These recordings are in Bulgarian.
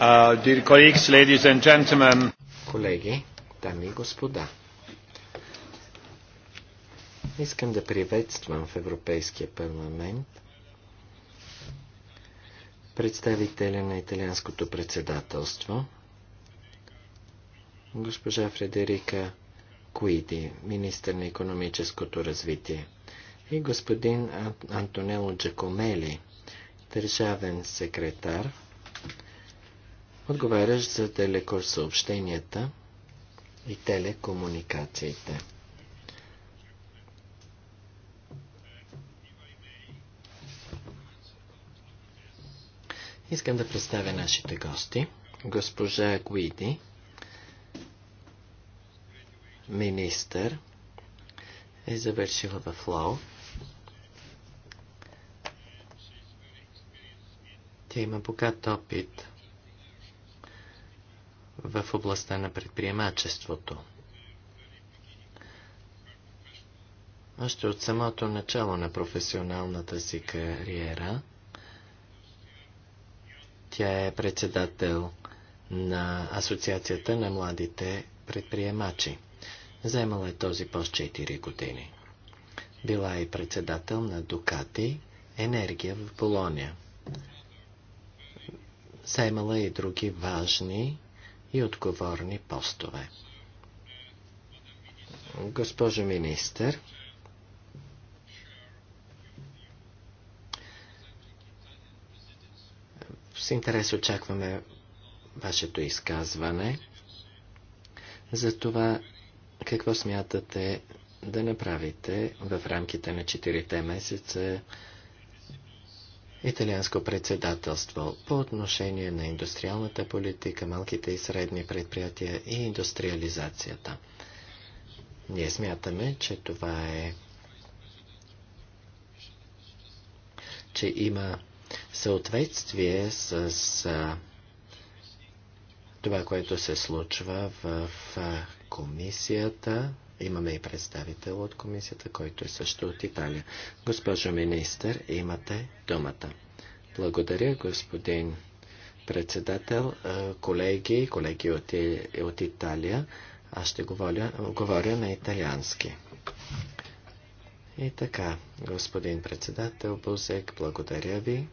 Uh, Колеги, дами и господа, искам да приветствам в Европейския парламент представителя на италианското председателство, госпожа Фредерика Куиди, министър на економическото развитие, и господин Антонело Джакомели, държавен секретар отговарящ за телекосъобщенията и телекомуникациите. Искам да представя нашите гости. Госпожа Гуиди, министър, е завършила в Лао. Тя има богат опит в областта на предприемачеството. Още от самото начало на професионалната си кариера, тя е председател на Асоциацията на младите предприемачи. Заемала е този пост 4 години. Била е председател на Дукати Енергия в Болония. Заемала е и други важни и отговорни постове. Госпожо министър, с интерес очакваме вашето изказване за това какво смятате да направите в рамките на 4 месеца италианско председателство по отношение на индустриалната политика, малките и средни предприятия и индустриализацията. Ние смятаме, че това е че има съответствие с това, което се случва в комисията Имаме и представител от комисията, който е също от Италия. Госпожо министър, имате думата. Благодаря, господин председател, колеги, колеги от, от Италия. Аз ще говоря, говоря на италиански. И така, господин председател Бузек, благодаря ви.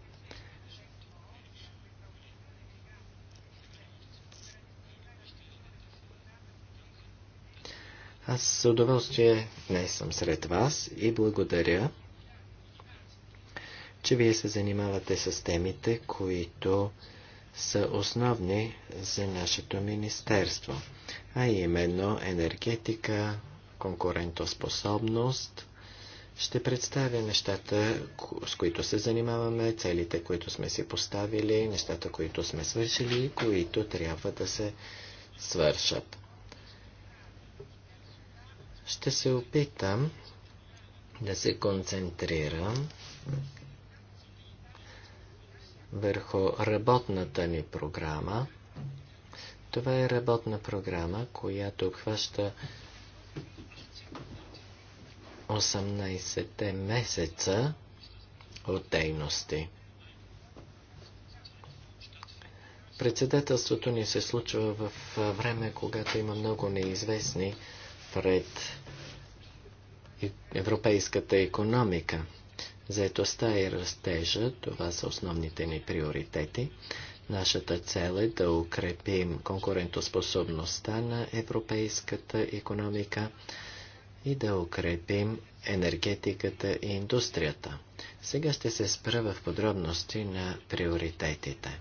Аз с удоволствие днес съм сред вас и благодаря, че вие се занимавате с темите, които са основни за нашето министерство, а именно енергетика, конкурентоспособност. Ще представя нещата, с които се занимаваме, целите, които сме си поставили, нещата, които сме свършили и които трябва да се свършат. Ще се опитам да се концентрирам върху работната ни програма. Това е работна програма, която обхваща 18-те месеца от дейности. Председателството ни се случва в време, когато има много неизвестни пред европейската економика. Заетостта и растежа, това са основните ни приоритети. Нашата цел е да укрепим конкурентоспособността на европейската економика и да укрепим енергетиката и индустрията. Сега ще се спра в подробности на приоритетите.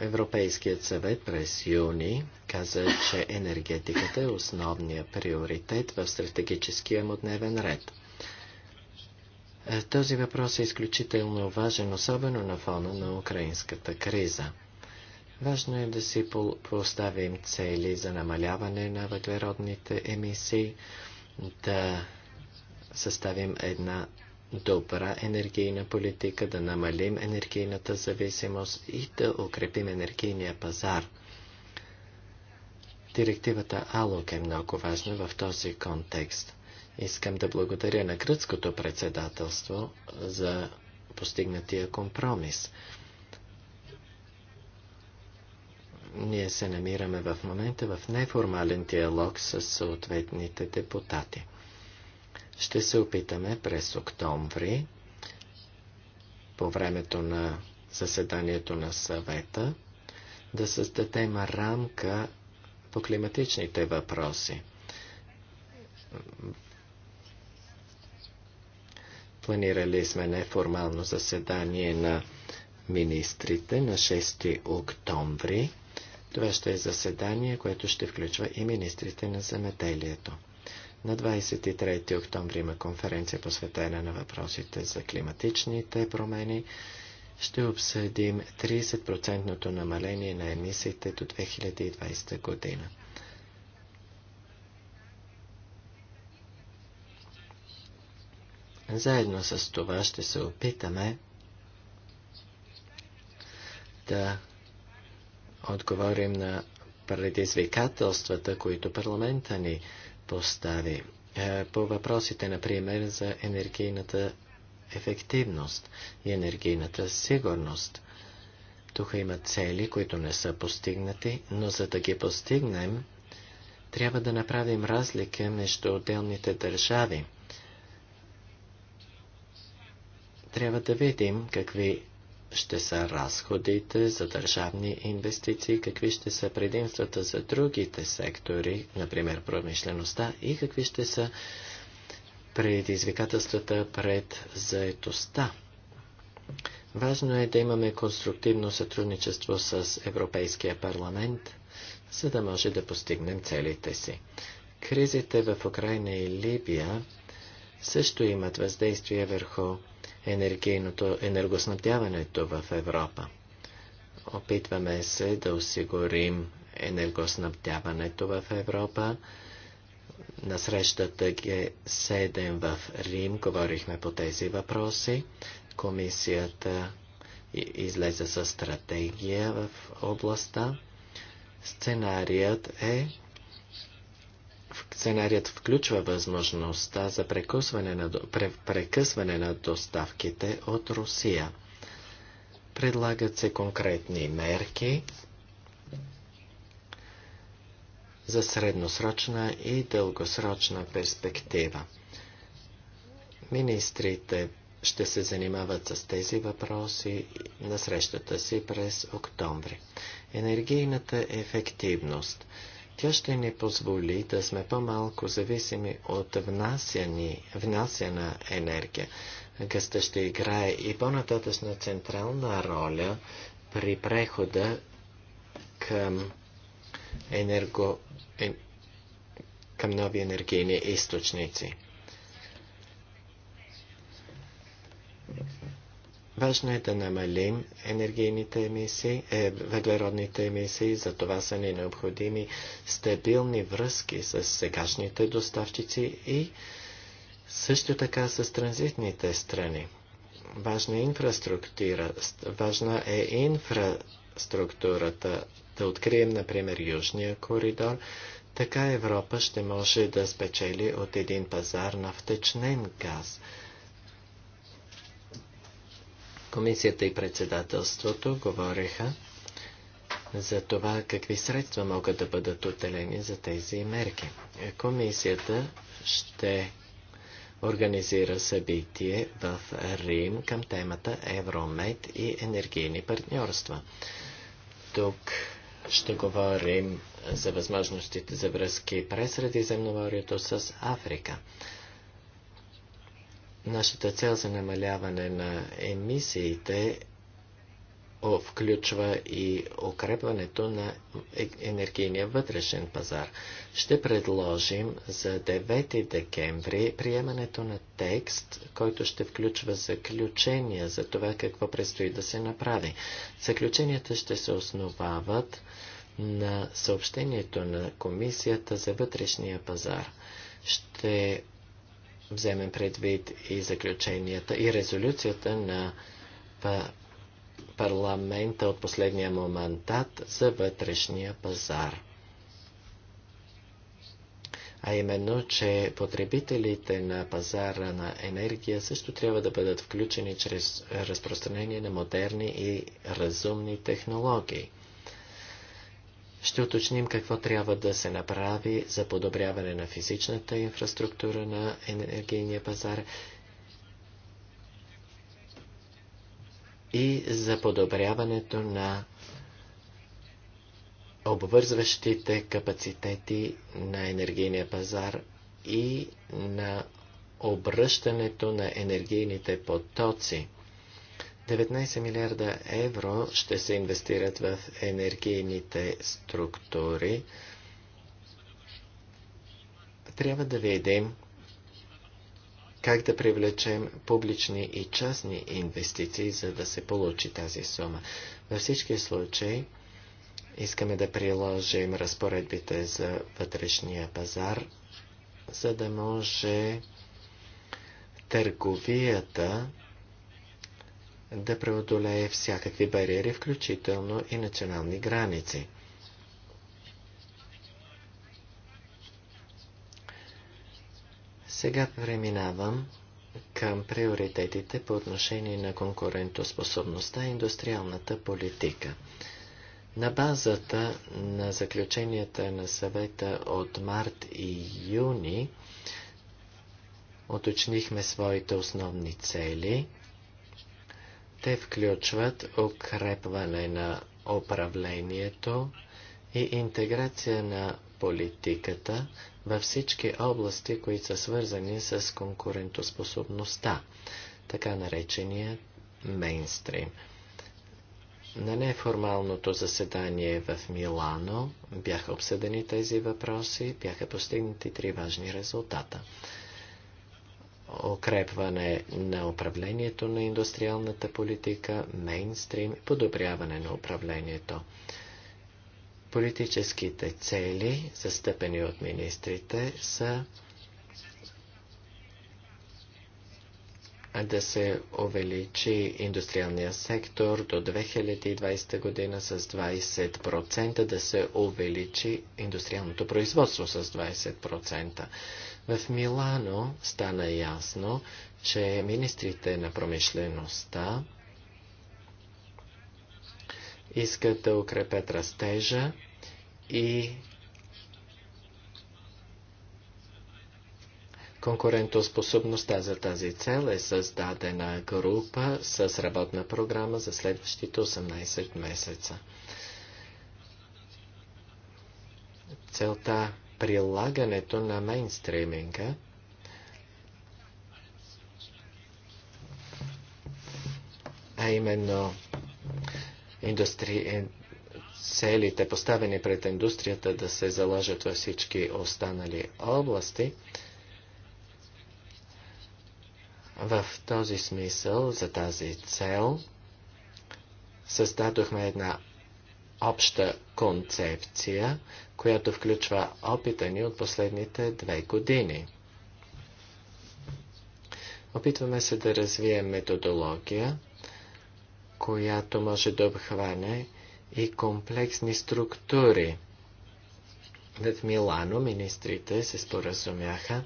Европейският съвет през юни каза, че енергетиката е основния приоритет в стратегическия му дневен ред. Е, този въпрос е изключително важен, особено на фона на украинската криза. Важно е да си поставим цели за намаляване на въглеродните емисии, да съставим една добра енергийна политика, да намалим енергийната зависимост и да укрепим енергийния пазар. Директивата АЛОК е много важна в този контекст. Искам да благодаря на гръцкото председателство за постигнатия компромис. Ние се намираме в момента в неформален диалог с съответните депутати. Ще се опитаме през октомври, по времето на заседанието на съвета, да създадем рамка по климатичните въпроси. Планирали сме неформално заседание на министрите на 6 октомври. Това ще е заседание, което ще включва и министрите на земеделието. На 23 октомври има конференция посветена на въпросите за климатичните промени. Ще обсъдим 30 намаление на емисиите до 2020 година. Заедно с това ще се опитаме да отговорим на предизвикателствата, които парламента ни постави. Е, по въпросите, например, за енергийната ефективност и енергийната сигурност. Тук има цели, които не са постигнати, но за да ги постигнем, трябва да направим разлика между отделните държави. Трябва да видим какви ще са разходите за държавни инвестиции, какви ще са предимствата за другите сектори, например промишлеността и какви ще са предизвикателствата пред заетостта. Важно е да имаме конструктивно сътрудничество с Европейския парламент, за да може да постигнем целите си. Кризите в Украина и Либия също имат въздействие върху енергийното, енергоснабдяването в Европа. Опитваме се да осигурим енергоснабдяването в Европа. На срещата Г7 в Рим говорихме по тези въпроси. Комисията излезе със стратегия в областта. Сценарият е Сценарият включва възможността за прекъсване на, прекъсване на доставките от Русия. Предлагат се конкретни мерки за средносрочна и дългосрочна перспектива. Министрите ще се занимават с тези въпроси на срещата си през октомври. Енергийната ефективност – тя ще ни позволи да сме по-малко зависими от внасяни, внасяна енергия. Гъста ще играе и по-нататъчна централна роля при прехода към, енерго, е, към нови енергийни източници. Важно е да намалим енергийните емисии, е, въглеродните емисии, за това са ни необходими стабилни връзки с сегашните доставчици и също така с транзитните страни. Важна, е инфраструктура, важна е инфраструктурата. Да открием, например, Южния коридор, така Европа ще може да спечели от един пазар на втечнен газ – Комисията и председателството говориха за това какви средства могат да бъдат отделени за тези мерки. Комисията ще организира събитие в Рим към темата Евромед и енергийни партньорства. Тук ще говорим за възможностите за връзки през Средиземноморието с Африка. Нашата цел за намаляване на емисиите включва и укрепването на е, енергийния вътрешен пазар. Ще предложим за 9 декември приемането на текст, който ще включва заключения за това какво предстои да се направи. Заключенията ще се основават на съобщението на Комисията за вътрешния пазар. Ще вземем предвид и заключенията и резолюцията на парламента от последния му мандат за вътрешния пазар. А именно, че потребителите на пазара на енергия също трябва да бъдат включени чрез разпространение на модерни и разумни технологии. Ще уточним какво трябва да се направи за подобряване на физичната инфраструктура на енергийния пазар и за подобряването на обвързващите капацитети на енергийния пазар и на обръщането на енергийните потоци. 19 милиарда евро ще се инвестират в енергийните структури. Трябва да видим как да привлечем публични и частни инвестиции, за да се получи тази сума. Във всички случаи искаме да приложим разпоредбите за вътрешния пазар, за да може търговията да преодолее всякакви бариери, включително и национални граници. Сега преминавам към приоритетите по отношение на конкурентоспособността и индустриалната политика. На базата на заключенията на съвета от март и юни уточнихме своите основни цели – те включват укрепване на управлението и интеграция на политиката във всички области, които са свързани с конкурентоспособността, така наречения мейнстрим. На неформалното заседание в Милано бяха обсъдени тези въпроси, бяха постигнати три важни резултата укрепване на управлението на индустриалната политика, мейнстрим и подобряване на управлението. Политическите цели, застъпени от министрите, са да се увеличи индустриалния сектор до 2020 година с 20%, да се увеличи индустриалното производство с 20%. В Милано стана ясно, че министрите на промишлеността искат да укрепят растежа и конкурентоспособността за тази цел е създадена група с работна програма за следващите 18 месеца. Целта прилагането на мейнстриминга а именно индустри... Е, целите поставени пред индустрията да се заложат във всички останали области. В този смисъл, за тази цел, създадохме една обща концепция, която включва опита ни от последните две години. Опитваме се да развием методология, която може да обхване и комплексни структури. В Милано министрите се споразумяха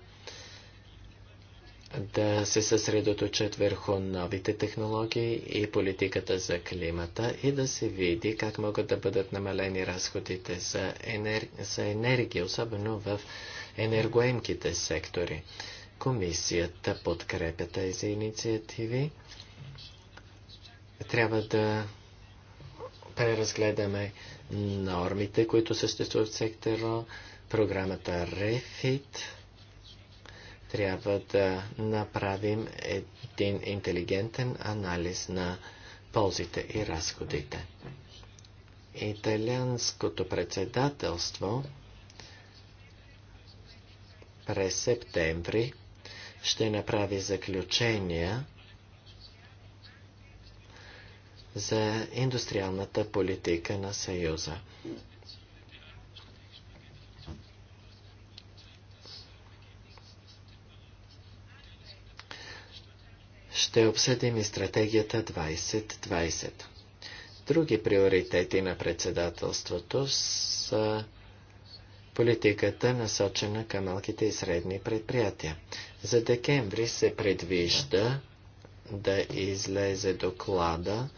да се съсредоточат върху новите технологии и политиката за климата и да се види как могат да бъдат намалени разходите за, енер... за енергия, особено в енергоемките сектори. Комисията подкрепя тези инициативи. Трябва да преразгледаме нормите, които съществуват в сектора, програмата REFIT, трябва да направим един интелигентен анализ на ползите и разходите. Италианското председателство през септември ще направи заключения за индустриалната политика на Съюза. ще обсъдим и стратегията 2020. Други приоритети на председателството са политиката насочена към малките и средни предприятия. За декември се предвижда да излезе доклада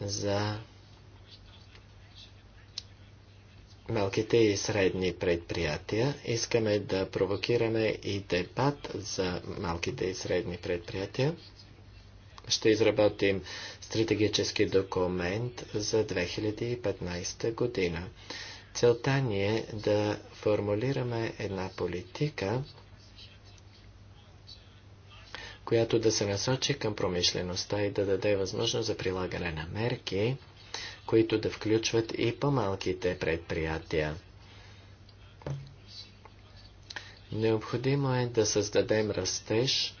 за малките и средни предприятия. Искаме да провокираме и дебат за малките и средни предприятия ще изработим стратегически документ за 2015 година. Целта ни е да формулираме една политика, която да се насочи към промишлеността и да даде възможност за прилагане на мерки, които да включват и по-малките предприятия. Необходимо е да създадем растеж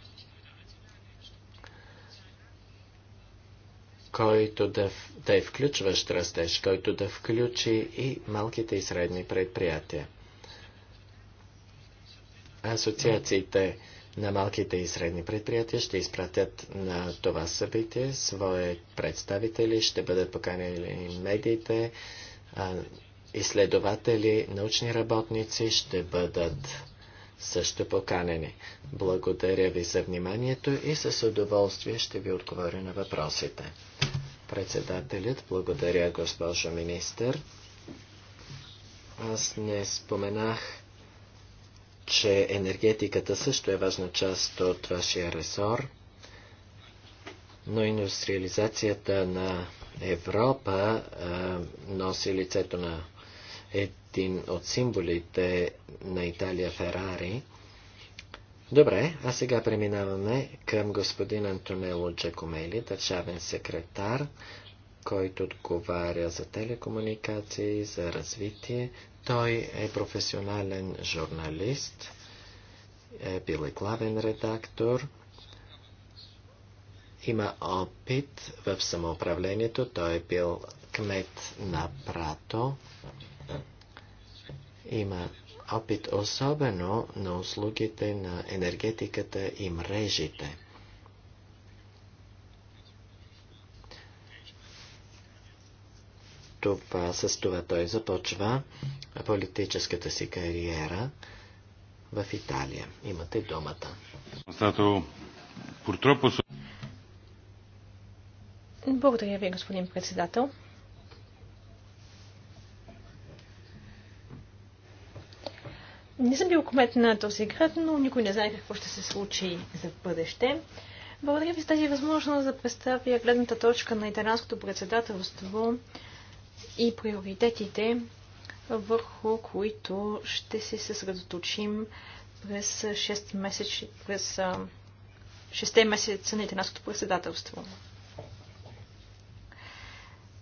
който да, да е включващ растеж, който да включи и малките и средни предприятия. Асоциациите на малките и средни предприятия ще изпратят на това събитие свои представители, ще бъдат поканени медиите, изследователи, научни работници ще бъдат също поканени. Благодаря ви за вниманието и с удоволствие ще ви отговоря на въпросите. Председателят, благодаря, госпожо министър. Аз не споменах, че енергетиката също е важна част от вашия ресор, но индустриализацията на Европа а, носи лицето на един от символите на Италия Ферари – Добре, а сега преминаваме към господин Антонело Джакомели, държавен секретар, който отговаря за телекомуникации, за развитие. Той е професионален журналист, е бил е главен редактор, има опит в самоуправлението, той е бил кмет на Прато, има опит, особено на услугите на енергетиката и мрежите. Това, с това той започва политическата си кариера в Италия. Имате думата. Благодаря ви, господин председател. Не съм бил комет на този град, но никой не знае какво ще се случи за бъдеще. Благодаря ви за тази възможност да представя гледната точка на италянското председателство и приоритетите, върху които ще се съсредоточим през 6 месеца, през 6 месеца на италянското председателство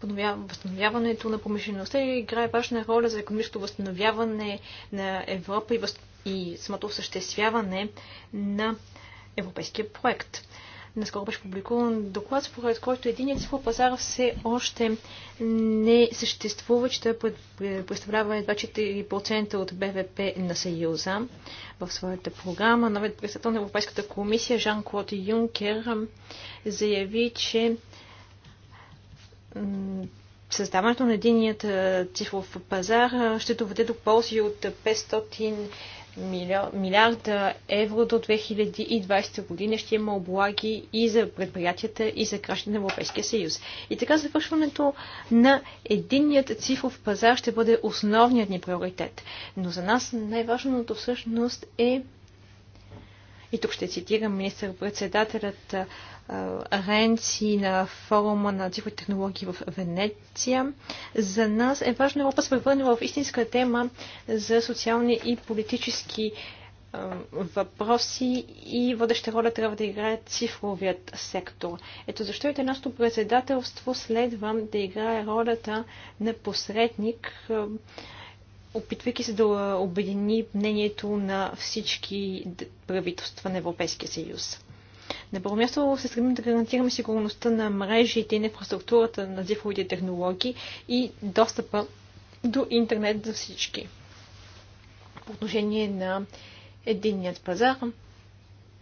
възстановяването на промишлеността играе важна роля за економическото възстановяване на Европа и, въз... и самото осъществяване на европейския проект. Наскоро беше публикуван доклад, според който единият цифров пазар все още не съществува, че той представлява едва 4% от БВП на Съюза. В своята програма новият председател на Европейската комисия Жан-Клод Юнкер заяви, че създаването на единият цифров пазар ще доведе до ползи от 500 милиарда евро до 2020 година ще има облаги и за предприятията, и за кращите на Европейския съюз. И така завършването на единният цифров пазар ще бъде основният ни приоритет. Но за нас най-важното всъщност е и тук ще цитирам министър-председателят Ренци на форума на цифрови технологии в Венеция. За нас е важно Европа се превърне в истинска тема за социални и политически въпроси и водеща роля трябва да играе цифровият сектор. Ето защо и нашето председателство следва да играе ролята на посредник, опитвайки се да обедини мнението на всички правителства на Европейския съюз. На първо място се стремим да гарантираме сигурността на мрежите и на инфраструктурата на цифровите технологии и достъпа до интернет за всички. По отношение на единният пазар,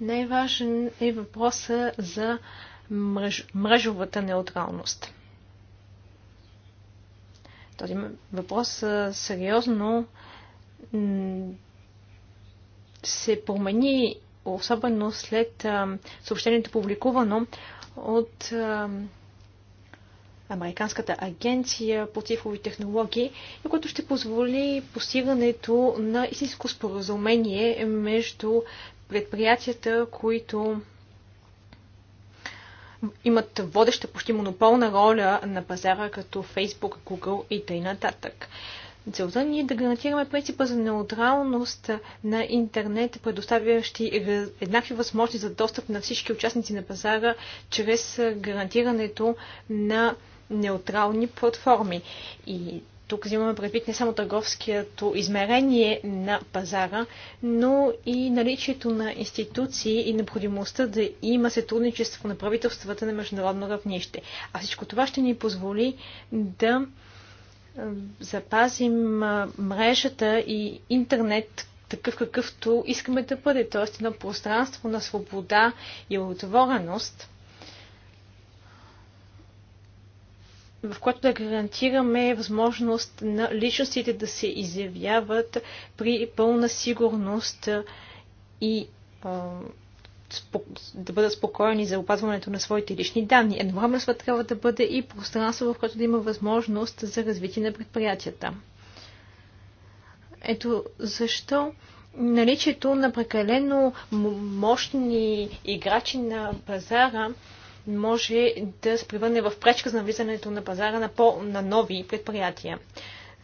най-важен е въпроса за мреж, мрежовата неутралност. Този въпрос сериозно се промени особено след съобщението публикувано от Американската агенция по цифрови технологии, и което ще позволи постигането на истинско споразумение между предприятията, които имат водеща почти монополна роля на пазара, като Facebook, Google и т.н. нататък. Целта ни е да гарантираме принципа за неутралност на интернет, предоставящи еднакви възможности за достъп на всички участници на пазара, чрез гарантирането на неутрални платформи. И тук взимаме предвид не само търговското измерение на пазара, но и наличието на институции и необходимостта да има сътрудничество на правителствата на международно равнище. А всичко това ще ни позволи да запазим мрежата и интернет такъв какъвто искаме да бъде, т.е. едно пространство на свобода и отвореност, в което да гарантираме възможност на личностите да се изявяват при пълна сигурност и да бъдат спокойни за опазването на своите лични данни. Едновременно с това трябва да бъде и пространство, в което да има възможност за развитие на предприятията. Ето защо наличието на прекалено мощни играчи на пазара може да се превърне в пречка за навлизането на пазара на, по- на нови предприятия.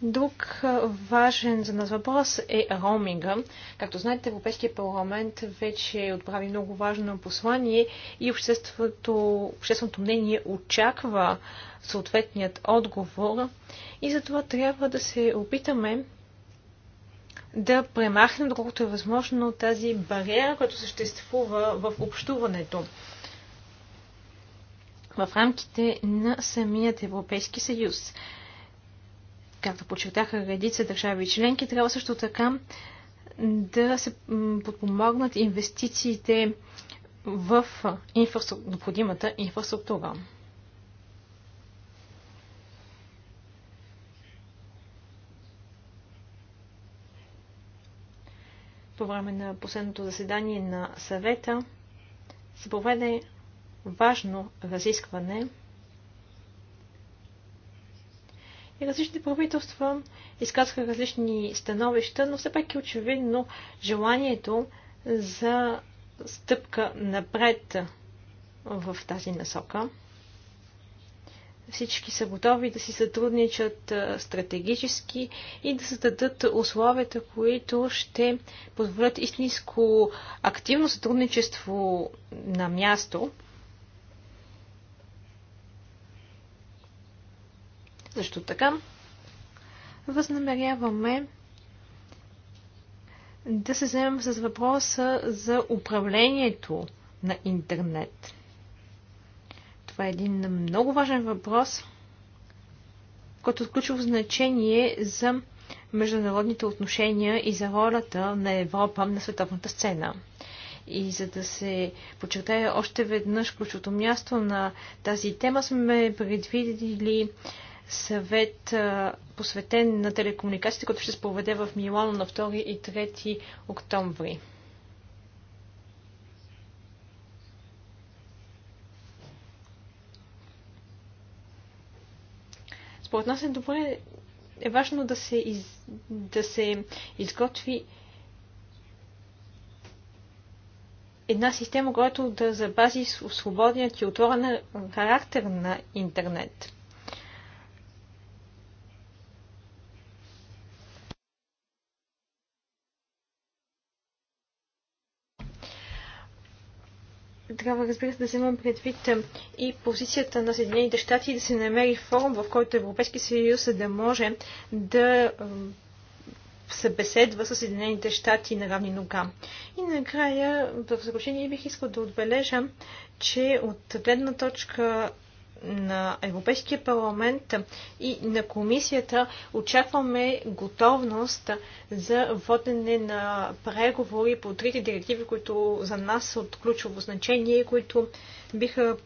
Друг важен за нас въпрос е роуминга. Както знаете, Европейския парламент вече отправи много важно послание и общественото, общественото мнение очаква съответният отговор. И затова трябва да се опитаме да премахнем, доколкото е възможно, тази бариера, която съществува в общуването в рамките на самият Европейски съюз както подчертаха редица държави и членки, трябва също така да се подпомогнат инвестициите в инфраструктура, необходимата инфраструктура. По време на последното заседание на съвета се проведе важно разискване – И различните правителства изказаха различни становища, но все пак е очевидно желанието за стъпка напред в тази насока. Всички са готови да си сътрудничат стратегически и да създадат условията, които ще позволят истинско активно сътрудничество на място Защо така, възнамеряваме да се вземем с въпроса за управлението на интернет. Това е един много важен въпрос, който отключва значение за международните отношения и за ролята на Европа на световната сцена. И за да се подчертая още веднъж ключото място на тази тема, сме предвидили съвет, посветен на телекомуникациите, който ще се проведе в Милано на 2 и 3 октомври. Според нас е добре, е важно да се, из, да се изготви една система, която да запази свободният и отворен характер на интернет. трябва, разбира се, да вземем предвид и позицията на Съединените щати и да се намери форум, в който Европейски съюз да може да събеседва с Съединените щати на равни нога. И накрая, в заключение, бих искал да отбележа, че от гледна точка на Европейския парламент и на комисията очакваме готовност за водене на преговори по трите директиви, които за нас са от ключово значение, които биха,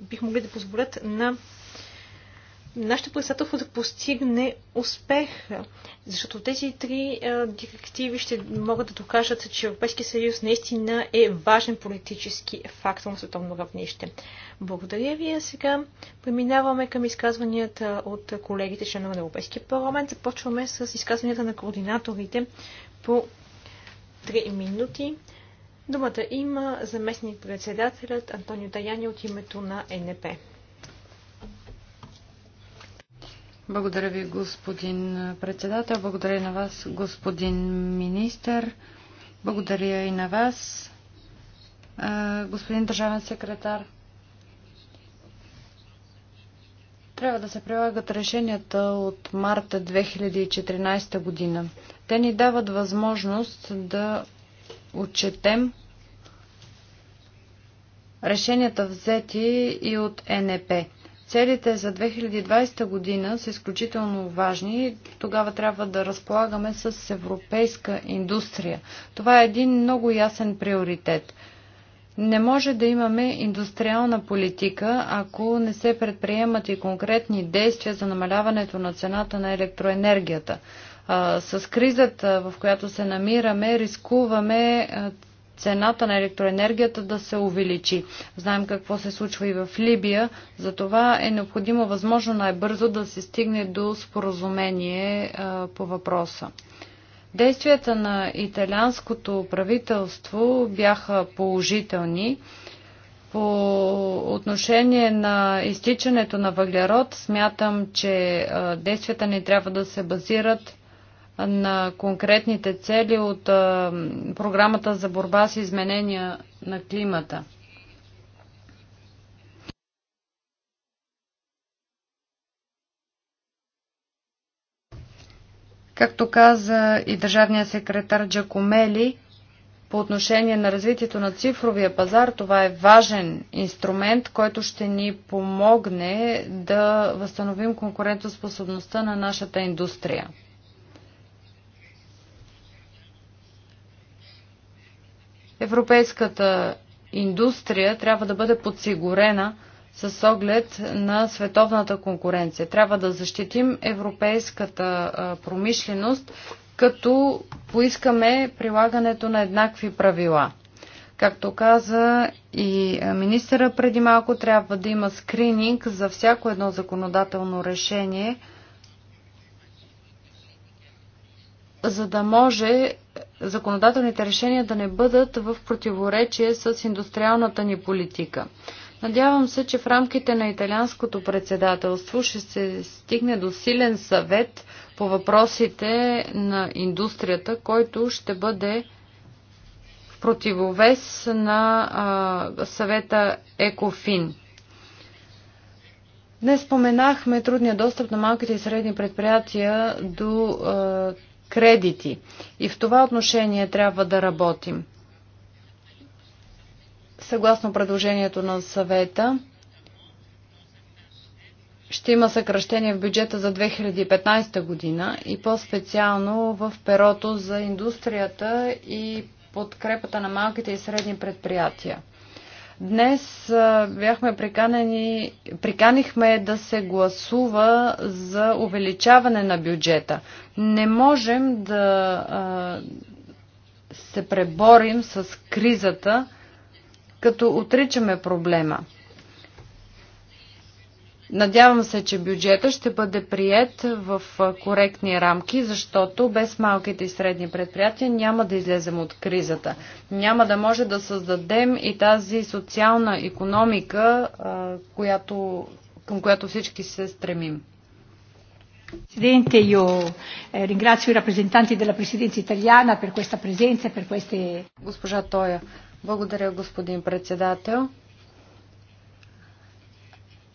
биха могли да позволят на нашето председателство да постигне успех. Защото тези три а, директиви ще могат да докажат, че Европейския съюз наистина е важен политически фактор на световно равнище. Благодаря ви. А сега преминаваме към изказванията от колегите членове на Европейския парламент. Започваме с изказванията на координаторите по 3 минути. Думата има заместник председателят Антонио Таяни от името на НП. Благодаря ви, господин председател. Благодаря и на вас, господин министър. Благодаря и на вас, господин държавен секретар. Трябва да се прилагат решенията от марта 2014 година. Те ни дават възможност да отчетем решенията взети и от НП. Целите за 2020 година са изключително важни и тогава трябва да разполагаме с европейска индустрия. Това е един много ясен приоритет. Не може да имаме индустриална политика, ако не се предприемат и конкретни действия за намаляването на цената на електроенергията. С кризата, в която се намираме, рискуваме цената на електроенергията да се увеличи. Знаем какво се случва и в Либия, затова е необходимо възможно най-бързо да се стигне до споразумение по въпроса. Действията на италианското правителство бяха положителни. По отношение на изтичането на въглерод, смятам, че действията ни трябва да се базират на конкретните цели от програмата за борба с изменения на климата. Както каза и държавният секретар Джакомели, по отношение на развитието на цифровия пазар, това е важен инструмент, който ще ни помогне да възстановим конкурентоспособността на нашата индустрия. Европейската индустрия трябва да бъде подсигурена с оглед на световната конкуренция. Трябва да защитим европейската промишленост, като поискаме прилагането на еднакви правила. Както каза и министъра преди малко, трябва да има скрининг за всяко едно законодателно решение – за да може законодателните решения да не бъдат в противоречие с индустриалната ни политика. Надявам се, че в рамките на италианското председателство ще се стигне до силен съвет по въпросите на индустрията, който ще бъде в противовес на а, съвета ЕКОФИН. Днес споменахме трудния достъп на малките и средни предприятия до а, кредити. И в това отношение трябва да работим. Съгласно предложението на съвета, ще има съкръщение в бюджета за 2015 година и по-специално в перото за индустрията и подкрепата на малките и средни предприятия. Днес бяхме приканени, приканихме да се гласува за увеличаване на бюджета. Не можем да се преборим с кризата, като отричаме проблема. Надявам се, че бюджета ще бъде прият в коректни рамки, защото без малките и средни предприятия няма да излезем от кризата. Няма да може да създадем и тази социална економика, която, към която всички се стремим. Presidente, io eh, ringrazio i rappresentanti della Presidenza italiana per questa presenza e per queste... Госпожа Тоя, благодаря господин председател.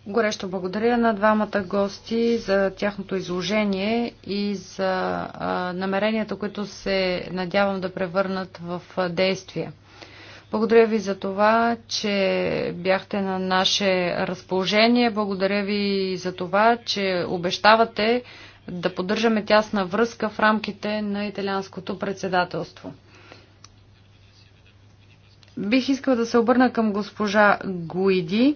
Горещо благодаря на двамата гости за тяхното изложение и за намеренията, които се надявам да превърнат в действия. Благодаря ви за това, че бяхте на наше разположение. Благодаря ви за това, че обещавате да поддържаме тясна връзка в рамките на италианското председателство. Бих искала да се обърна към госпожа Гуиди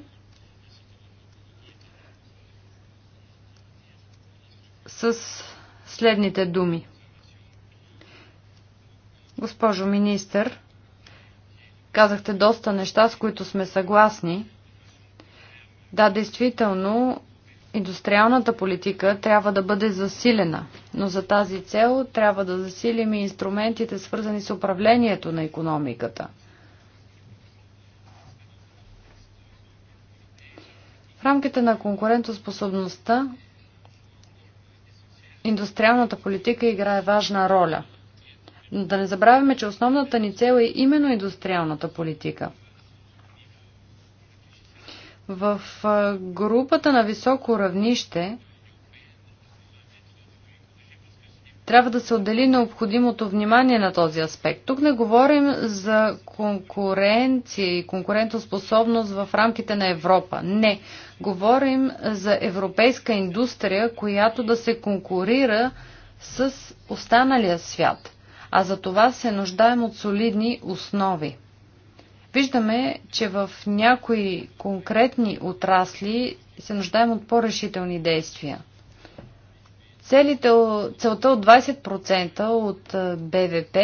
с следните думи. Госпожо министър, казахте доста неща, с които сме съгласни. Да, действително, индустриалната политика трябва да бъде засилена, но за тази цел трябва да засилим и инструментите, свързани с управлението на економиката. В рамките на конкурентоспособността индустриалната политика играе важна роля. Но да не забравяме, че основната ни цел е именно индустриалната политика. В групата на високо равнище трябва да се отдели необходимото внимание на този аспект. Тук не говорим за конкуренция и конкурентоспособност в рамките на Европа. Не. Говорим за европейска индустрия, която да се конкурира с останалия свят, а за това се нуждаем от солидни основи. Виждаме, че в някои конкретни отрасли се нуждаем от по-решителни действия. Целите, целта от 20% от БВП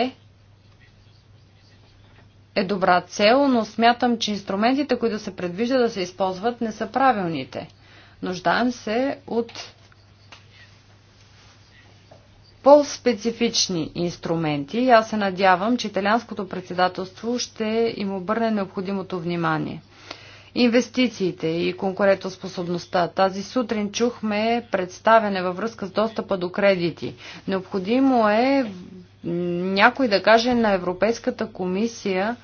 е добра цел, но смятам, че инструментите, които се предвижда да се използват, не са правилните. Нуждаем се от по-специфични инструменти и аз се надявам, че италианското председателство ще им обърне необходимото внимание. Инвестициите и конкурентоспособността. Тази сутрин чухме представяне във връзка с достъпа до кредити. Необходимо е някой да каже на Европейската комисия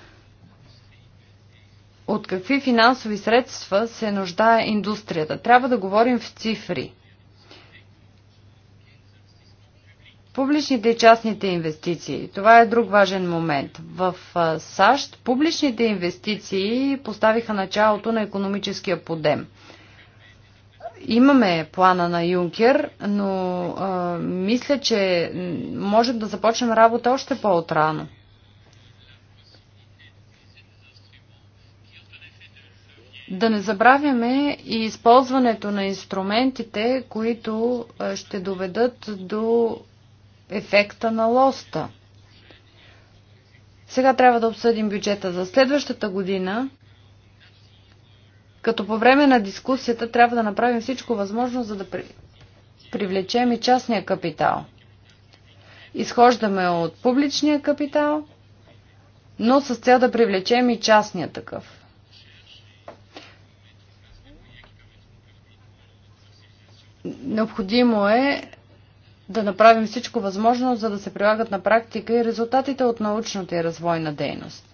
от какви финансови средства се нуждае индустрията. Трябва да говорим в цифри. Публичните и частните инвестиции. Това е друг важен момент. В САЩ публичните инвестиции поставиха началото на економическия подем имаме плана на Юнкер, но а, мисля, че можем да започнем работа още по-отрано. Да не забравяме и използването на инструментите, които ще доведат до ефекта на лоста. Сега трябва да обсъдим бюджета за следващата година като по време на дискусията трябва да направим всичко възможно, за да привлечем и частния капитал. Изхождаме от публичния капитал, но с цел да привлечем и частния такъв. Необходимо е да направим всичко възможно, за да се прилагат на практика и резултатите от научната и развойна дейност.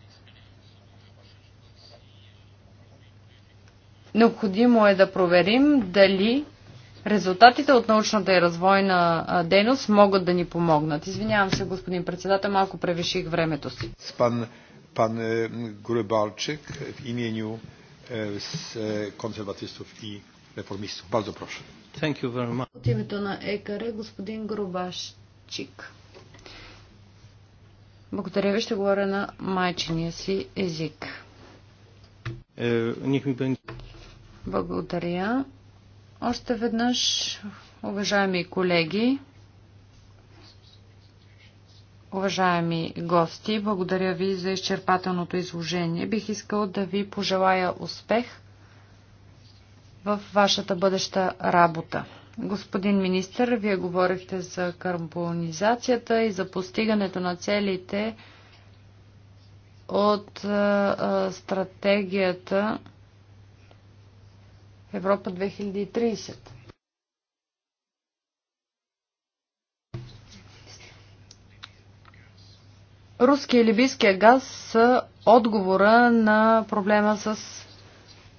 Необходимо е да проверим дали резултатите от научната и развойна дейност могат да ни помогнат. Извинявам се, господин председател, малко превиших времето си. С пан, пан е, Грубалчик в имени е, с е, консерватистов и реформистов. Бързо прошу. Thank you very much. От името на ЕКР, господин Грубашчик. Благодаря ви, ще говоря на майчиния си език. Е, благодаря. Още веднъж, уважаеми колеги, уважаеми гости, благодаря ви за изчерпателното изложение. Бих искал да ви пожелая успех в вашата бъдеща работа. Господин министр, вие говорихте за карбонизацията и за постигането на целите от стратегията Европа 2030. Руския и либийския газ са отговора на проблема с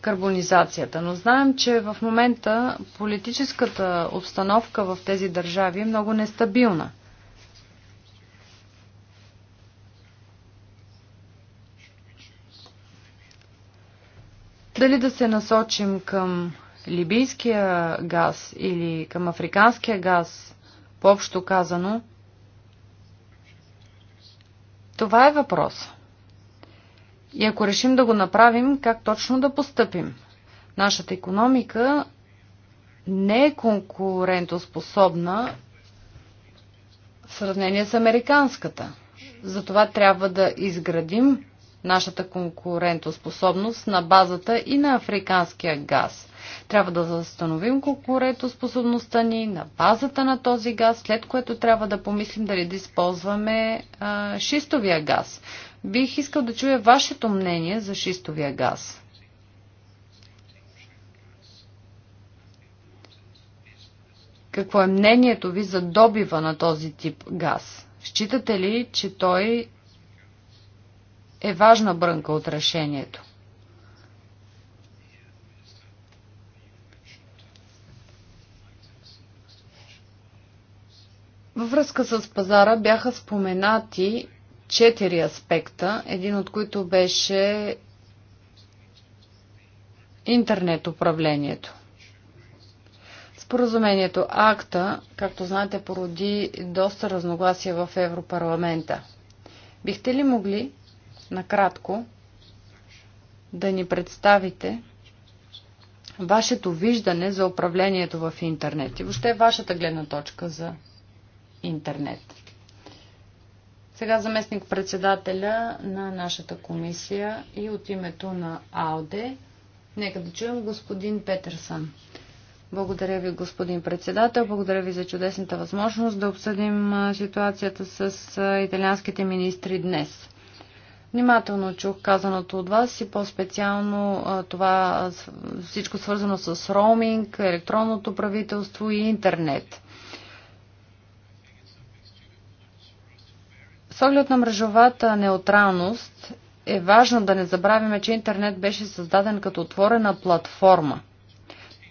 карбонизацията. Но знаем, че в момента политическата обстановка в тези държави е много нестабилна – Дали да се насочим към либийския газ или към африканския газ, по-общо казано, това е въпрос. И ако решим да го направим, как точно да постъпим? Нашата економика не е конкурентоспособна в сравнение с американската. Затова трябва да изградим нашата конкурентоспособност на базата и на африканския газ. Трябва да възстановим конкурентоспособността ни на базата на този газ, след което трябва да помислим дали да използваме а, шистовия газ. Бих искал да чуя вашето мнение за шистовия газ. Какво е мнението ви за добива на този тип газ? Считате ли, че той е важна брънка от решението. Във връзка с пазара бяха споменати четири аспекта, един от които беше интернет управлението. Споразумението АКТА, както знаете, породи доста разногласия в Европарламента. Бихте ли могли накратко да ни представите вашето виждане за управлението в интернет и въобще вашата гледна точка за интернет. Сега заместник председателя на нашата комисия и от името на АОДЕ. Нека да чуем господин Петърсън. Благодаря ви, господин председател. Благодаря ви за чудесната възможност да обсъдим ситуацията с италианските министри днес. Внимателно чух казаното от вас и по-специално това всичко свързано с роуминг, електронното правителство и интернет. С оглед на мрежовата неутралност е важно да не забравяме, че интернет беше създаден като отворена платформа.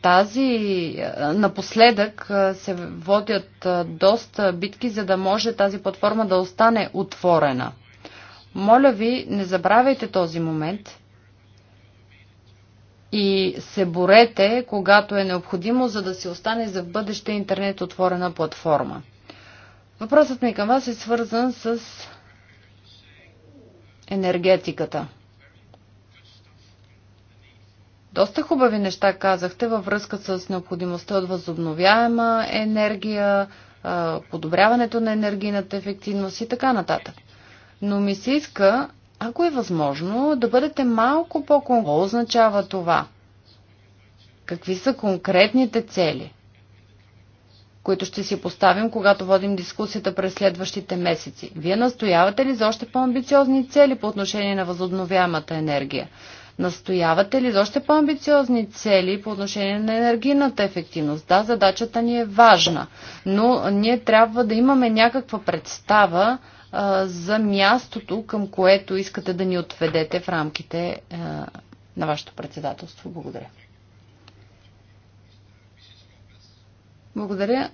Тази напоследък се водят доста битки, за да може тази платформа да остане отворена – моля ви, не забравяйте този момент и се борете, когато е необходимо, за да си остане за в бъдеще интернет отворена платформа. Въпросът ми към вас е свързан с енергетиката. Доста хубави неща казахте във връзка с необходимостта от възобновяема енергия, подобряването на енергийната ефективност и така нататък но ми се иска, ако е възможно, да бъдете малко по-конкретни. Какво означава това? Какви са конкретните цели, които ще си поставим, когато водим дискусията през следващите месеци? Вие настоявате ли за още по-амбициозни цели по отношение на възобновяемата енергия? Настоявате ли за още по-амбициозни цели по отношение на енергийната ефективност? Да, задачата ни е важна, но ние трябва да имаме някаква представа а, за мястото, към което искате да ни отведете в рамките а, на вашето председателство. Благодаря. Благодаря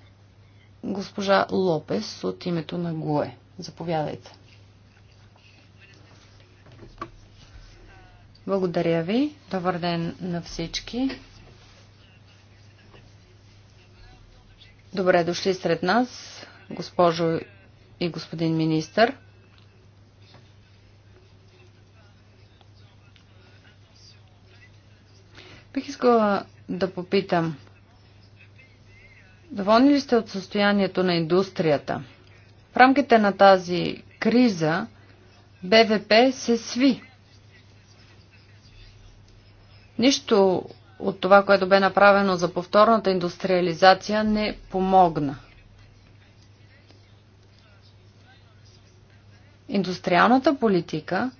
госпожа Лопес от името на ГУЕ. Заповядайте. Благодаря ви. Добър ден на всички. Добре дошли сред нас, госпожо и господин министър. Бих искала да попитам. Доволни ли сте от състоянието на индустрията? В рамките на тази криза БВП се сви. Нищо от това, което бе направено за повторната индустриализация, не помогна. Индустриалната политика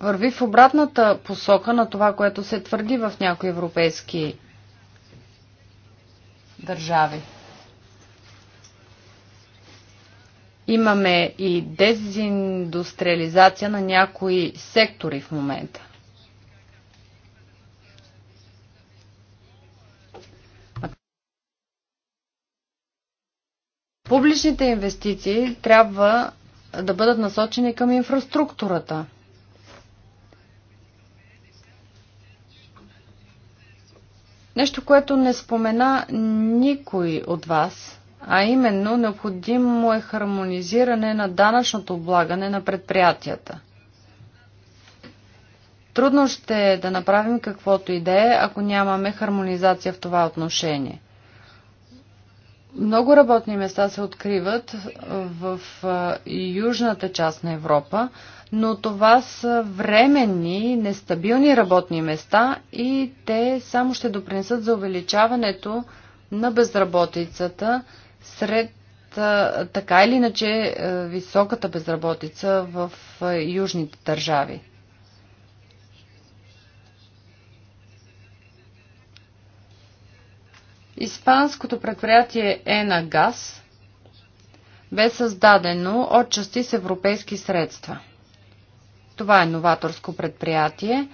върви в обратната посока на това, което се твърди в някои европейски държави. Имаме и дезиндустриализация на някои сектори в момента. Публичните инвестиции трябва да бъдат насочени към инфраструктурата. Нещо, което не спомена никой от вас, а именно необходимо е хармонизиране на данъчното облагане на предприятията. Трудно ще е да направим каквото и да е, ако нямаме хармонизация в това отношение – много работни места се откриват в южната част на Европа, но това са временни, нестабилни работни места и те само ще допринесат за увеличаването на безработицата сред така или иначе високата безработица в южните държави. Испанското предприятие Ена Газ бе създадено от части с европейски средства. Това е новаторско предприятие,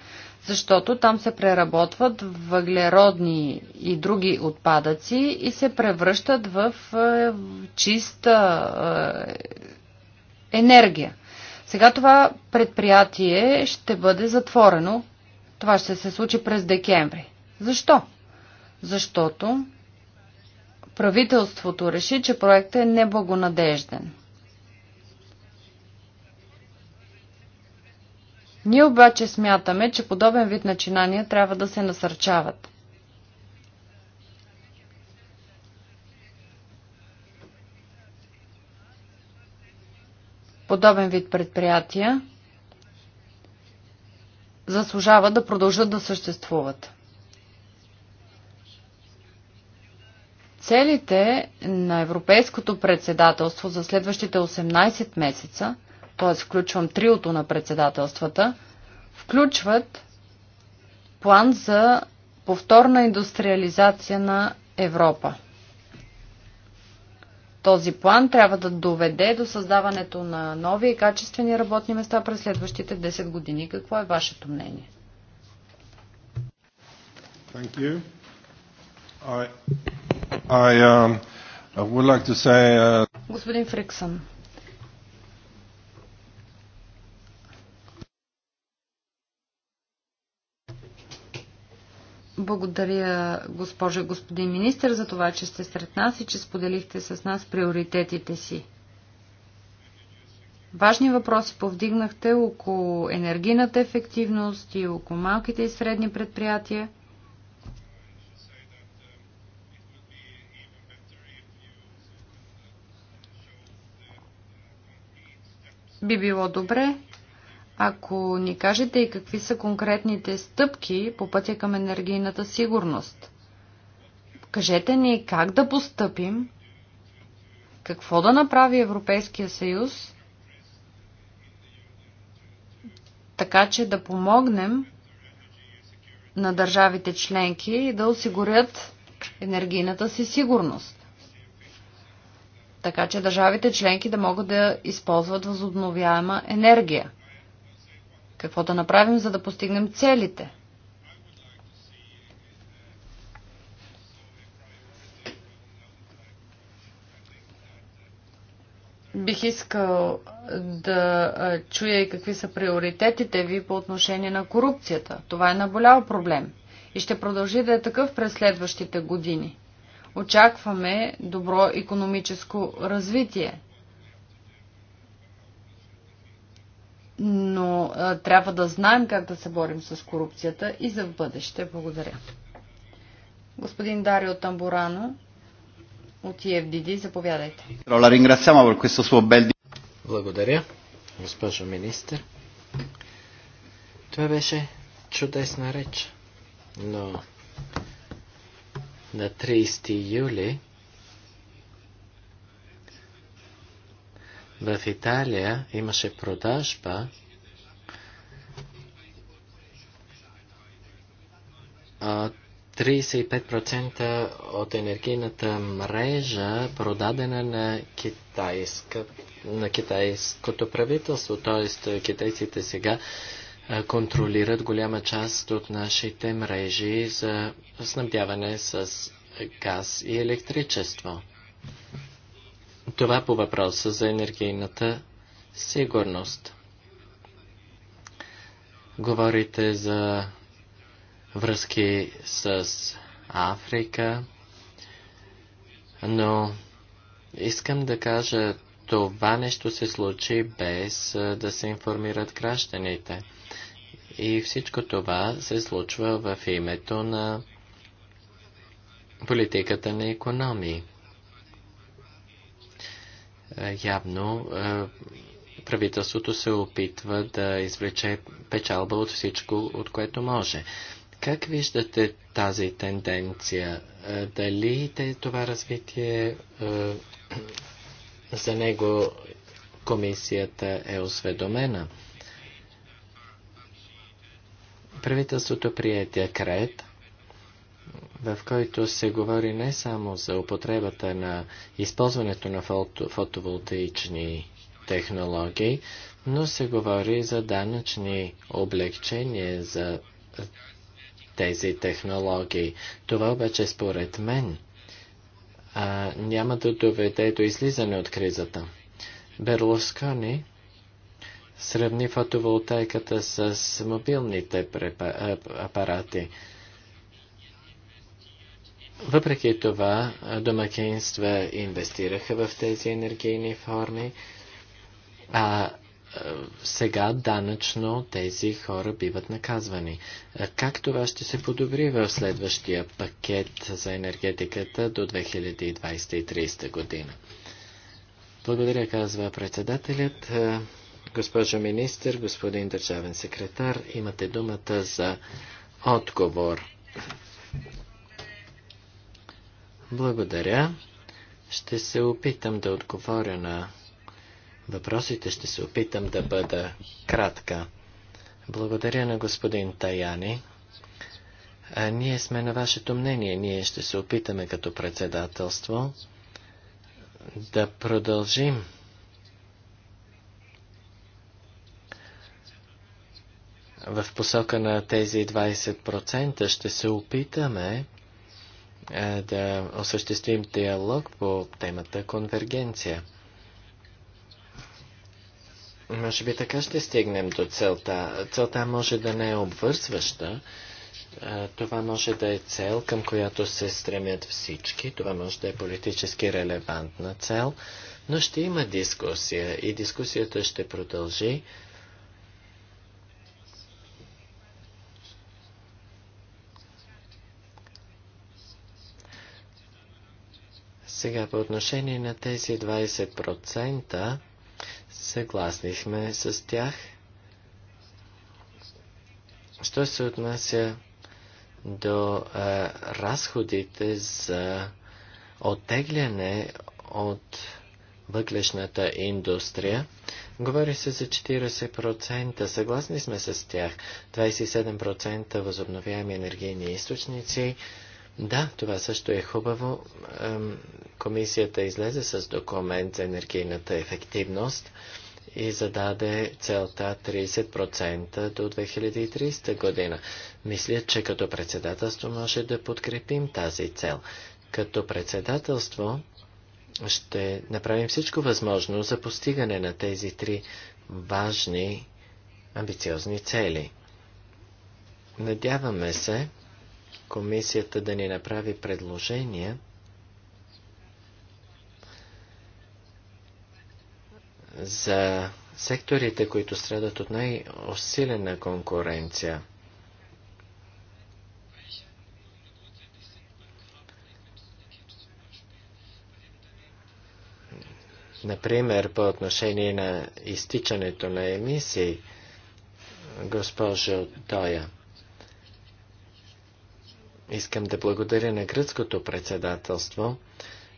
защото там се преработват въглеродни и други отпадъци и се превръщат в е, чиста е, енергия. Сега това предприятие ще бъде затворено. Това ще се случи през декември. Защо? Защото Правителството реши, че проектът е неблагонадежден. Ние обаче смятаме, че подобен вид начинания трябва да се насърчават. Подобен вид предприятия заслужава да продължат да съществуват. Целите на Европейското председателство за следващите 18 месеца, т.е. включвам триото на председателствата, включват план за повторна индустриализация на Европа. Този план трябва да доведе до създаването на нови и качествени работни места през следващите 10 години. Какво е вашето мнение? Thank you. I I, um, I would like to say, uh... Господин Фриксън. Благодаря, госпожа и господин министр, за това, че сте сред нас и че споделихте с нас приоритетите си. Важни въпроси повдигнахте около енергийната ефективност и около малките и средни предприятия – би било добре, ако ни кажете и какви са конкретните стъпки по пътя към енергийната сигурност. Кажете ни как да постъпим, какво да направи Европейския съюз, така че да помогнем на държавите членки да осигурят енергийната си сигурност така че държавите членки да могат да използват възобновяема енергия. Какво да направим, за да постигнем целите? Бих искал да чуя и какви са приоритетите ви по отношение на корупцията. Това е наболял проблем и ще продължи да е такъв през следващите години очакваме добро економическо развитие. Но а, трябва да знаем как да се борим с корупцията и за в бъдеще. Благодаря. Господин Дарио Тамбурано от EFDD, е заповядайте. Благодаря, госпожо министр. Това беше чудесна реч, но на 30 юли в Италия имаше продажба от 35% от енергийната мрежа продадена на, китайска, на китайското правителство. Т.е. китайците сега контролират голяма част от нашите мрежи за снабдяване с газ и електричество. Това по въпроса за енергийната сигурност. Говорите за връзки с Африка, но искам да кажа, това нещо се случи без да се информират гражданите. И всичко това се случва в името на политиката на економии. Е, явно е, правителството се опитва да извлече печалба от всичко, от което може. Как виждате тази тенденция? Е, дали това развитие за него комисията е осведомена? Правителството прие декрет, в който се говори не само за употребата на използването на фото, фотоволтаични технологии, но се говори за данъчни облегчения за тези технологии. Това обаче според мен а, няма да доведе до излизане от кризата. Берлускани сравни фотоволтайката с мобилните апарати. Въпреки това, домакинства инвестираха в тези енергийни форми, а сега данъчно тези хора биват наказвани. Как това ще се подобри в следващия пакет за енергетиката до 2020-2030 година? Благодаря, казва председателят. Госпожо министр, господин държавен секретар, имате думата за отговор. Благодаря. Ще се опитам да отговоря на въпросите, ще се опитам да бъда кратка. Благодаря на господин Таяни. А ние сме на вашето мнение. Ние ще се опитаме като председателство да продължим в посока на тези 20%. Ще се опитаме е, да осъществим диалог по темата конвергенция. Може би така ще стигнем до целта. Целта може да не е обвързваща. Е, това може да е цел, към която се стремят всички. Това може да е политически релевантна цел. Но ще има дискусия и дискусията ще продължи Сега по отношение на тези 20% съгласнихме с тях. Що се отнася до а, разходите за оттегляне от въглешната индустрия, говори се за 40%. Съгласни сме с тях. 27% възобновяеми енергийни източници, да, това също е хубаво. Комисията излезе с документ за енергийната ефективност и зададе целта 30% до 2030 година. Мисля, че като председателство може да подкрепим тази цел. Като председателство ще направим всичко възможно за постигане на тези три важни амбициозни цели. Надяваме се, комисията да ни направи предложение за секторите, които страдат от най осилена конкуренция. Например, по отношение на изтичането на емисии, госпожо Тоя. Искам да благодаря на гръцкото председателство,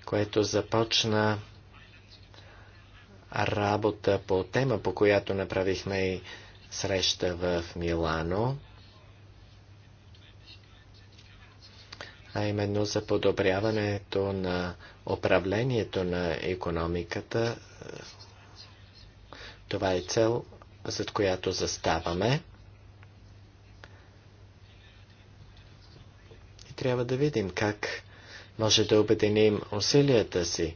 което започна работа по тема, по която направихме и среща в Милано, а именно за подобряването на управлението на економиката. Това е цел, зад която заставаме. трябва да видим как може да обединим усилията си.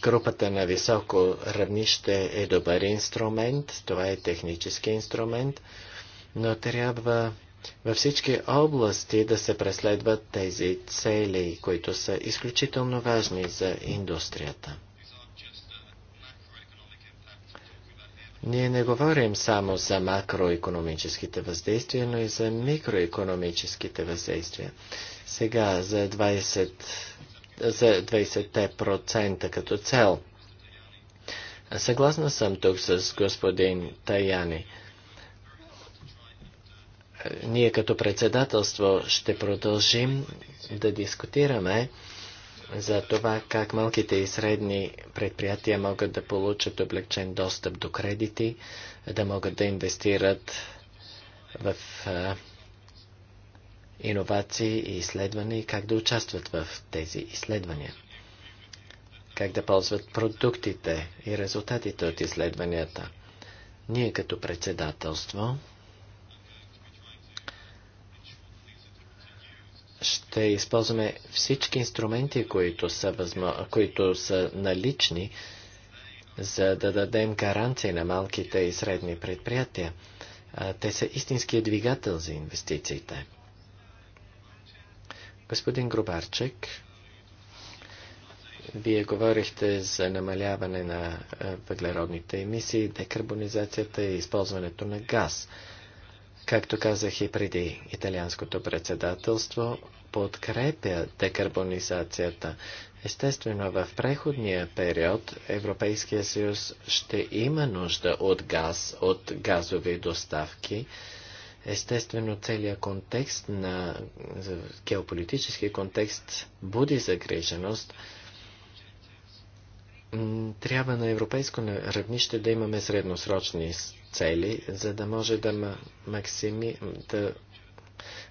Групата на високо равнище е добър инструмент, това е технически инструмент, но трябва във всички области да се преследват тези цели, които са изключително важни за индустрията. Ние не говорим само за макроекономическите въздействия, но и за микроекономическите въздействия. Сега за 20 за 20% като цел. Съгласна съм тук с господин Таяни. Ние като председателство ще продължим да дискутираме за това как малките и средни предприятия могат да получат облегчен достъп до кредити, да могат да инвестират в иновации и изследвания и как да участват в тези изследвания. Как да ползват продуктите и резултатите от изследванията. Ние като председателство ще използваме всички инструменти, които са, възмо... които са налични, за да дадем гаранции на малките и средни предприятия. Те са истинския двигател за инвестициите. Господин Грубарчек, вие говорихте за намаляване на въглеродните емисии, декарбонизацията и използването на газ. Както казах и преди италианското председателство, подкрепя декарбонизацията. Естествено, в преходния период Европейския съюз ще има нужда от газ, от газови доставки. Естествено, целият контекст на геополитически контекст буди загриженост. Трябва на европейско равнище да имаме средносрочни цели, за да може да, максими, да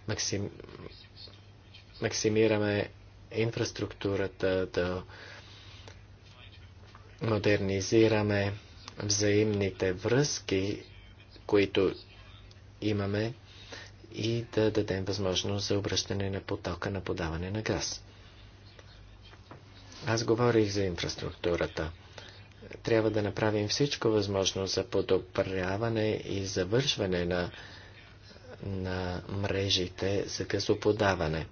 максим, максимираме инфраструктурата, да модернизираме взаимните връзки, които имаме и да дадем възможност за обръщане на потока на подаване на газ. Аз говорих за инфраструктурата. Трябва да направим всичко възможно за подобряване и завършване на, на мрежите за газоподаване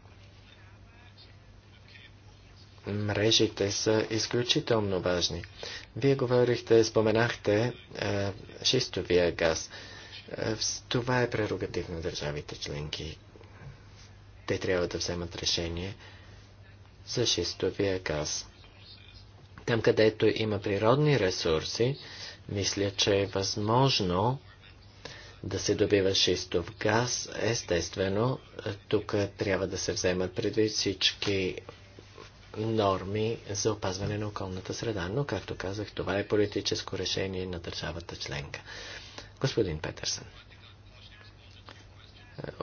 мрежите са изключително важни. Вие говорихте, споменахте е, шистовия газ. Е, това е прерогатив на държавите членки. Те трябва да вземат решение за шистовия газ. Там, където има природни ресурси, мисля, че е възможно да се добива шистов газ. Естествено, тук трябва да се вземат предвид всички норми за опазване на околната среда. Но, както казах, това е политическо решение на държавата членка. Господин Петърсън,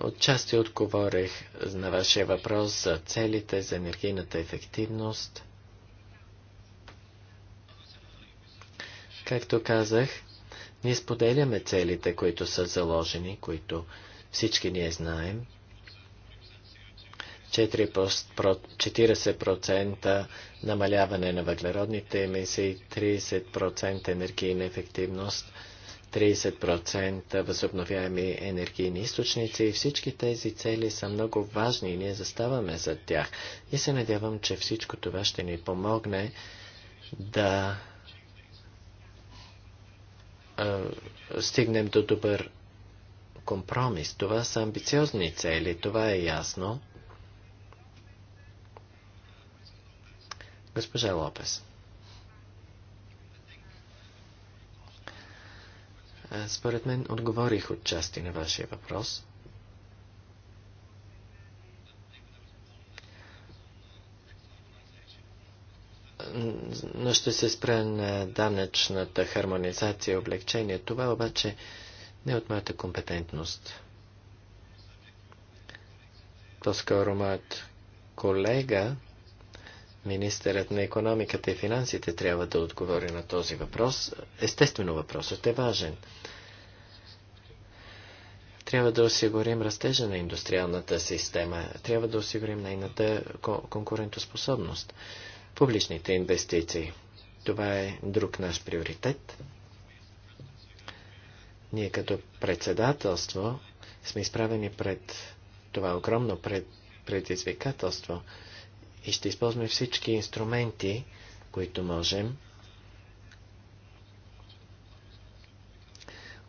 отчасти отговорих на вашия въпрос за целите за енергийната ефективност. Както казах, ние споделяме целите, които са заложени, които всички ние знаем – 40% намаляване на въглеродните емисии, 30% енергийна ефективност, 30% възобновяеми енергийни източници и всички тези цели са много важни и ние заставаме за тях. И се надявам, че всичко това ще ни помогне да стигнем до добър компромис. Това са амбициозни цели, това е ясно. Госпожа Лопес. Според мен отговорих от части на вашия въпрос. Но ще се спра на данъчната хармонизация и облегчение. Това обаче не е от моята компетентност. То скоро моят колега Министърът на економиката и финансите трябва да отговори на този въпрос. Естествено, въпросът е важен. Трябва да осигурим растежа на индустриалната система. Трябва да осигурим нейната конкурентоспособност. Публичните инвестиции. Това е друг наш приоритет. Ние като председателство сме изправени пред това огромно пред, предизвикателство – и ще използваме всички инструменти, които можем.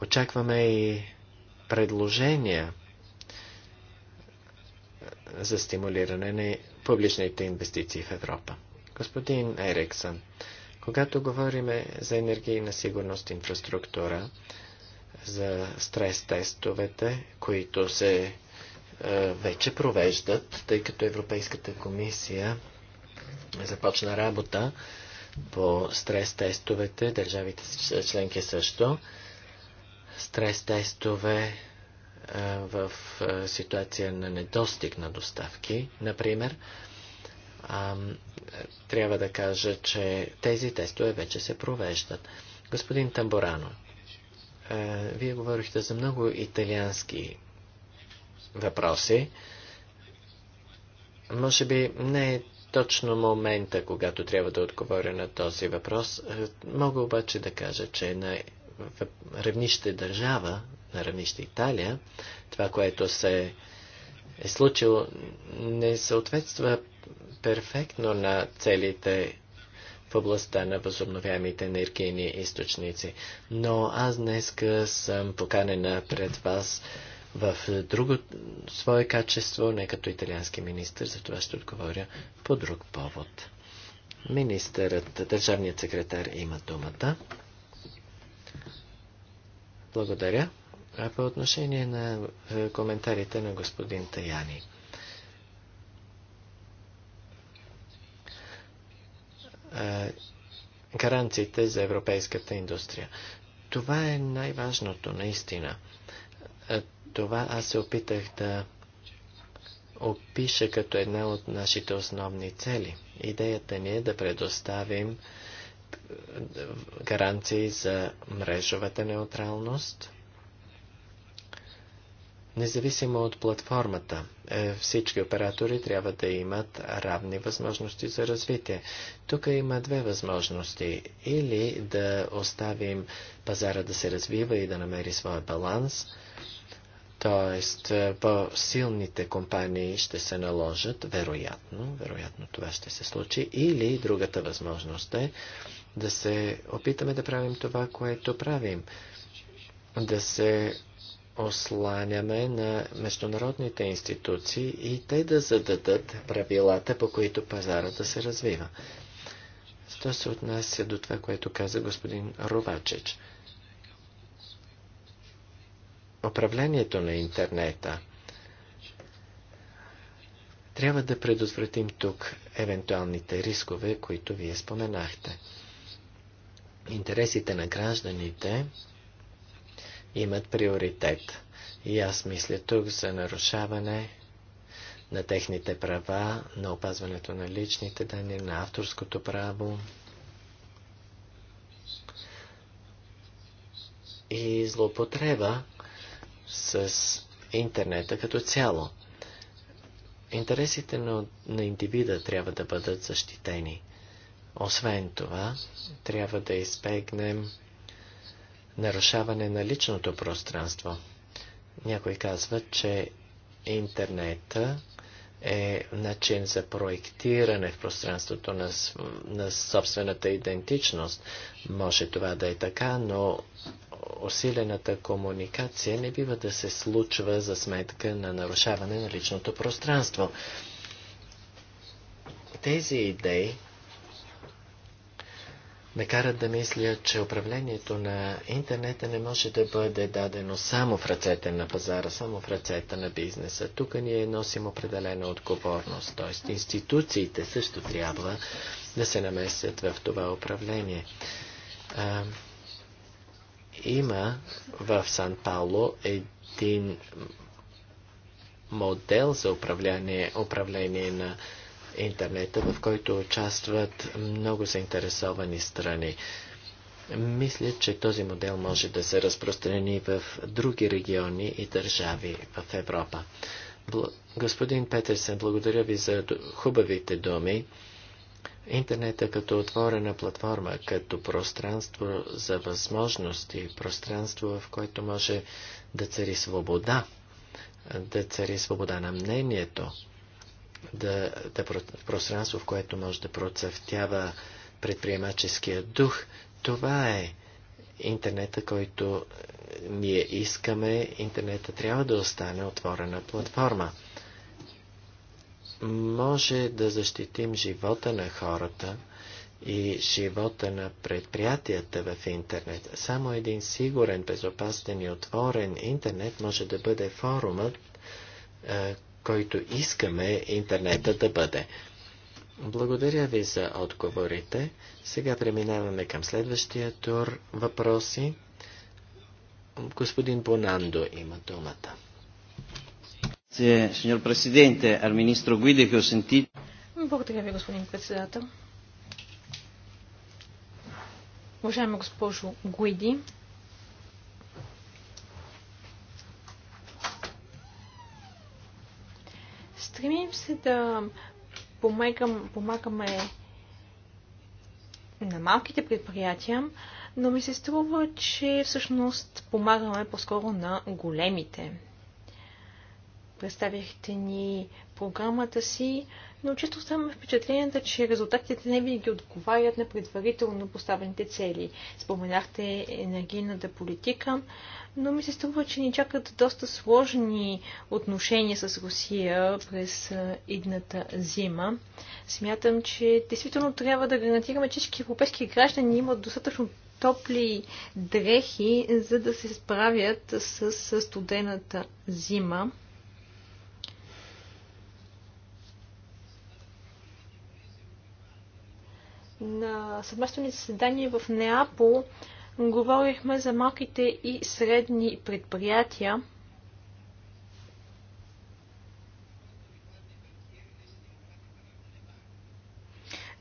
Очакваме и предложения за стимулиране на публичните инвестиции в Европа. Господин Ериксън, когато говориме за енергийна сигурност инфраструктура, за стрес тестовете, които се е, вече провеждат, тъй като Европейската комисия започна работа по стрес-тестовете, държавите членки също. Стрес-тестове е, в е, ситуация на недостиг на доставки, например, трябва да кажа, че тези тестове вече се провеждат. Господин Тамборано, вие говорихте за много италиански въпроси. Може би не е точно момента, когато трябва да отговоря на този въпрос. Е, мога обаче да кажа, че на равнище държава, на равнище Италия, това, което се е случило, не съответства перфектно на целите в областта на възобновяемите енергийни източници. Но аз днес съм поканена пред вас в е, друго свое качество, не като италиански министр, за това ще отговоря по друг повод. Министърът, държавният секретар има думата. Благодаря. А по отношение на е, коментарите на господин Таяни. Е, гаранциите за европейската индустрия. Това е най-важното, наистина. Това аз се опитах да опиша като една от нашите основни цели. Идеята ни е да предоставим гаранции за мрежовата неутралност, независимо от платформата. Е, всички оператори трябва да имат равни възможности за развитие. Тук има две възможности. Или да оставим пазара да се развива и да намери своя баланс – Тоест, е, по-силните компании ще се наложат, вероятно, вероятно това ще се случи, или другата възможност е да се опитаме да правим това, което правим, да се осланяме на международните институции и те да зададат правилата, по които пазара да се развива. Що се отнася до това, което каза господин Рубачич – управлението на интернета. Трябва да предотвратим тук евентуалните рискове, които вие споменахте. Интересите на гражданите имат приоритет. И аз мисля тук за нарушаване на техните права, на опазването на личните данни, на авторското право и злоупотреба с интернета като цяло. Интересите на, на индивида трябва да бъдат защитени. Освен това, трябва да избегнем нарушаване на личното пространство. Някой казва, че интернета е начин за проектиране в пространството на, на собствената идентичност. Може това да е така, но усилената комуникация не бива да се случва за сметка на нарушаване на личното пространство. Тези идеи ме карат да мисля, че управлението на интернета не може да бъде дадено само в ръцете на пазара, само в ръцете на бизнеса. Тук ние носим определена отговорност, т.е. институциите също трябва да се намесят в това управление. Има в Сан Пауло един модел за управление, управление на интернета, в който участват много заинтересовани страни. Мисля, че този модел може да се разпространи в други региони и държави в Европа. Господин Петерсен, благодаря ви за хубавите думи. Интернета е като отворена платформа, като пространство за възможности, пространство, в което може да цари свобода, да цари свобода на мнението, да, да пространство, в което може да процъфтява предприемаческия дух. Това е интернета, който ние искаме. Интернета трябва да остане отворена платформа може да защитим живота на хората и живота на предприятията в интернет. Само един сигурен, безопасен и отворен интернет може да бъде форумът, който искаме интернета да бъде. Благодаря ви за отговорите. Сега преминаваме към следващия тур въпроси. Господин Бонандо има думата. Благодаря ви, господин председател. Уважаема госпожо Гуиди, стремим се да помагам, помагаме на малките предприятия, но ми се струва, че всъщност помагаме по-скоро на големите представихте ни програмата си, но често съм впечатлението, че резултатите не винаги отговарят на предварително поставените цели. Споменахте енергийната политика, но ми се струва, че ни чакат доста сложни отношения с Русия през идната зима. Смятам, че действително трябва да гарантираме, че всички европейски граждани имат достатъчно топли дрехи, за да се справят с студената зима. на съвместни заседания в Неапол говорихме за малките и средни предприятия.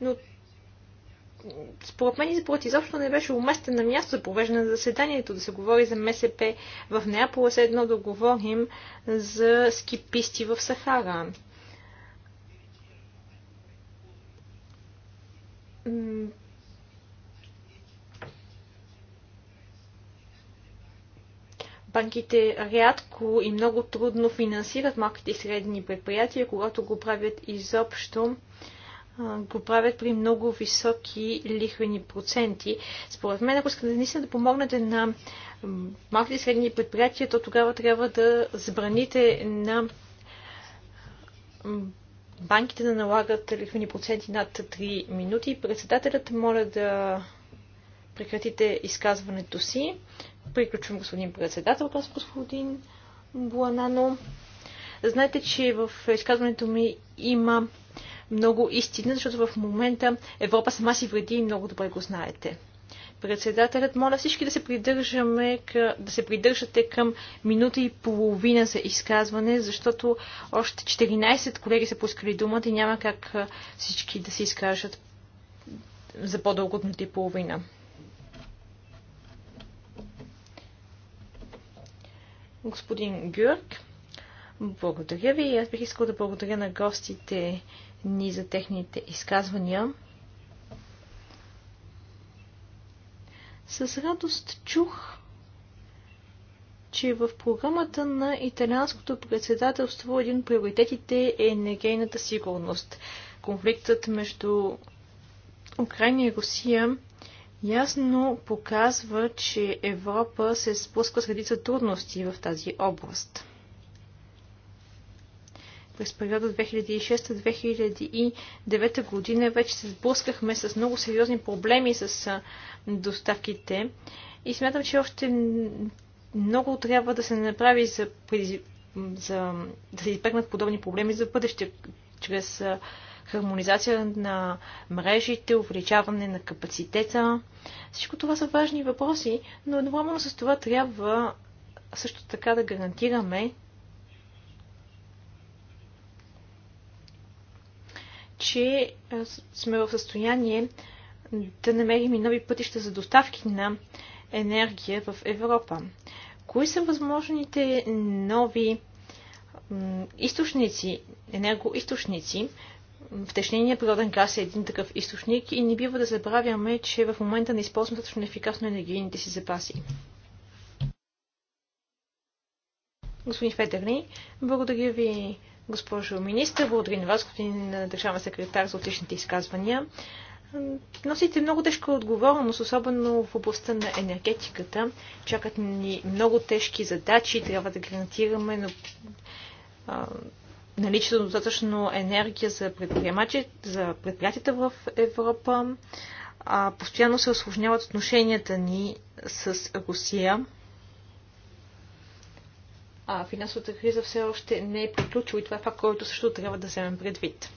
Но според мен изборът изобщо не беше уместен на място за провеждане на заседанието, да се говори за МСП в Неапол, след едно да говорим за скиписти в Сахара. банките рядко и много трудно финансират малките и средни предприятия, когато го правят изобщо го правят при много високи лихвени проценти. Според мен, ако искате наистина да помогнете на малките и средни предприятия, то тогава трябва да забраните на банките да налагат лихвени проценти над 3 минути. Председателят моля да прекратите изказването си. Приключвам господин председател, аз господин Буанано. Знаете, че в изказването ми има много истина, защото в момента Европа сама си вреди и много добре го знаете. Председателят, моля всички да се придържаме, да се придържате към минута и половина за изказване, защото още 14 колеги са поискали думата и няма как всички да се изкажат за по-дълго от минута и половина. Господин Гюрк, благодаря ви. Аз бих искал да благодаря на гостите ни за техните изказвания. С радост чух, че в програмата на италианското председателство един от приоритетите е енергийната сигурност. Конфликтът между Украина и Русия ясно показва, че Европа се спуска с редица трудности в тази област през периода 2006-2009 година вече се сблъскахме с много сериозни проблеми с доставките и смятам, че още много трябва да се направи за, за да се избегнат подобни проблеми за бъдеще, чрез хармонизация на мрежите, увеличаване на капацитета. Всичко това са важни въпроси, но едновременно с това трябва също така да гарантираме, че сме в състояние да намерим и нови пътища за доставки на енергия в Европа. Кои са възможните нови източници, енергоисточници? Втечнения природен газ е един такъв източник и не бива да забравяме, че в момента не използваме достатъчно ефикасно енергийните си запаси. Господин Федерни, благодаря ви, госпожо министър, благодаря на вас, господин държавен секретар, за отличните изказвания. Носите много тежка отговорност, особено в областта на енергетиката. Чакат ни много тежки задачи, трябва да гарантираме на, наличието на достатъчно енергия за, за предприятията в Европа. А, постоянно се осложняват отношенията ни с Русия а финансовата криза все още не е приключила и това е факт, който също трябва да вземем предвид.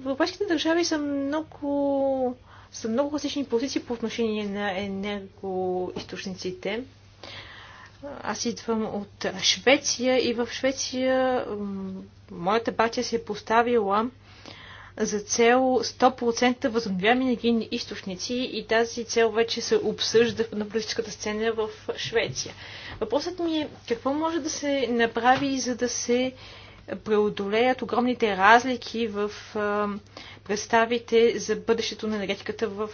Европейските държави са много, са много различни позиции по отношение на енергоисточниците. Аз идвам от Швеция и в Швеция моята батя се е поставила за цел 100% възобновяеми енергийни източници и тази цел вече се обсъжда на политическата сцена в Швеция. Въпросът ми е какво може да се направи, за да се преодолеят огромните разлики в представите за бъдещето на енергетиката в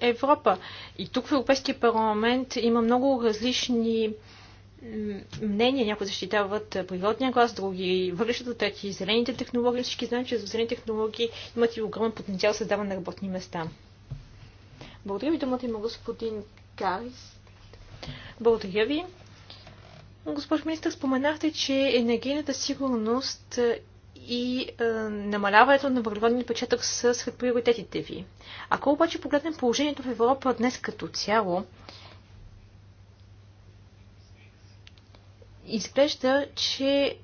Европа. И тук в Европейския парламент има много различни мнения. Някои защитават природния глас, други въглищата, трети зелените технологии. Всички знаем, че зелените технологии имат и огромен потенциал за създаване на работни места. Благодаря ви, думата има господин Карис. Благодаря ви. Госпожо министър, споменахте, че енергийната сигурност и е, намаляването на въглеродния печатък са сред приоритетите ви. Ако обаче погледнем положението в Европа днес като цяло, изглежда, че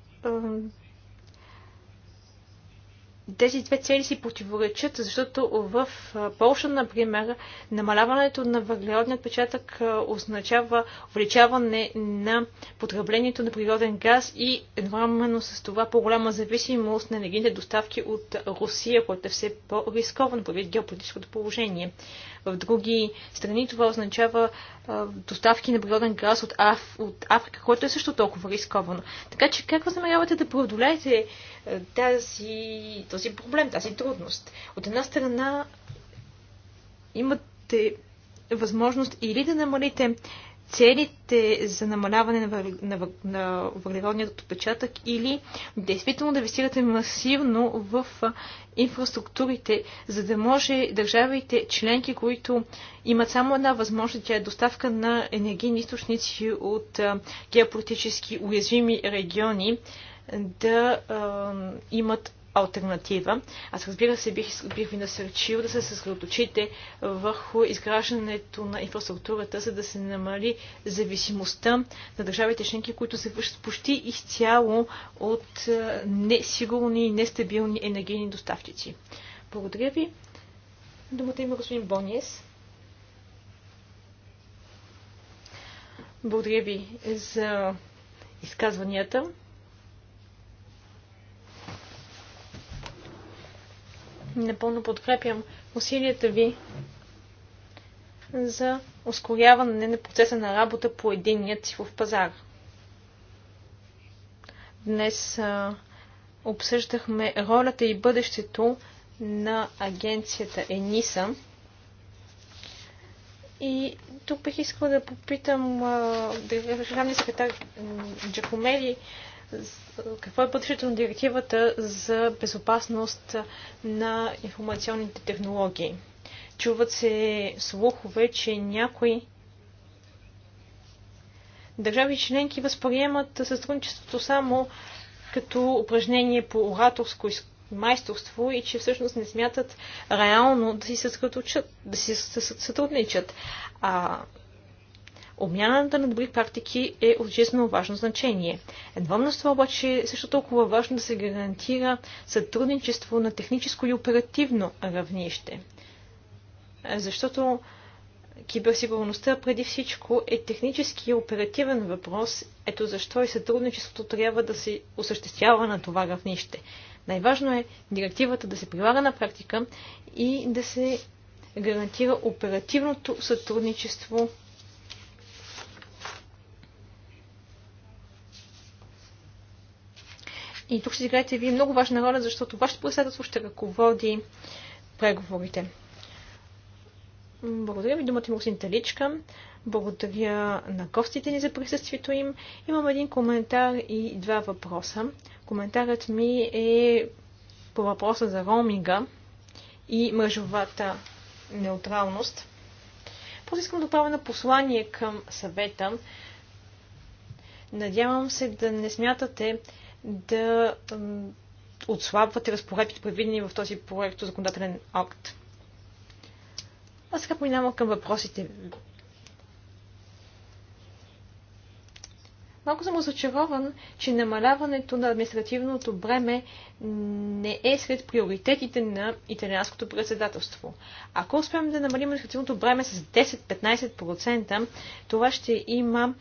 тези две цели си противоречат, защото в Польша, например, намаляването на въглеродният печатък означава увеличаване на потреблението на природен газ и едновременно с това по-голяма зависимост на енергийните доставки от Русия, което е все по-рисковано поради геополитическото положение в други страни, това означава доставки на природен газ от, Аф, от Африка, което е също толкова рисковано. Така че как възнамерявате да преодолеете тази, този проблем, тази трудност? От една страна имате възможност или да намалите целите за намаляване на, на, на въглеродният отпечатък или действително да инвестирате масивно в инфраструктурите, за да може държавите членки, които имат само една възможност, тя е доставка на енергийни източници от геополитически уязвими региони, да а, имат альтернатива. Аз разбира се бих, бих ви насърчил да се съсредоточите върху изграждането на инфраструктурата, за да се намали зависимостта на държавите членки, които се вършат почти изцяло от е, несигурни и нестабилни енергийни доставчици. Благодаря ви. Думата има господин Бониес. Благодаря ви за изказванията. Напълно подкрепям усилията ви за ускоряване на процеса на работа по единия цифров пазар. Днес а, обсъждахме ролята и бъдещето на агенцията ЕНИСА. И тук бих искала да попитам държавния секретар Джакомели какво е бъдещето на директивата за безопасност на информационните технологии. Чуват се слухове, че някои държави членки възприемат сътрудничеството само като упражнение по ораторско майсторство и че всъщност не смятат реално да си сътрудничат. Да си сътрудничат. А Обмяната на добри практики е от жизненно важно значение. Едва с това обаче е също толкова важно да се гарантира сътрудничество на техническо и оперативно равнище. Защото киберсигурността преди всичко е технически и оперативен въпрос. Ето защо и сътрудничеството трябва да се осъществява на това равнище. Най-важно е директивата да се прилага на практика и да се гарантира оперативното сътрудничество И тук ще играете вие много важна роля, защото вашето председателство ще ръководи преговорите. Благодаря ви, думата има господин Таличка. Благодаря на гостите ни за присъствието им. Имам един коментар и два въпроса. Коментарът ми е по въпроса за роуминга и мъжовата неутралност. Просто искам да правя на послание към съвета. Надявам се да не смятате, да отслабвате разпоредбите, предвидени в този проект законодателен акт. Аз сега поминавам към въпросите. Малко съм разочарован, че намаляването на административното бреме не е сред приоритетите на италианското председателство. Ако успеем да намалим административното бреме с 10-15%, това ще има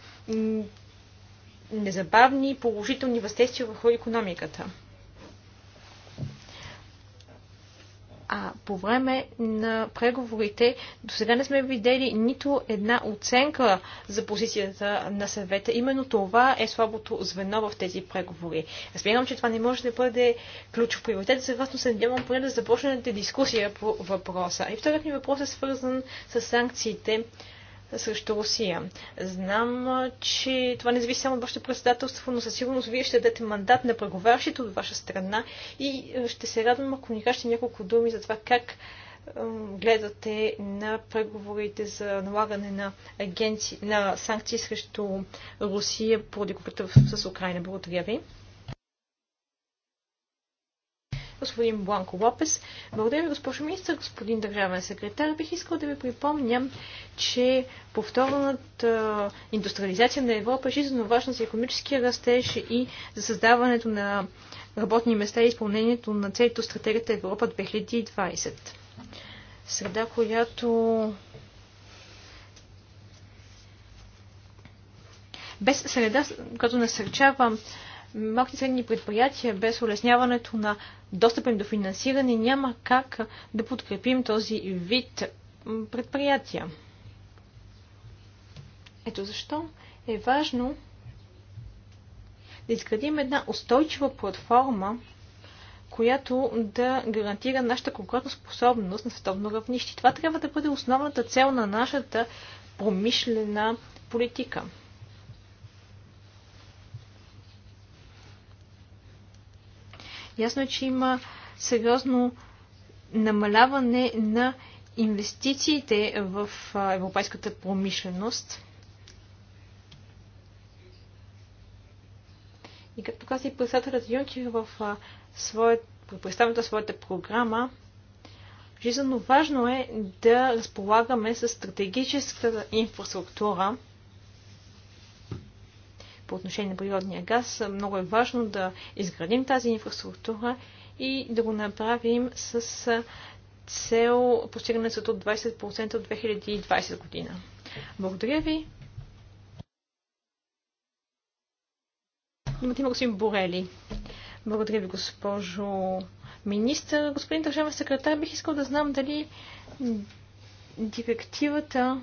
незабавни и положителни въздействия върху економиката. А по време на преговорите до сега не сме видели нито една оценка за позицията на съвета. Именно това е слабото звено в тези преговори. Разбирам, че това не може да бъде ключов приоритет. Съгласно се надявам поне да започнете дискусия по въпроса. И вторият ми въпрос е свързан с санкциите срещу Русия. Знам, че това не зависи само от вашето председателство, но със сигурност вие ще дадете мандат на преговарящите от ваша страна и е, ще се радвам, ако ни кажете няколко думи за това как е, гледате на преговорите за налагане на, агенци... на санкции срещу Русия поради конфликта с Украина. Благодаря ви господин Бланко Лопес. Благодаря ви, госпожо министър, господин държавен секретар. Бих искал да ви припомням, че повторната индустриализация на Европа е жизненно важна за економическия растеж и за създаването на работни места и изпълнението на целите от стратегията Европа 2020. Среда, която без среда, като насърчава малки средни предприятия без улесняването на достъпен до финансиране няма как да подкрепим този вид предприятия. Ето защо е важно да изградим една устойчива платформа, която да гарантира нашата способност на световно равнище. Това трябва да бъде основната цел на нашата промишлена политика. Ясно е, че има сериозно намаляване на инвестициите в европейската промишленост. И както каза и председателят Юнкер в своят, представната своята програма, жизненно важно е да разполагаме с стратегическата инфраструктура, по отношение на природния газ. Много е важно да изградим тази инфраструктура и да го направим с цел постигане от 20% от 2020 година. Благодаря ви. Думата има господин Борели. Благодаря ви, госпожо министър. Господин държавен секретар, бих искал да знам дали директивата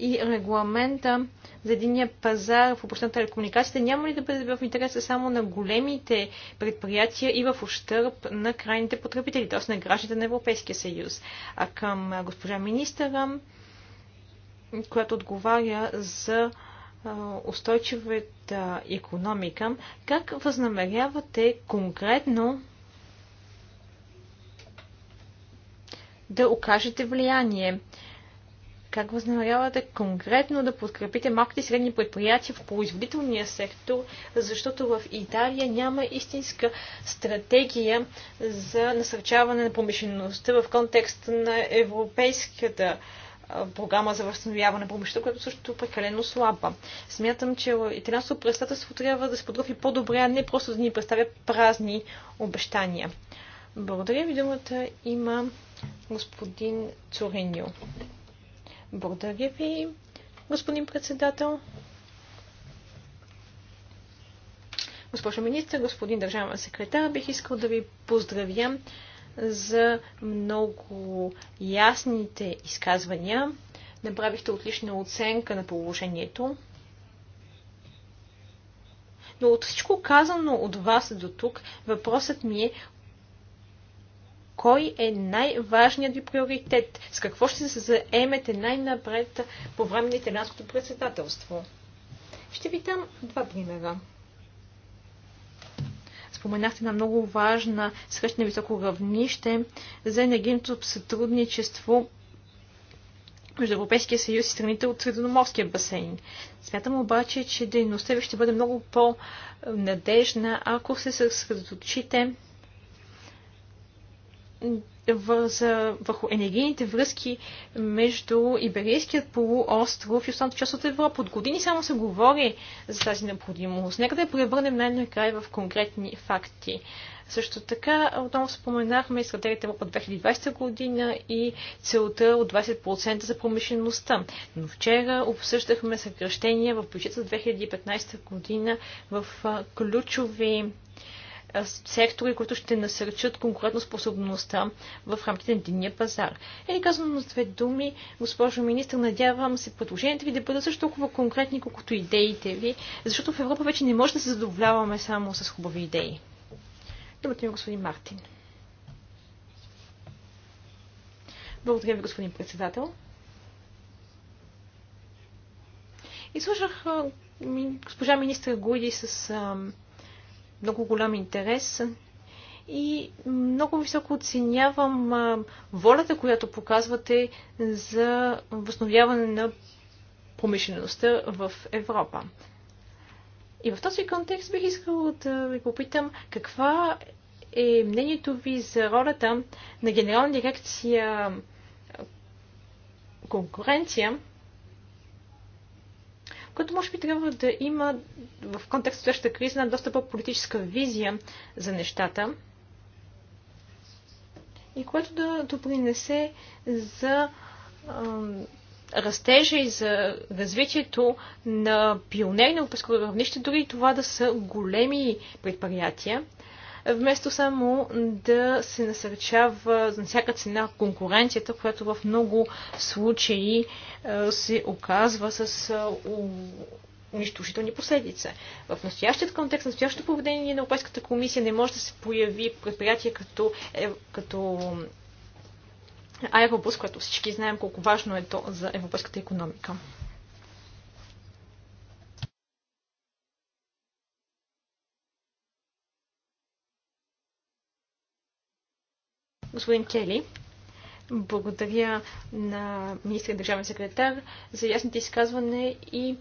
и регламента за единия пазар в областта на телекомуникациите няма ли да бъде в интереса само на големите предприятия и в ущърп на крайните потребители, т.е. на гражданите на Европейския съюз? А към госпожа министъра, която отговаря за устойчивата економика, как възнамерявате конкретно да окажете влияние? Как възнамерявате конкретно да подкрепите малките и средни предприятия в производителния сектор, защото в Италия няма истинска стратегия за насърчаване на промишлеността в контекста на европейската програма за възстановяване на промишлеността, която също е прекалено слаба. Смятам, че италианското представителство трябва да се подготви по-добре, а не просто да ни представя празни обещания. Благодаря ви думата има господин Цуриньо. Благодаря ви, господин председател. Госпожо министр, господин държавен секретар, бих искал да ви поздравя за много ясните изказвания. Направихте отлична оценка на положението. Но от всичко казано от вас до тук, въпросът ми е кой е най-важният ви приоритет? С какво ще се заемете най-напред по време на италянското председателство? Ще ви дам два примера. Споменахте на много важна среща на високо равнище за енергийното сътрудничество между Европейския съюз и страните от Средономорския басейн. Смятам обаче, че дейността ви ще бъде много по-надежна, ако се съсредоточите за, върху енергийните връзки между Иберийският полуостров и останата част от Европа. От години само се говори за тази необходимост. Нека да я превърнем най-накрая в конкретни факти. Също така, отново споменахме стратегията Европа 2020 година и целта от 20% за промишлеността. Но вчера обсъждахме съкръщения в бюджета за 2015 година в ключови сектори, които ще насърчат конкурентоспособността в рамките на единния пазар. Е, казвам на две думи, госпожо министр, надявам се предложенията ви да бъдат също толкова конкретни, колкото идеите ви, защото в Европа вече не може да се задоволяваме само с хубави идеи. Думата ми, господин Мартин. Благодаря ви, господин председател. И слушах госпожа министър Гуди с много голям интерес и много високо оценявам волята, която показвате за възстановяване на промишлеността в Европа. И в този контекст бих искала да ви попитам каква е мнението ви за ролята на Генерална дирекция конкуренция което може би трябва да има в контекст на криза на доста по-политическа визия за нещата и което да допринесе за растежа и за развитието на пионерно европейско равнище, дори и това да са големи предприятия вместо само да се насърчава на всяка цена конкуренцията, която в много случаи е, се оказва с е, унищожителни последици. В настоящият контекст, настоящото поведение на Европейската комисия не може да се появи предприятие като, е, като Аеробус, което всички знаем колко важно е то за европейската економика. Господин Кели, благодаря на министър и държавен секретар за ясните изказване и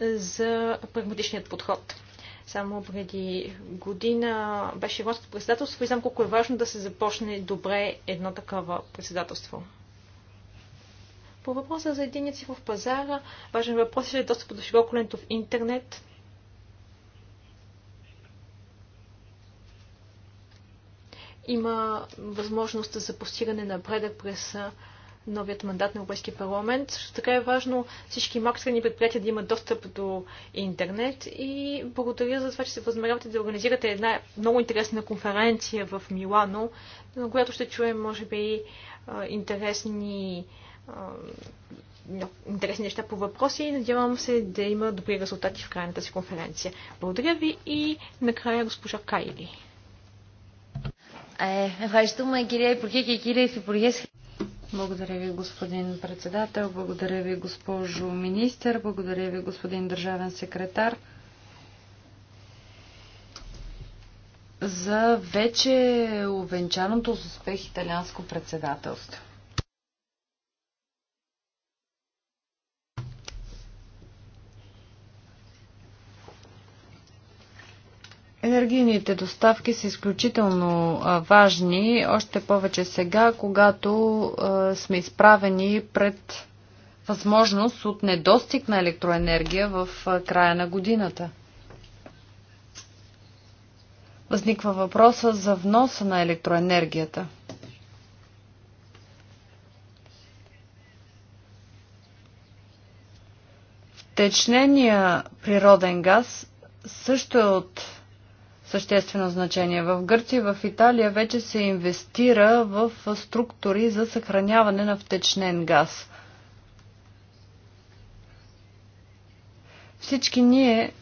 за прагматичният подход. Само преди година беше ирландското председателство и знам колко е важно да се започне добре едно такова председателство. По въпроса за единия цифров пазара, важен въпрос е, е достъп до широколентов интернет има възможност за постигане на предък през новият мандат на Европейския парламент. Също така е важно всички макстрани предприятия да имат достъп до интернет и благодаря за това, че се възмерявате да организирате една много интересна конференция в Милано, на която ще чуем, може би, интересни интересни неща по въпроси и надявам се да има добри резултати в крайната си конференция. Благодаря ви и накрая госпожа Кайли. Ευχαριστούμε κυρία Υπουργέ και κύριε Υφυπουργέ. Благодаря ви, господин председател. Благодаря ви, госпожо министър. Благодаря ви, господин държавен секретар. За вече увенчаното с успех италианско председателство. Енергийните доставки са изключително важни, още повече сега, когато сме изправени пред възможност от недостиг на електроенергия в края на годината. Възниква въпроса за вноса на електроенергията. Втечнения природен газ също е от съществено значение. В Гърция и в Италия вече се инвестира в структури за съхраняване на втечнен газ. Всички ние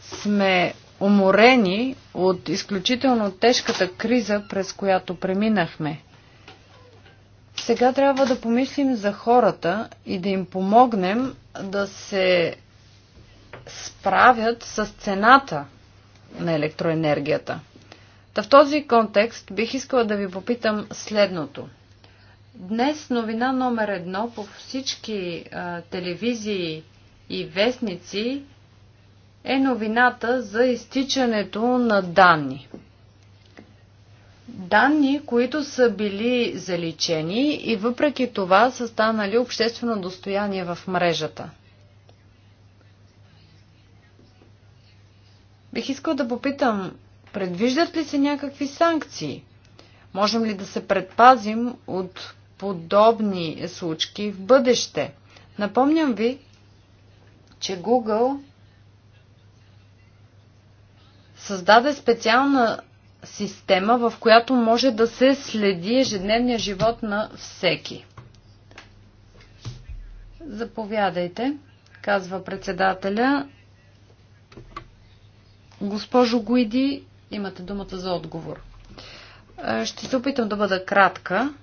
сме уморени от изключително тежката криза, през която преминахме. Сега трябва да помислим за хората и да им помогнем да се справят с цената на електроенергията. Та в този контекст бих искала да ви попитам следното. Днес новина номер едно по всички а, телевизии и вестници е новината за изтичането на данни. Данни, които са били заличени и въпреки това са станали обществено достояние в мрежата – Бих искал да попитам, предвиждат ли се някакви санкции? Можем ли да се предпазим от подобни случки в бъдеще? Напомням ви, че Google създаде специална система, в която може да се следи ежедневния живот на всеки. Заповядайте, казва председателя. Госпожо Гуиди, имате думата за отговор. Ще се опитам да бъда кратка.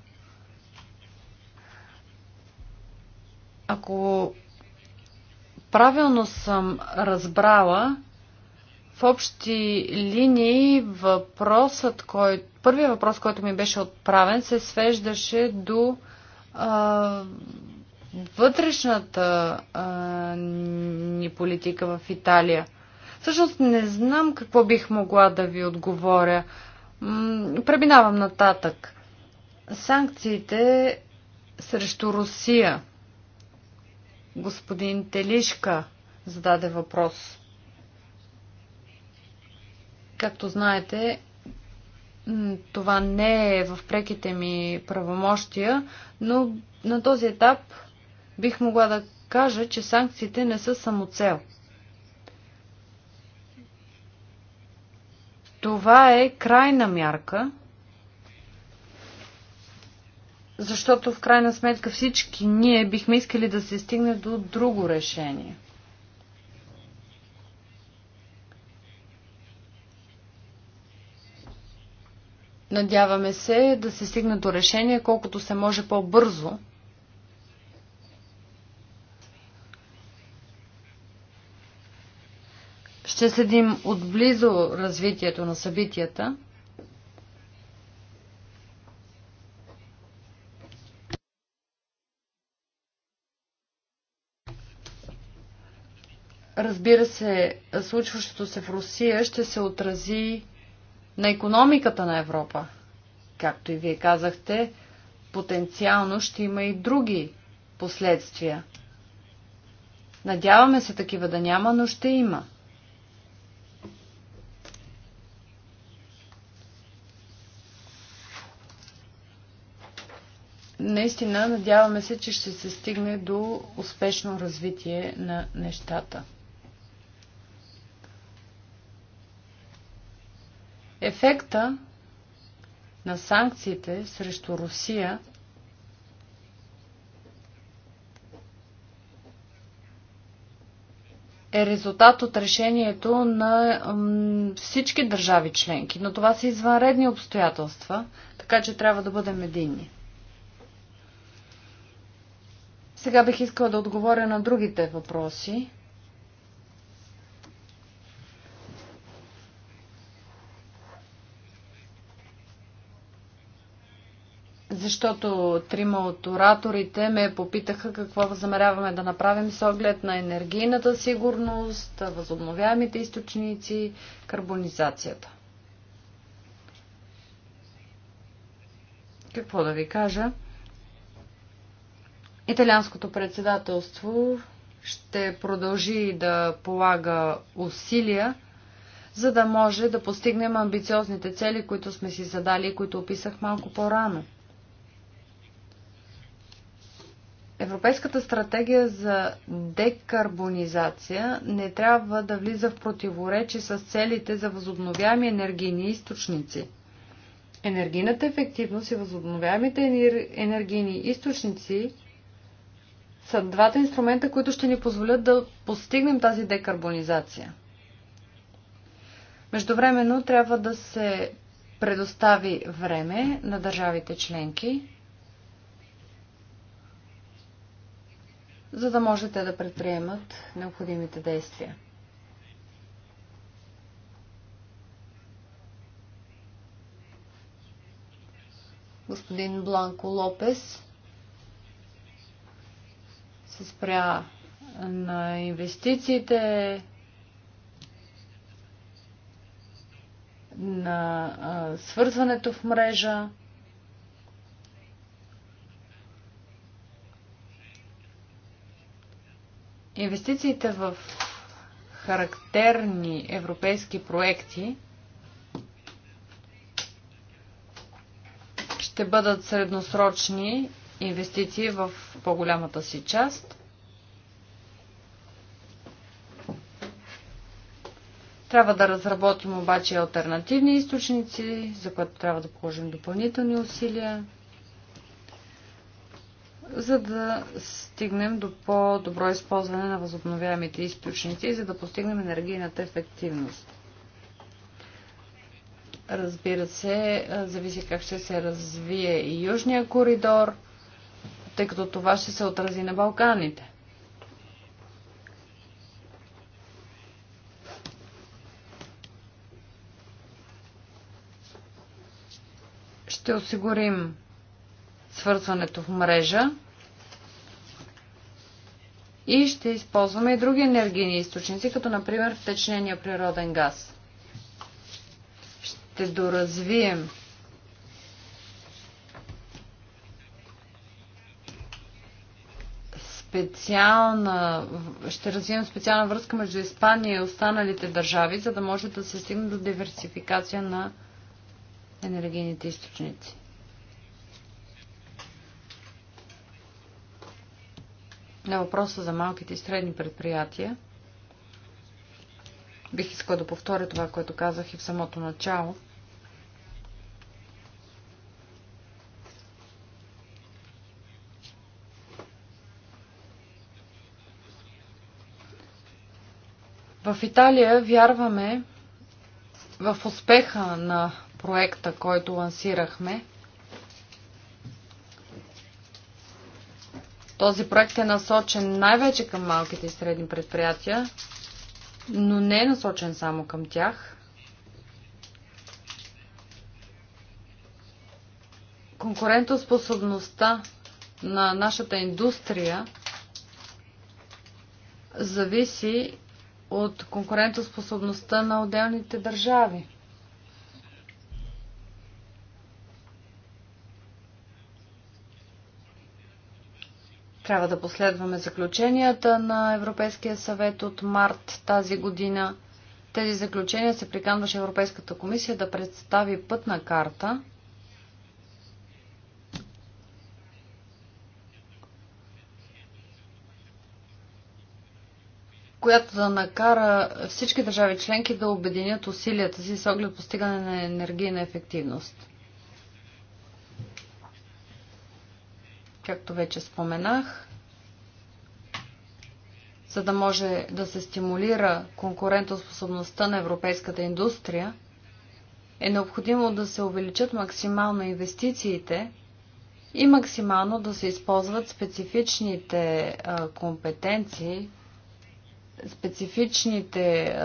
Ако правилно съм разбрала, в общи линии въпросът, кой... първият въпрос, който ми беше отправен, се свеждаше до а, вътрешната а, ни политика в Италия – Всъщност не знам какво бих могла да ви отговоря. Пребинавам нататък. Санкциите срещу Русия. Господин Телишка зададе въпрос. Както знаете, това не е в преките ми правомощия, но на този етап бих могла да кажа, че санкциите не са самоцел. Това е крайна мярка, защото в крайна сметка всички ние бихме искали да се стигне до друго решение. Надяваме се да се стигне до решение колкото се може по-бързо, Ще следим отблизо развитието на събитията. Разбира се, случващото се в Русия ще се отрази на економиката на Европа. Както и вие казахте, потенциално ще има и други последствия. Надяваме се такива да няма, но ще има. Наистина, надяваме се, че ще се стигне до успешно развитие на нещата. Ефекта на санкциите срещу Русия е резултат от решението на всички държави членки, но това са извънредни обстоятелства, така че трябва да бъдем единни. Сега бих искала да отговоря на другите въпроси. защото трима от ораторите ме попитаха какво замеряваме да направим с оглед на енергийната сигурност, възобновяемите източници, карбонизацията. Какво да ви кажа? Италианското председателство ще продължи да полага усилия, за да може да постигнем амбициозните цели, които сме си задали и които описах малко по-рано. Европейската стратегия за декарбонизация не трябва да влиза в противоречи с целите за възобновяеми енергийни източници. Енергийната ефективност и възобновяемите енергийни източници са двата инструмента, които ще ни позволят да постигнем тази декарбонизация. Междувременно трябва да се предостави време на държавите членки, за да можете да предприемат необходимите действия. Господин Бланко Лопес се спря на инвестициите, на а, свързването в мрежа. Инвестициите в характерни европейски проекти ще бъдат средносрочни инвестиции в по-голямата си част. Трябва да разработим обаче альтернативни източници, за което трябва да положим допълнителни усилия, за да стигнем до по-добро използване на възобновяемите източници и за да постигнем енергийната ефективност. Разбира се, зависи как ще се развие и Южния коридор – тъй като това ще се отрази на Балканите. Ще осигурим свързването в мрежа и ще използваме и други енергийни източници, като например втечнения природен газ. Ще доразвием специална, ще развием специална връзка между Испания и останалите държави, за да може да се стигне до диверсификация на енергийните източници. На въпроса за малките и средни предприятия, бих искала да повторя това, което казах и в самото начало – В Италия вярваме в успеха на проекта, който лансирахме. Този проект е насочен най-вече към малките и средни предприятия, но не е насочен само към тях. Конкурентоспособността на нашата индустрия зависи от конкурентоспособността на отделните държави. Трябва да последваме заключенията на Европейския съвет от март тази година. Тези заключения се приканваше Европейската комисия да представи пътна карта която да накара всички държави членки да обединят усилията си с оглед постигане на енергийна ефективност. Както вече споменах, за да може да се стимулира конкурентоспособността на европейската индустрия, е необходимо да се увеличат максимално инвестициите и максимално да се използват специфичните компетенции, специфичните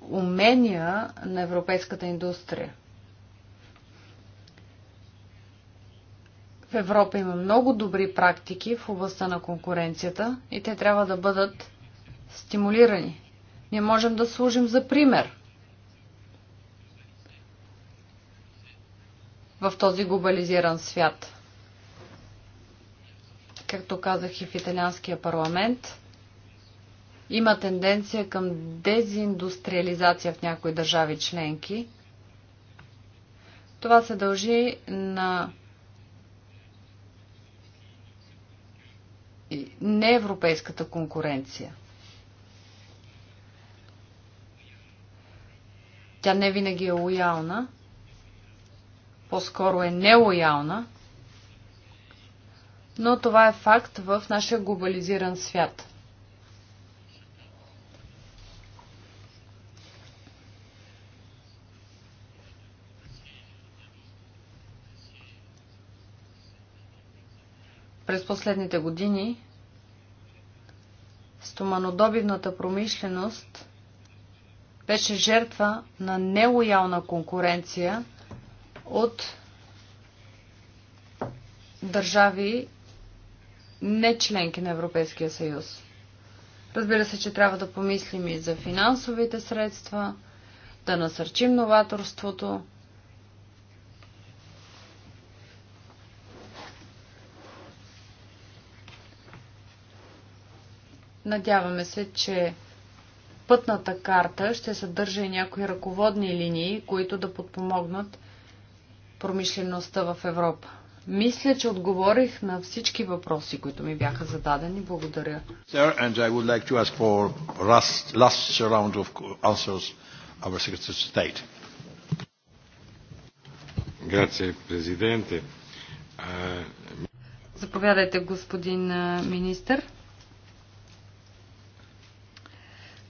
умения на европейската индустрия. В Европа има много добри практики в областта на конкуренцията и те трябва да бъдат стимулирани. Ние можем да служим за пример в този глобализиран свят. Както казах и в италианския парламент, има тенденция към дезиндустриализация в някои държави членки. Това се дължи на неевропейската конкуренция. Тя не винаги е лоялна, по-скоро е нелоялна, но това е факт в нашия глобализиран свят – през последните години стоманодобивната промишленост беше жертва на нелоялна конкуренция от държави не членки на Европейския съюз. Разбира се, че трябва да помислим и за финансовите средства, да насърчим новаторството, Надяваме се, че пътната карта ще съдържа и някои ръководни линии, които да подпомогнат промишлеността в Европа. Мисля, че отговорих на всички въпроси, които ми бяха зададени. Благодаря. Заповядайте, господин министър.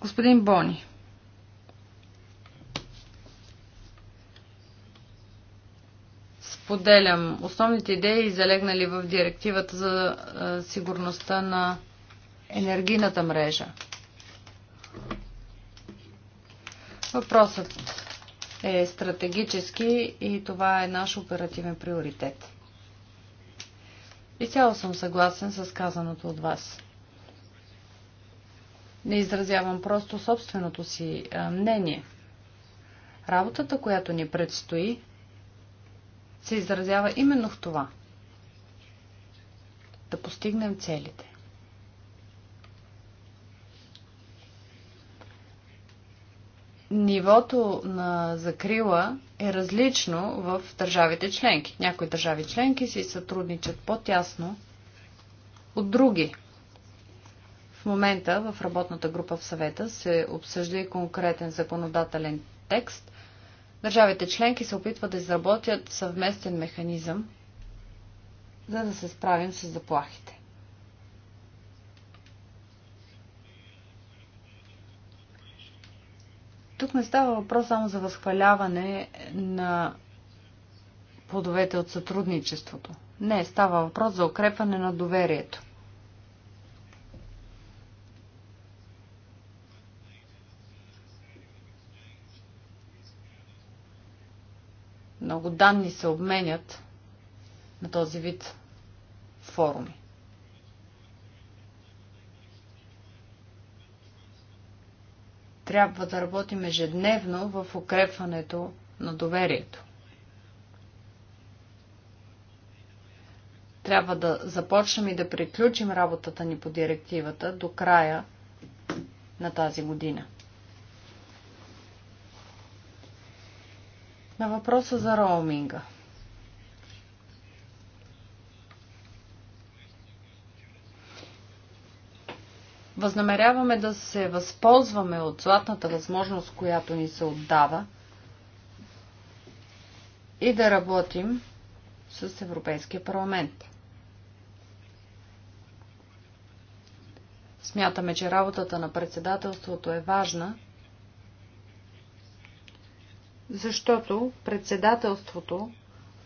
Господин Бони. Споделям основните идеи, залегнали в директивата за сигурността на енергийната мрежа. Въпросът е стратегически и това е наш оперативен приоритет. И цяло съм съгласен с казаното от вас не изразявам просто собственото си мнение. Работата, която ни предстои, се изразява именно в това. Да постигнем целите. Нивото на закрила е различно в държавите членки. Някои държави членки си сътрудничат по-тясно от други. В момента в работната група в съвета се обсъжда и конкретен законодателен текст. Държавите членки се опитват да изработят съвместен механизъм, за да се справим с заплахите. Тук не става въпрос само за възхваляване на плодовете от сътрудничеството. Не, става въпрос за укрепване на доверието. Много данни се обменят на този вид форуми. Трябва да работим ежедневно в укрепването на доверието. Трябва да започнем и да приключим работата ни по директивата до края на тази година. На въпроса за роуминга. Възнамеряваме да се възползваме от златната възможност, която ни се отдава и да работим с Европейския парламент. Смятаме, че работата на председателството е важна, защото председателството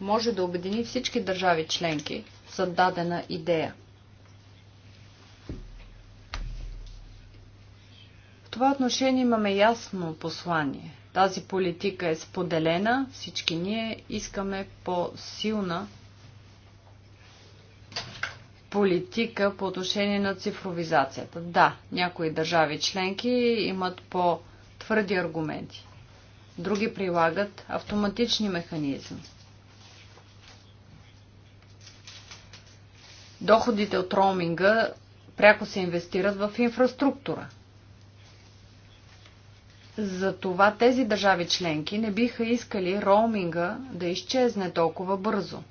може да обедини всички държави членки за дадена идея. В това отношение имаме ясно послание. Тази политика е споделена, всички ние искаме по-силна политика по отношение на цифровизацията. Да, някои държави членки имат по-твърди аргументи други прилагат автоматични механизми. Доходите от роуминга пряко се инвестират в инфраструктура. Затова тези държави членки не биха искали роуминга да изчезне толкова бързо,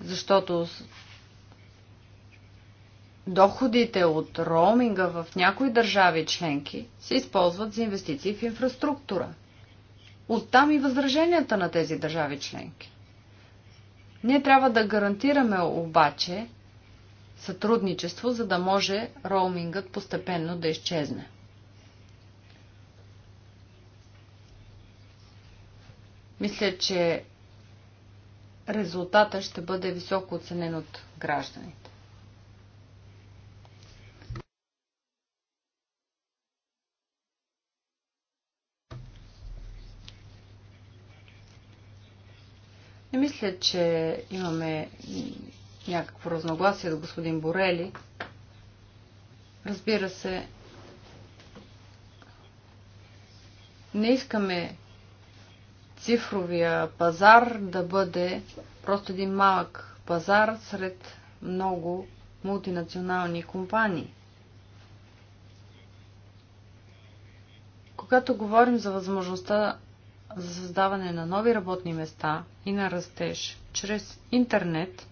защото доходите от роуминга в някои държави членки се използват за инвестиции в инфраструктура – Оттам и възраженията на тези държави членки. Ние трябва да гарантираме обаче сътрудничество, за да може роумингът постепенно да изчезне. Мисля, че резултата ще бъде високо оценен от гражданите. мисля, че имаме някакво разногласие с господин Борели. Разбира се, не искаме цифровия пазар да бъде просто един малък пазар сред много мултинационални компании. Когато говорим за възможността за създаване на нови работни места и на растеж чрез интернет,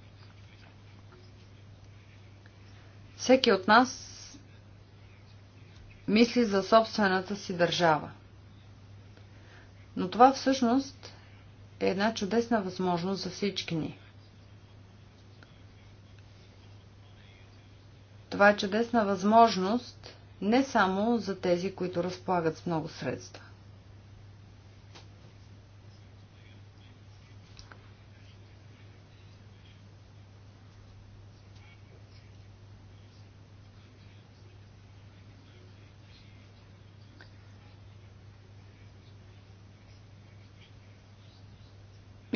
всеки от нас мисли за собствената си държава. Но това всъщност е една чудесна възможност за всички ни. Това е чудесна възможност не само за тези, които разполагат с много средства.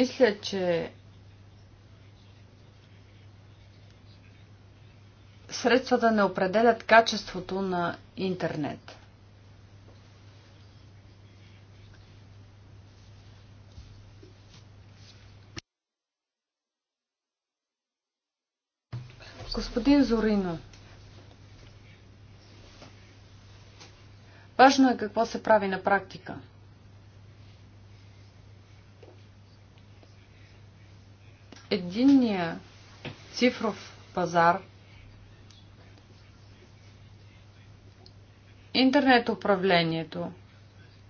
Мисля, че средствата не определят качеството на интернет. Господин Зорино, важно е какво се прави на практика – единния цифров пазар, интернет управлението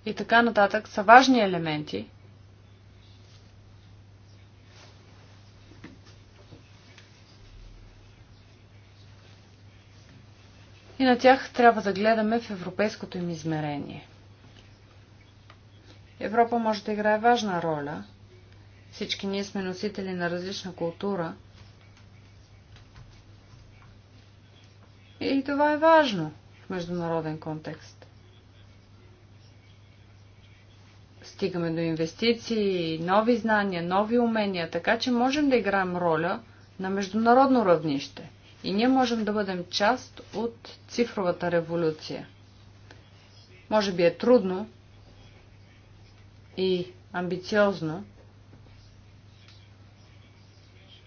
и така нататък са важни елементи, и на тях трябва да гледаме в европейското им измерение. Европа може да играе важна роля – всички ние сме носители на различна култура. И това е важно в международен контекст. Стигаме до инвестиции, нови знания, нови умения, така че можем да играем роля на международно равнище. И ние можем да бъдем част от цифровата революция. Може би е трудно и амбициозно,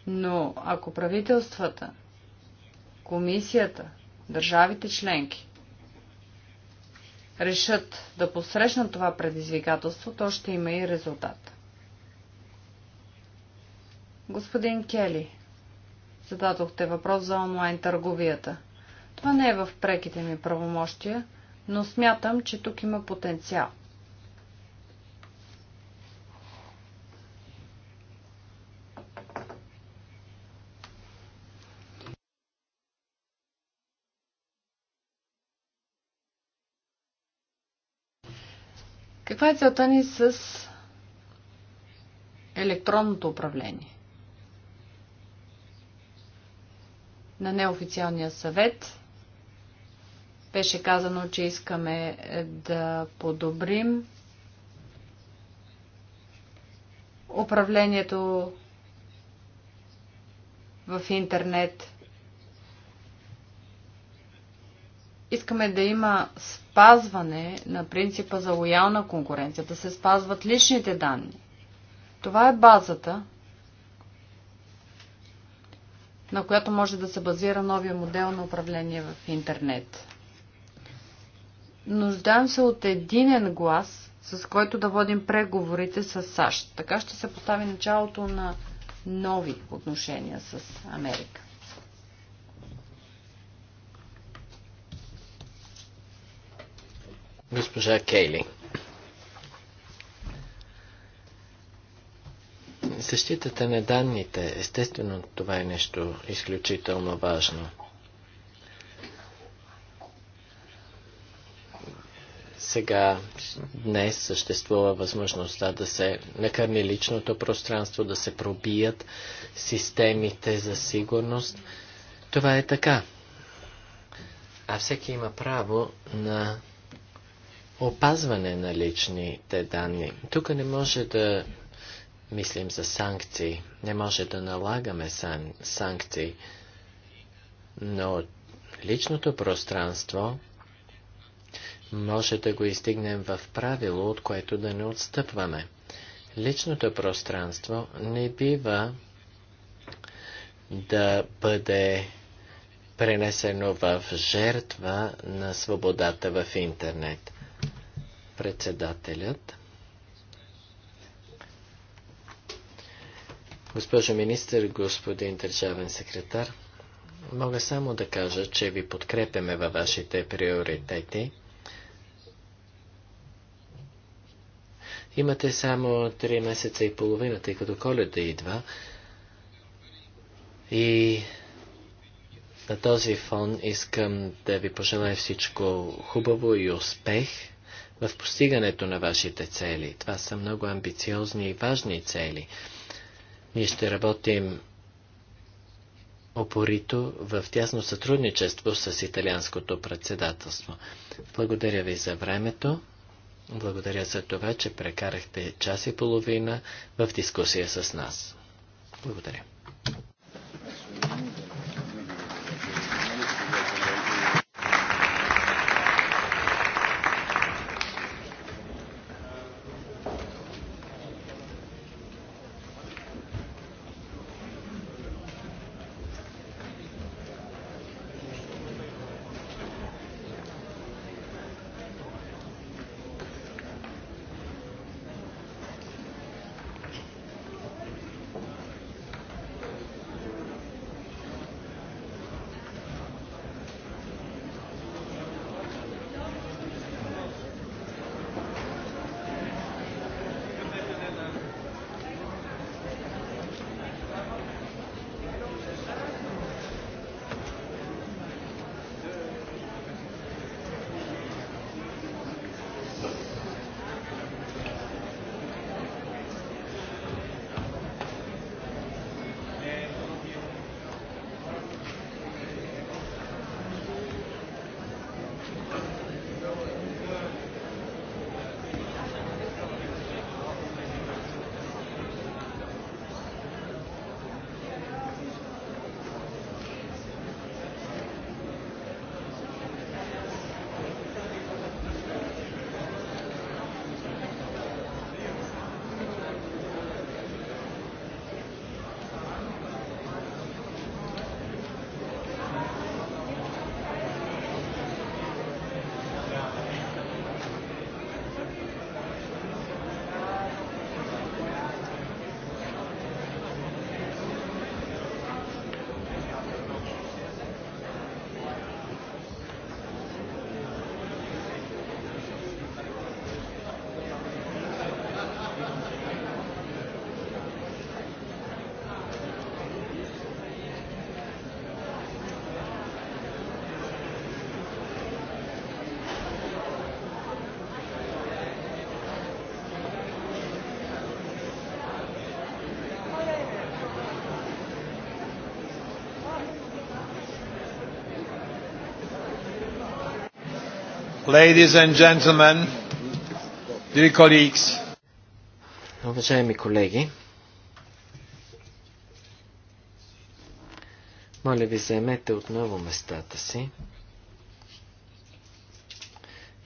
но ако правителствата, комисията, държавите членки решат да посрещнат това предизвикателство, то ще има и резултат. Господин Кели, зададохте въпрос за онлайн търговията. Това не е в преките ми правомощия, но смятам, че тук има потенциал – Каква е целта ни с електронното управление? На неофициалния съвет беше казано, че искаме да подобрим управлението в интернет Искаме да има спазване на принципа за лоялна конкуренция, да се спазват личните данни. Това е базата, на която може да се базира новия модел на управление в интернет. Нуждаем се от единен глас, с който да водим преговорите с САЩ. Така ще се постави началото на нови отношения с Америка. Госпожа Кейли. Защитата на данните, естествено, това е нещо изключително важно. сега, днес съществува възможността да се накърни личното пространство, да се пробият системите за сигурност. Това е така. А всеки има право на опазване на личните данни. Тук не може да мислим за санкции, не може да налагаме сан- санкции, но личното пространство може да го издигнем в правило, от което да не отстъпваме. Личното пространство не бива да бъде пренесено в жертва на свободата в интернет. Председателят. Госпожо министър, господин държавен секретар, мога само да кажа, че ви подкрепяме във вашите приоритети. Имате само 3 месеца и половина, тъй като коледа идва. И на този фон искам да ви пожелая всичко хубаво и успех в постигането на вашите цели. Това са много амбициозни и важни цели. Ние ще работим опорито в тясно сътрудничество с италианското председателство. Благодаря ви за времето. Благодаря за това, че прекарахте час и половина в дискусия с нас. Благодаря. Ladies and gentlemen, dear colleagues. Уважаеми колеги, моля ви заемете отново местата си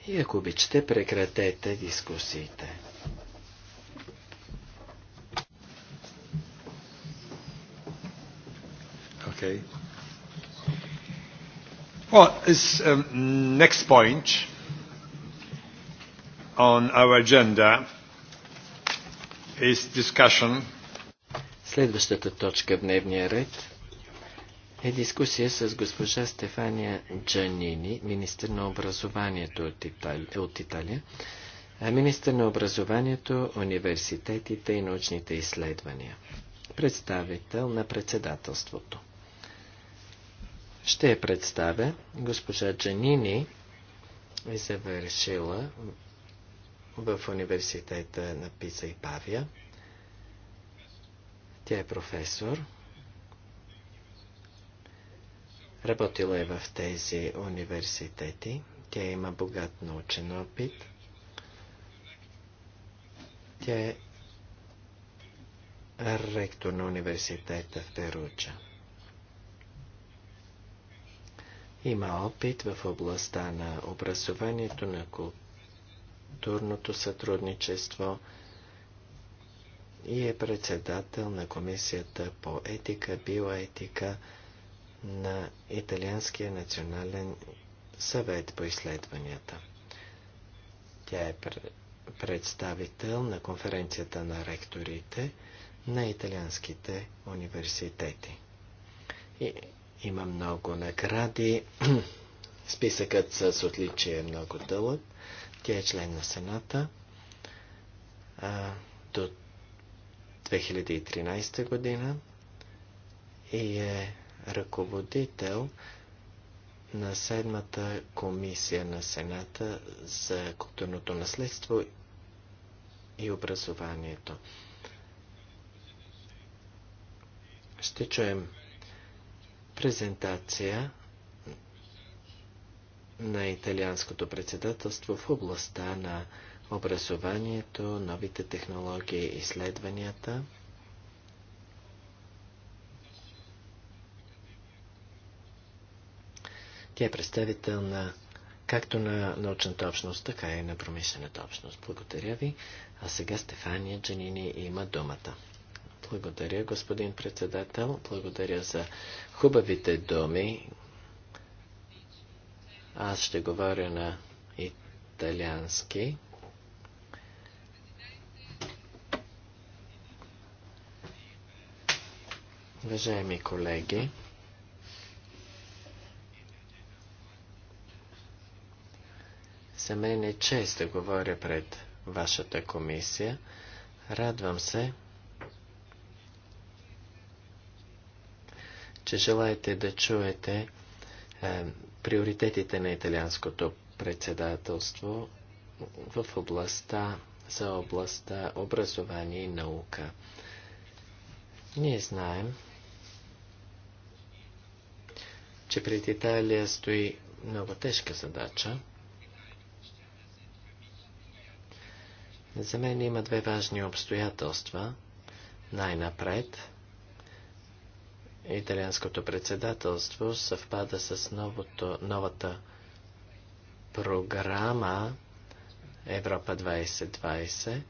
и ако обичате прекратете дискусиите. Okay. Well, this um, next point on our agenda is discussion. Следващата точка в дневния ред е дискусия с госпожа Стефания Джанини, министър на образованието от Италия, от Италия министър на образованието, университетите и научните изследвания, представител на председателството. Ще я представя. Госпожа Джанини е завършила в университета на Писа и Павия. Тя е професор. Работила е в тези университети. Тя има богат научен опит. Тя е ректор на университета в Перуча. Има опит в областта на образованието, на култура културното сътрудничество и е председател на Комисията по етика, биоетика на Италианския национален съвет по изследванията. Тя е представител на конференцията на ректорите на италианските университети. И има много награди. Списъкът с отличие е много дълъг. Тя е член на Сената а, до 2013 година и е ръководител на седмата комисия на Сената за културното наследство и образованието. Ще чуем презентация на италианското председателство в областта на образованието, новите технологии, и изследванията. Тя е представител на както на научната общност, така и на промишлената общност. Благодаря ви. А сега Стефания Джанини има думата. Благодаря, господин председател. Благодаря за хубавите думи, аз ще говоря на италиански. Уважаеми колеги, за мен е чест да говоря пред вашата комисия. Радвам се, че желаете да чуете приоритетите на италианското председателство в областта за областта образование и наука. Ние знаем, че пред Италия стои много тежка задача. За мен има две важни обстоятелства. Най-напред – италианското председателство съвпада с новото, новата програма Европа 2020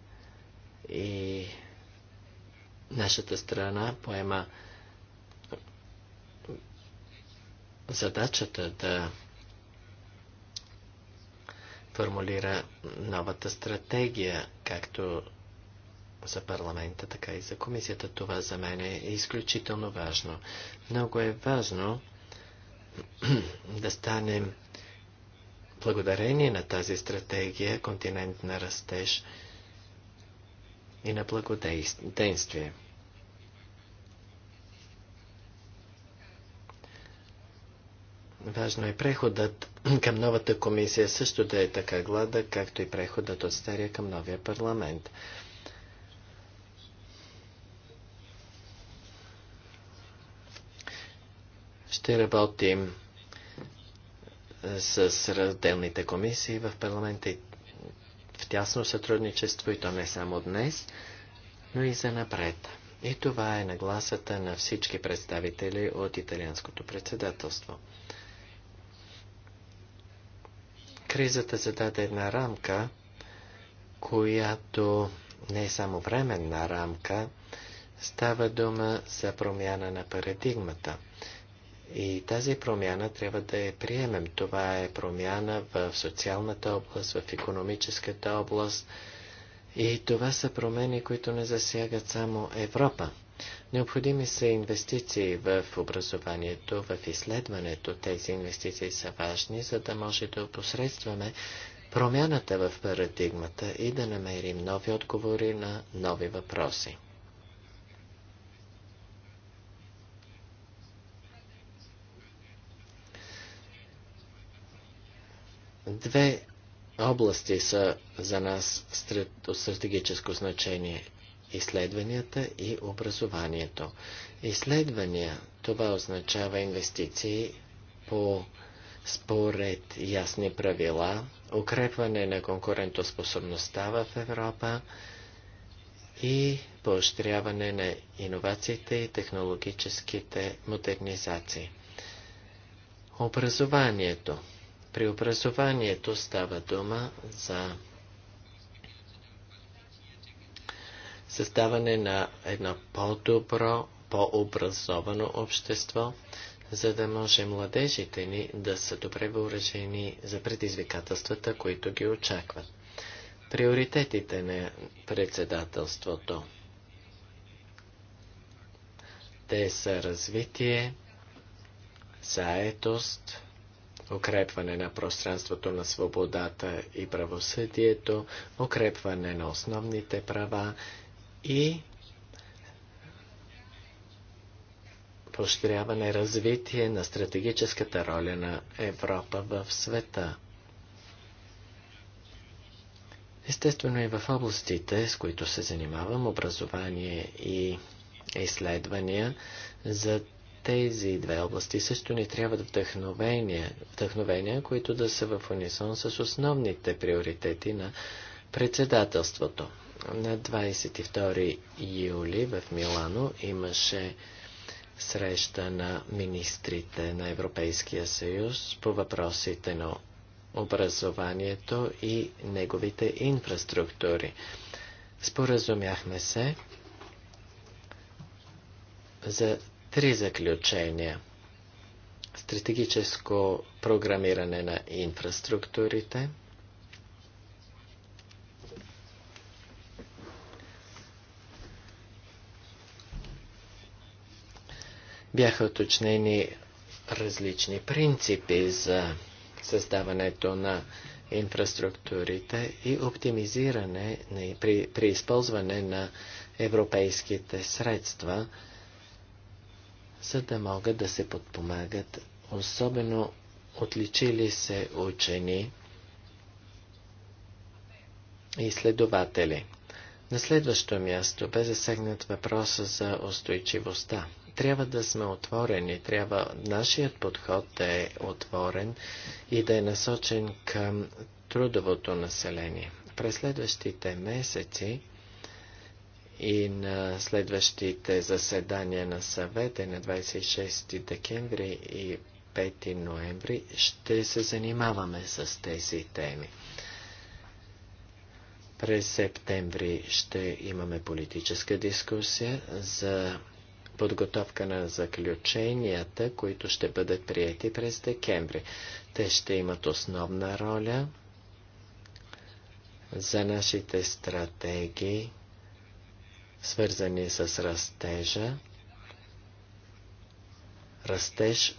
и нашата страна поема задачата да формулира новата стратегия, както за парламента, така и за комисията. Това за мен е изключително важно. Много е важно да станем благодарение на тази стратегия континент на растеж и на благодействие. Важно е преходът към новата комисия също да е така гладък, както и преходът от стария към новия парламент. Ще работим е, с разделните комисии в парламента и в тясно сътрудничество и то не само днес, но и за напред. И това е нагласата на всички представители от италианското председателство. Кризата зададе една рамка, която не е само временна рамка, става дума за промяна на парадигмата – и тази промяна трябва да я приемем. Това е промяна в социалната област, в економическата област. И това са промени, които не засягат само Европа. Необходими са инвестиции в образованието, в изследването. Тези инвестиции са важни, за да може да опосредстваме промяната в парадигмата и да намерим нови отговори на нови въпроси. Две области са за нас от стратегическо значение изследванията и образованието. Изследвания това означава инвестиции по според ясни правила, укрепване на конкурентоспособността в Европа и поощряване на иновациите и технологическите модернизации. Образованието Преобразованието става дума за създаване на едно по-добро, по-образовано общество, за да може младежите ни да са добре въоръжени за предизвикателствата, които ги очакват. Приоритетите на председателството. Те са развитие, заетост, укрепване на пространството на свободата и правосъдието, укрепване на основните права и поощряване развитие на стратегическата роля на Европа в света. Естествено и в областите, с които се занимавам, образование и изследвания, за тези две области също ни трябват вдъхновения, вдъхновения, които да са в унисон с основните приоритети на председателството. На 22 юли в Милано имаше среща на министрите на Европейския съюз по въпросите на образованието и неговите инфраструктури. Споразумяхме се за Три заключения. Стратегическо програмиране на инфраструктурите. Бяха уточнени различни принципи за създаването на инфраструктурите и оптимизиране при, при използване на европейските средства – за да могат да се подпомагат особено отличили се учени и следователи. На следващо място бе засегнат въпроса за устойчивостта. Трябва да сме отворени, трябва нашият подход да е отворен и да е насочен към трудовото население. През следващите месеци и на следващите заседания на съвета на 26 декември и 5 ноември ще се занимаваме с тези теми. През септември ще имаме политическа дискусия за подготовка на заключенията, които ще бъдат прияти през декември. Те ще имат основна роля за нашите стратегии свързани с растежа. Растеж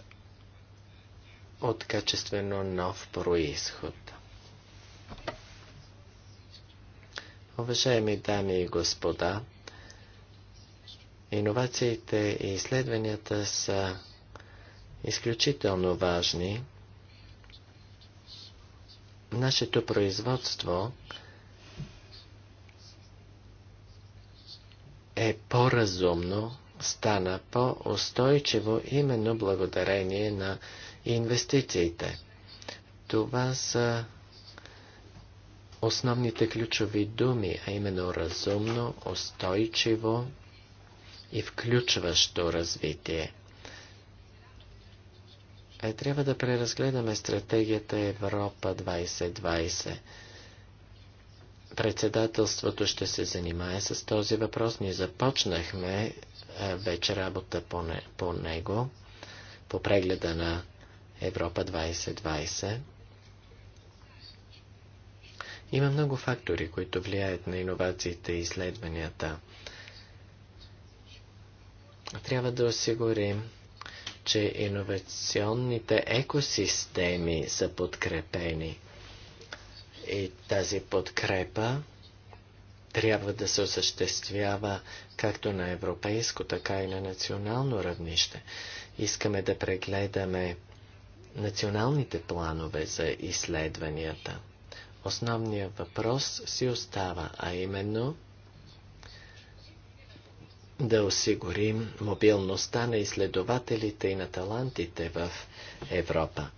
от качествено нов происход. Уважаеми дами и господа, иновациите и изследванията са изключително важни. Нашето производство е по-разумно, стана по-устойчиво именно благодарение на инвестициите. Това са основните ключови думи, а именно разумно, устойчиво и включващо развитие. Е, трябва да преразгледаме стратегията Европа 2020. Председателството ще се занимае с този въпрос. Ние започнахме е, вече работа по, не, по него, по прегледа на Европа 2020. Има много фактори, които влияят на иновациите и изследванията. Трябва да осигурим, че иновационните екосистеми са подкрепени и тази подкрепа трябва да се осъществява както на европейско, така и на национално равнище. Искаме да прегледаме националните планове за изследванията. Основният въпрос си остава, а именно да осигурим мобилността на изследователите и на талантите в Европа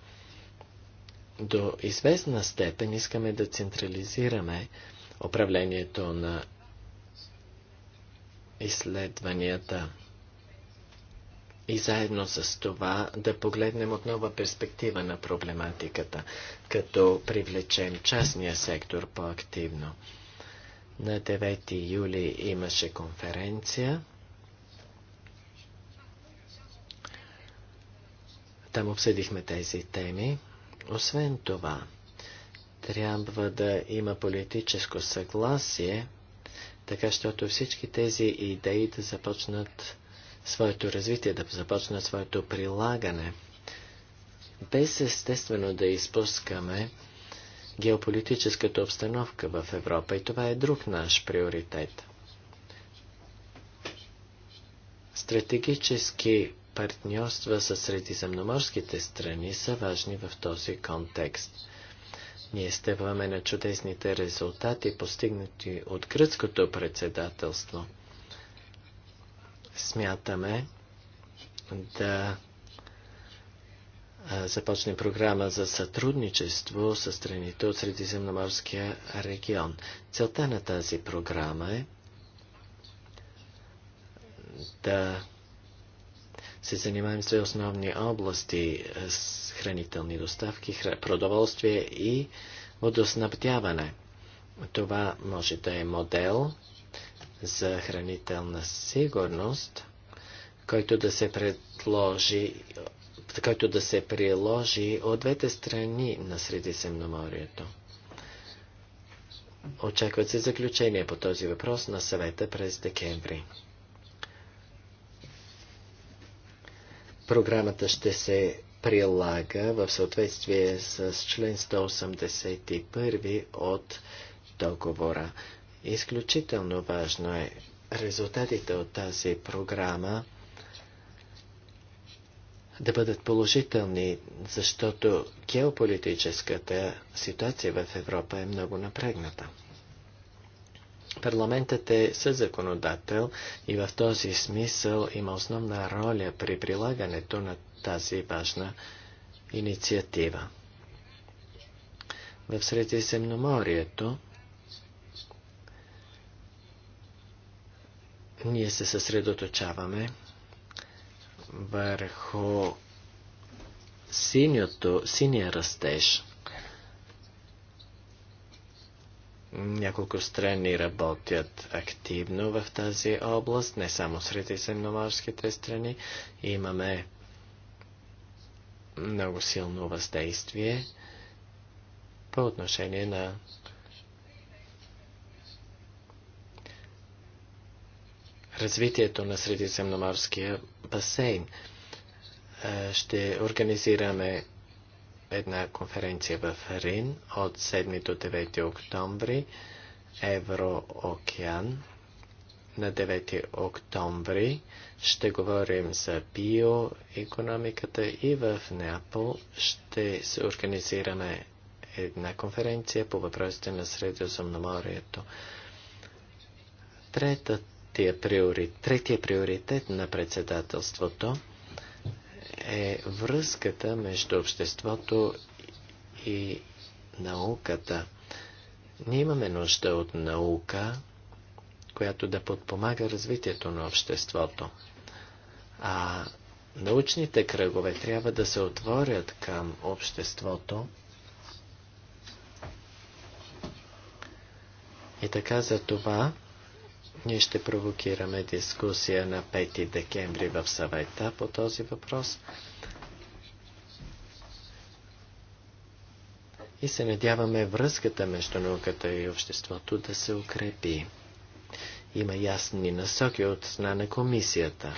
до известна степен искаме да централизираме управлението на изследванията и заедно с това да погледнем от нова перспектива на проблематиката, като привлечем частния сектор по-активно. На 9 юли имаше конференция. Там обсъдихме тези теми. Освен това, трябва да има политическо съгласие, така щото всички тези идеи да започнат своето развитие, да започнат своето прилагане. Без естествено да изпускаме геополитическата обстановка в Европа и това е друг наш приоритет. Стратегически партньорства с средиземноморските страни са важни в този контекст. Ние стъпваме на чудесните резултати, постигнати от гръцкото председателство. Смятаме да започне програма за сътрудничество с страните от Средиземноморския регион. Целта на тази програма е да се занимаем с две основни области с хранителни доставки, продоволствие и водоснабдяване. Това може да е модел за хранителна сигурност, който да се предложи който да се приложи от двете страни на Средиземноморието. Очакват се заключения по този въпрос на съвета през декември. програмата ще се прилага в съответствие с член 181 от договора. Изключително важно е резултатите от тази програма да бъдат положителни, защото геополитическата ситуация в Европа е много напрегната. Парламентът е съзаконодател и в този смисъл има основна роля при прилагането на тази важна инициатива. В Средиземноморието ние се съсредоточаваме върху синьото, синия растеж – Няколко страни работят активно в тази област, не само средиземноморските страни. Имаме много силно въздействие по отношение на развитието на Средиземноморския басейн. Е, ще организираме една конференция в Рин от 7 до 9 октомври, Евроокеан. На 9 октомври ще говорим за биоекономиката и в Неапол ще се организираме една конференция по въпросите на Средиземноморието. Третия приоритет на председателството – е връзката между обществото и науката. Ние имаме нужда от наука, която да подпомага развитието на обществото. А научните кръгове трябва да се отворят към обществото и така за това ние ще провокираме дискусия на 5 декември в съвета по този въпрос. И се надяваме връзката между науката и обществото да се укрепи. Има ясни насоки от страна на комисията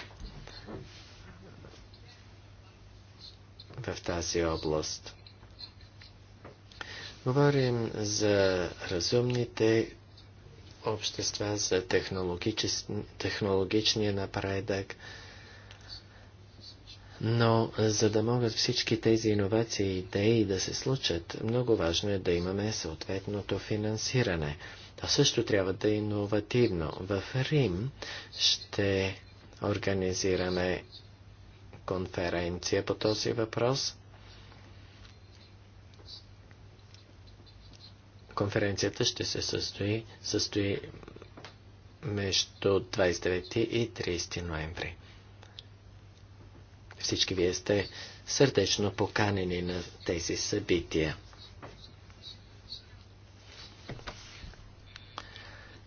в тази област. Говорим за разумните общества, за технологичния напредък. Но за да могат всички тези иновации и идеи да се случат, много важно е да имаме съответното финансиране. А също трябва да е иновативно. В Рим ще организираме конференция по този въпрос. Конференцията ще се състои, състои между 29 и 30 ноември. Всички вие сте сърдечно поканени на тези събития.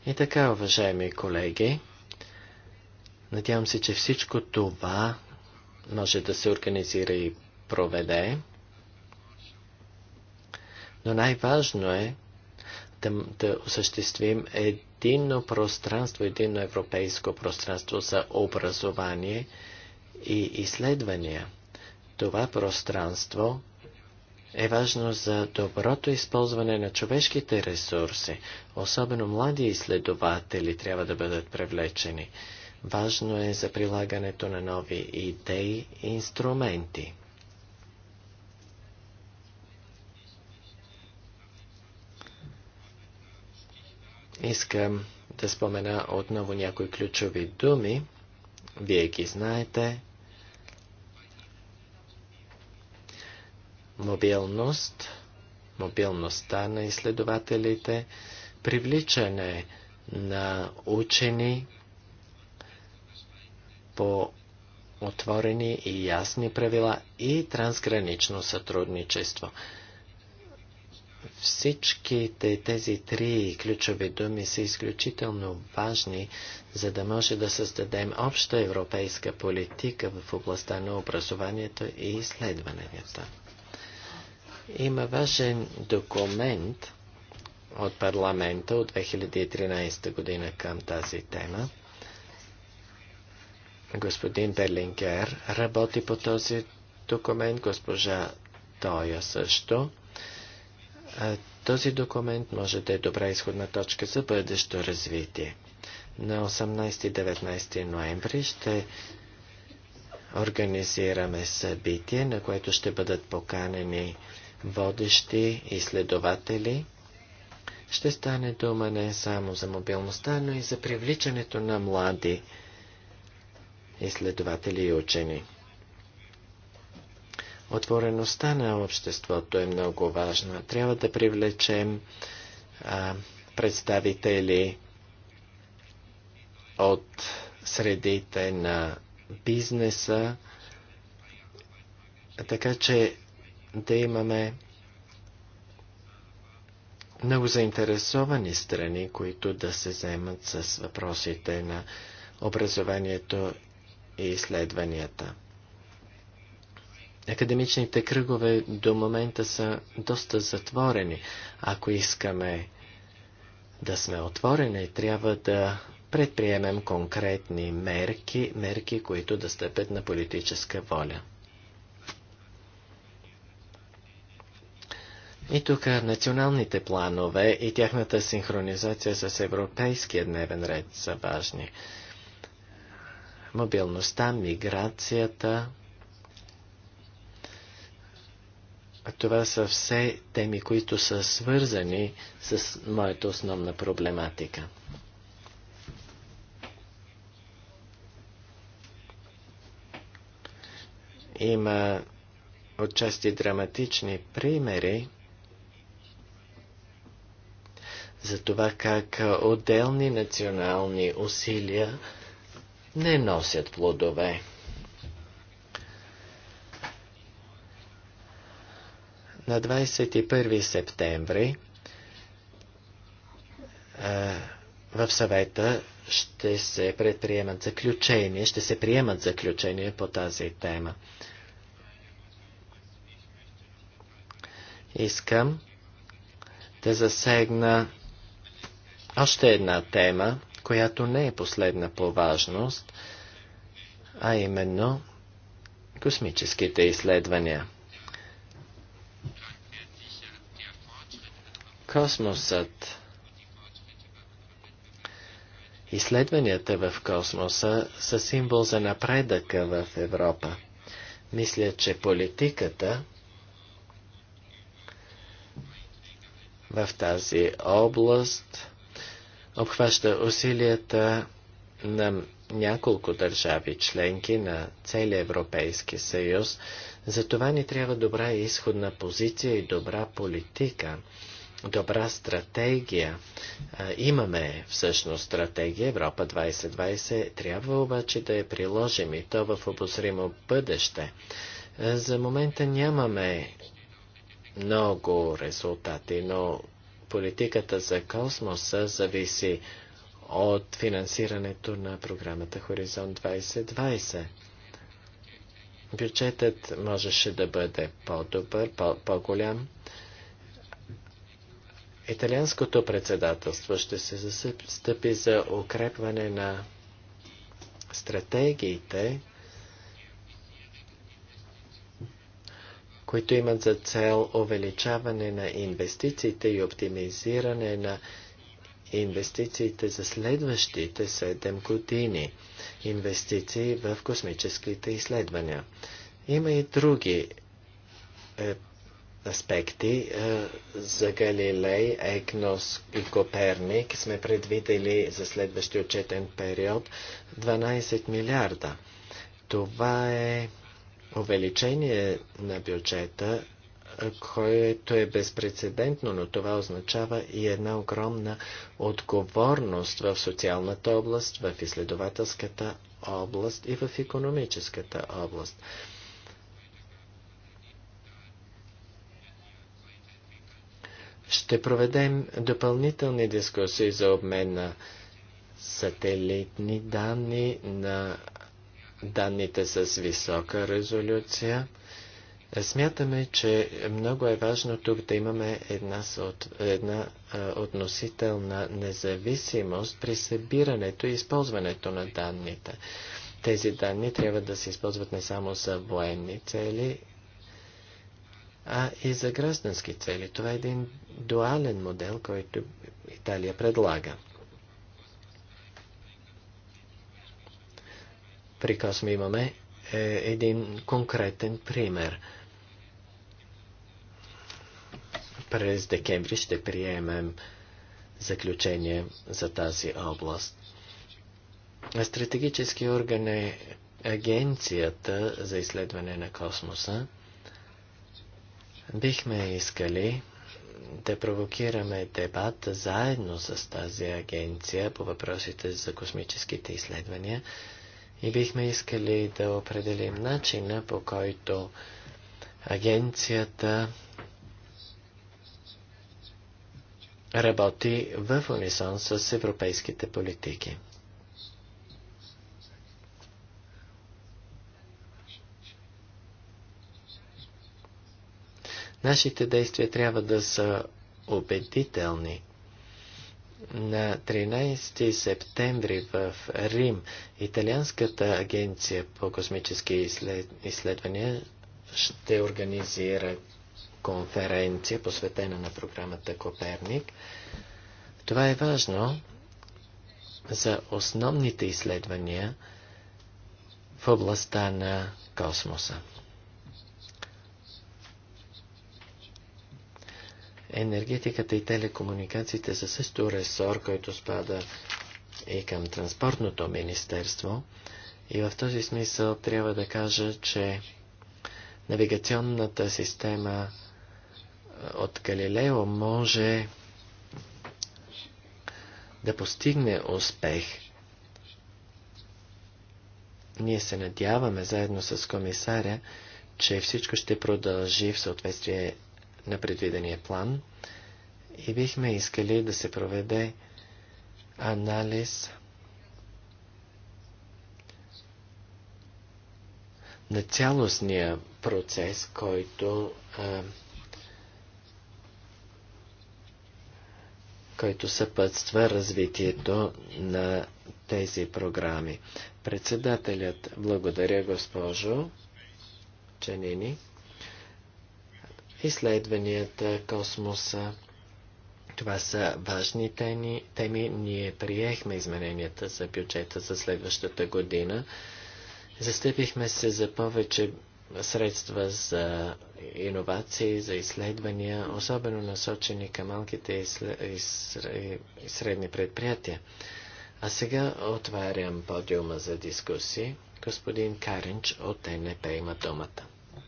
И така, уважаеми колеги, надявам се, че всичко това може да се организира и проведе. Но най-важно е да, да осъществим единно пространство, единно европейско пространство за образование и изследвания. Това пространство е важно за доброто използване на човешките ресурси. Особено млади изследователи трябва да бъдат привлечени. Важно е за прилагането на нови идеи и инструменти. Искам да спомена отново някои ключови думи. Вие ги знаете. Мобилност, мобилността на изследователите, привличане на учени по отворени и ясни правила и трансгранично сътрудничество. Всичките тези три ключови думи са изключително важни, за да може да създадем обща европейска политика в областта на образованието и изследванията. Има важен документ от парламента от 2013 година към тази тема. Господин Берлингер работи по този документ, госпожа Тоя също. Този документ може да е добра изходна точка за бъдещо развитие. На 18-19 ноември ще организираме събитие, на което ще бъдат поканени водещи изследователи. Ще стане дума не само за мобилността, но и за привличането на млади изследователи и учени. Отвореността на обществото е много важна. Трябва да привлечем а, представители от средите на бизнеса, така че да имаме много заинтересовани страни, които да се заемат с въпросите на образованието и изследванията академичните кръгове до момента са доста затворени. Ако искаме да сме отворени, трябва да предприемем конкретни мерки, мерки, които да стъпят на политическа воля. И тук националните планове и тяхната синхронизация с европейския дневен ред са важни. Мобилността, миграцията, Това са все теми, които са свързани с моята основна проблематика. Има отчасти драматични примери за това как отделни национални усилия не носят плодове. На 21 септември в съвета ще се предприемат заключения, ще се приемат заключения по тази тема. Искам да засегна още една тема, която не е последна по важност, а именно космическите изследвания. Космосът Изследванията в космоса са символ за напредъка в Европа. Мисля, че политиката в тази област обхваща усилията на няколко държави членки на целия Европейски съюз, затова ни трябва добра изходна позиция и добра политика добра стратегия. Имаме всъщност стратегия Европа 2020, трябва обаче да я приложим и то в обозримо бъдеще. За момента нямаме много резултати, но политиката за космоса зависи от финансирането на програмата Хоризонт 2020. Бюджетът можеше да бъде по-добър, по-голям. -по Италианското председателство ще се застъпи за укрепване на стратегиите, които имат за цел увеличаване на инвестициите и оптимизиране на инвестициите за следващите 7 години, инвестиции в космическите изследвания. Има и други е, аспекти. Е, за Галилей, Екнос и Коперник сме предвидели за следващия отчетен период 12 милиарда. Това е увеличение на бюджета, което е безпредседентно, но това означава и една огромна отговорност в социалната област, в изследователската област и в економическата област. Ще проведем допълнителни дискусии за обмен на сателитни данни, на данните с висока резолюция. Смятаме, че много е важно тук да имаме една, една относителна независимост при събирането и използването на данните. Тези данни трябва да се използват не само за военни цели, а и за граждански цели. Това е един дуален модел, който Италия предлага. При Косми имаме е, един конкретен пример. През декември ще приемем заключение за тази област. Стратегически орган е Агенцията за изследване на космоса. Бихме искали да провокираме дебат заедно с тази агенция по въпросите за космическите изследвания и бихме искали да определим начина по който агенцията работи в унисон с европейските политики. Нашите действия трябва да са убедителни. На 13 септември в Рим Италианската агенция по космически изследвания ще организира конференция, посветена на програмата Коперник. Това е важно за основните изследвания в областта на космоса. Енергетиката и телекомуникациите са също ресор, който спада и към Транспортното министерство. И в този смисъл трябва да кажа, че навигационната система от Галилео може да постигне успех. Ние се надяваме заедно с комисаря, че всичко ще продължи в съответствие на предвидения план и бихме искали да се проведе анализ на цялостния процес, който, а, който съпътства развитието на тези програми. Председателят, благодаря госпожо Чанини изследванията, космоса. Това са важни теми. теми. Ние приехме измененията за бюджета за следващата година. Застъпихме се за повече средства за иновации, за изследвания, особено насочени към малките и, след... и средни предприятия. А сега отварям подиума за дискусии. Господин Каринч от НП има думата.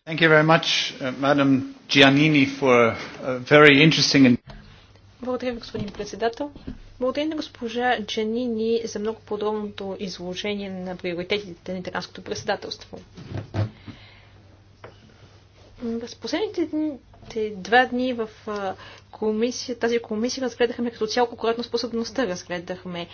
Thank you very much, uh, Madam Giannini, for a very interesting and... Благодаря ви, господин председател. Благодаря на госпожа Джанини за много подробното изложение на приоритетите на италянското председателство. В последните два дни в комисия, тази комисия разгледахме като цяло конкретно способността, разгледахме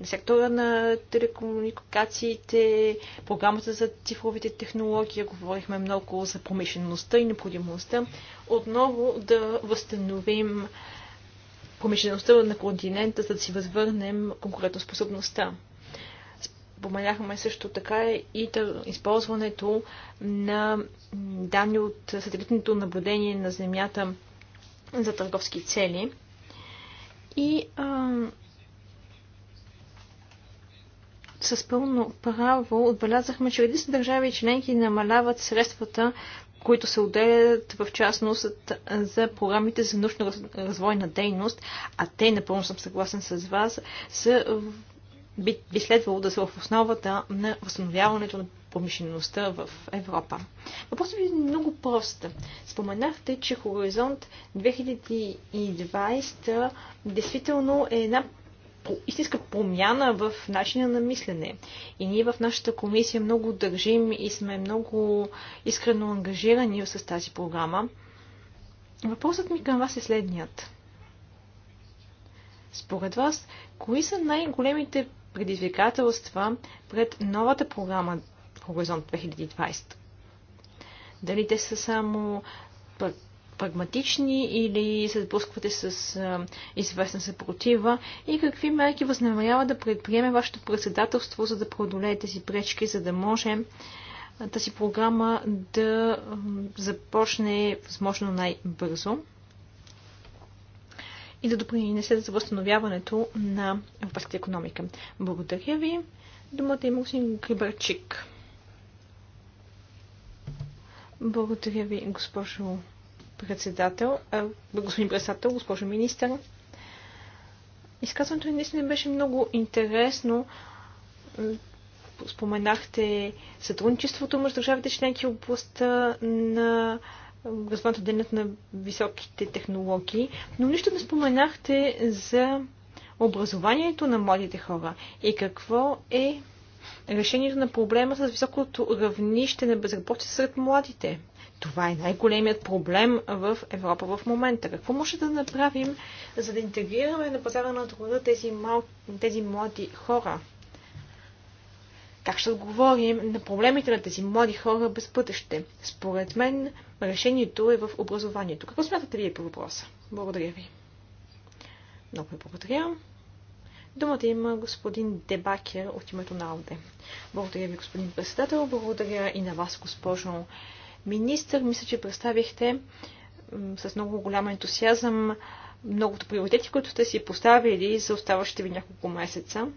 на сектора на телекомуникациите, програмата за цифровите технологии, говорихме много за промишлеността и необходимостта отново да възстановим промишлеността на континента, за да си възвърнем конкурентоспособността. Споменахме също така и да използването на данни от сателитното наблюдение на Земята за търговски цели. И а, с пълно право отбелязахме, че редица държави и членки намаляват средствата, които се отделят в частност за програмите за научно-развойна дейност, а те, напълно съм съгласен с вас, са, би, би следвало да са в основата на възстановяването на промишлеността в Европа. Въпросът ви е много прост. Споменахте, че Хоризонт 2020 действително е една истинска промяна в начина на мислене. И ние в нашата комисия много държим и сме много искрено ангажирани с тази програма. Въпросът ми към вас е следният. Според вас, кои са най-големите предизвикателства пред новата програма Хоризонт 2020? Дали те са само прагматични или се сблъсквате с известна съпротива и какви мерки възнамерява да предприеме вашето председателство, за да преодолее тези пречки, за да може тази програма да започне възможно най-бързо и да допринесе за възстановяването на европейската економика. Благодаря ви. Думата има господин Грибарчик. Благодаря ви, госпожо председател, а, господин председател, госпожо министър. Изказването наистина беше много интересно. Споменахте сътрудничеството между държавите членки в областта на развънта денят на високите технологии, но нищо не споменахте за образованието на младите хора и какво е решението на проблема с високото равнище на безработица сред младите. Това е най-големият проблем в Европа в момента. Какво може да направим, за да интегрираме на пазара на труда тези, мал... тези млади хора? Как ще отговорим на проблемите на тези млади хора без пътеще? Според мен решението е в образованието. Какво смятате вие по въпроса? Благодаря ви. Много ви благодаря. Думата има господин Дебакер от името на Алде. Благодаря ви, господин председател. Благодаря и на вас, госпожо министр. Мисля, че представихте с много голям ентусиазъм многото приоритети, които сте си поставили за оставащите ви няколко месеца.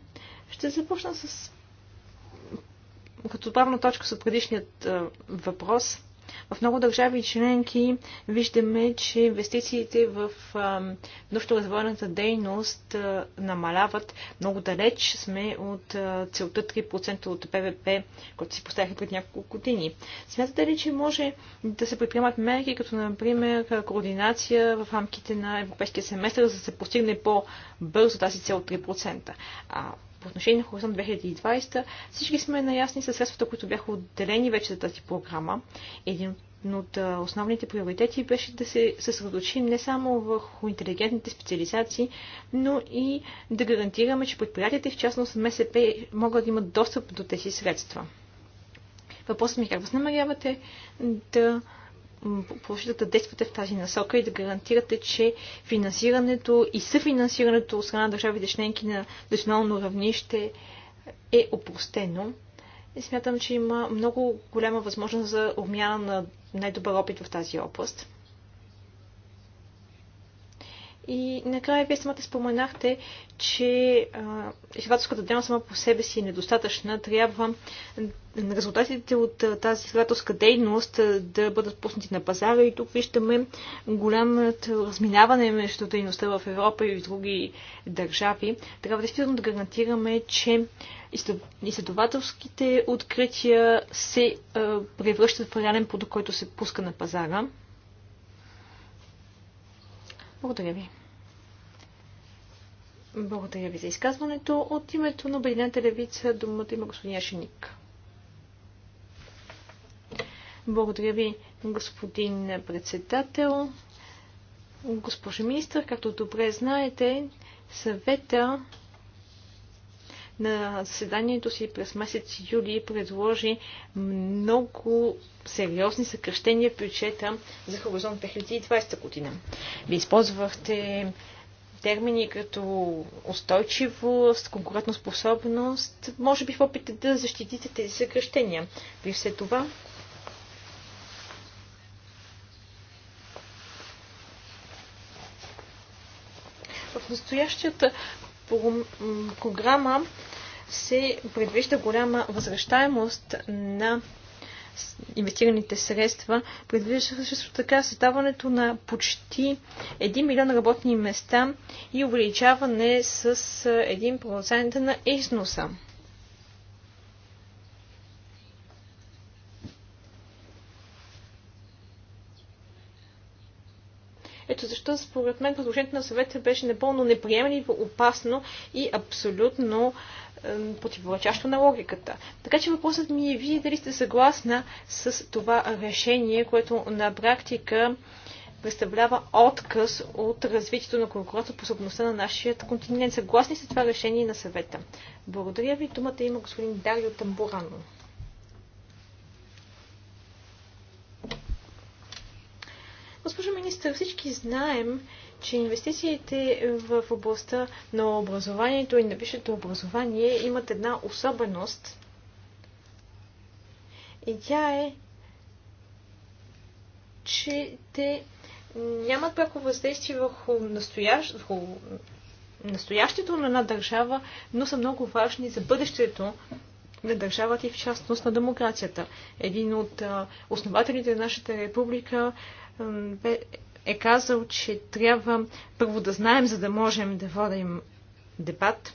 Ще започна с като правна точка с предишният въпрос. В много държави членки виждаме, че инвестициите в научно-развойната дейност намаляват. Много далеч сме от целта 3% от ПВП, който си поставиха пред няколко години. Смятате ли, че може да се предприемат мерки, като например координация в рамките на европейския семестър, за да се постигне по-бързо тази цел 3%? А по отношение на Хоризонт 2020, всички сме наясни с средствата, които бяха отделени вече за тази програма. Един от основните приоритети беше да се съсредоточим не само върху интелигентните специализации, но и да гарантираме, че предприятията, в частност МСП, могат да имат достъп до тези средства. Въпросът ми е как възнамерявате да получите да действате в тази насока и да гарантирате, че финансирането и съфинансирането от страна на държавите членки на национално равнище е опростено. И смятам, че има много голяма възможност за обмяна на най-добър опит в тази област. И накрая вие самата споменахте, че изследователската дейност сама по себе си е недостатъчна. Трябва резултатите от тази изследователска дейност да бъдат пуснати на пазара и тук виждаме голямото разминаване между дейността в Европа и в други държави. Трябва действително да гарантираме, че изследователските открития се превръщат в реален продукт, който се пуска на пазара. Благодаря ви. Благодаря ви за изказването. От името на Обединената левица думата има господин Яшеник. Благодаря ви, господин председател. Госпожо министър, както добре знаете, съвета на заседанието си през месец юли предложи много сериозни съкръщения в бюджета за Хоризонт 2020 година. Вие използвахте термини като устойчивост, конкурентоспособност, може би в опита да защитите тези съкръщения. При все това, в настоящата програма се предвижда голяма възвръщаемост на инвестираните средства, предвижда също така създаването на почти 1 милион работни места и увеличаване с 1% на износа. Ето защо, според мен, предложението на съвета беше напълно неприемливо, опасно и абсолютно е, противоречащо на логиката. Така че въпросът ми е, вие дали сте съгласна с това решение, което на практика представлява отказ от развитието на конкурентоспособността на нашия континент. Съгласни с това решение на съвета. Благодаря ви. Думата има господин Дарио Тамбурано. Госпожо министър, всички знаем, че инвестициите в областта на образованието и на висшето образование имат една особеност. И тя е, че те нямат пряко въздействие върху, настоящ, върху настоящето на една държава, но са много важни за бъдещето на държавата и в частност на демокрацията. Един от основателите на нашата република е казал, че трябва първо да знаем, за да можем да водим дебат.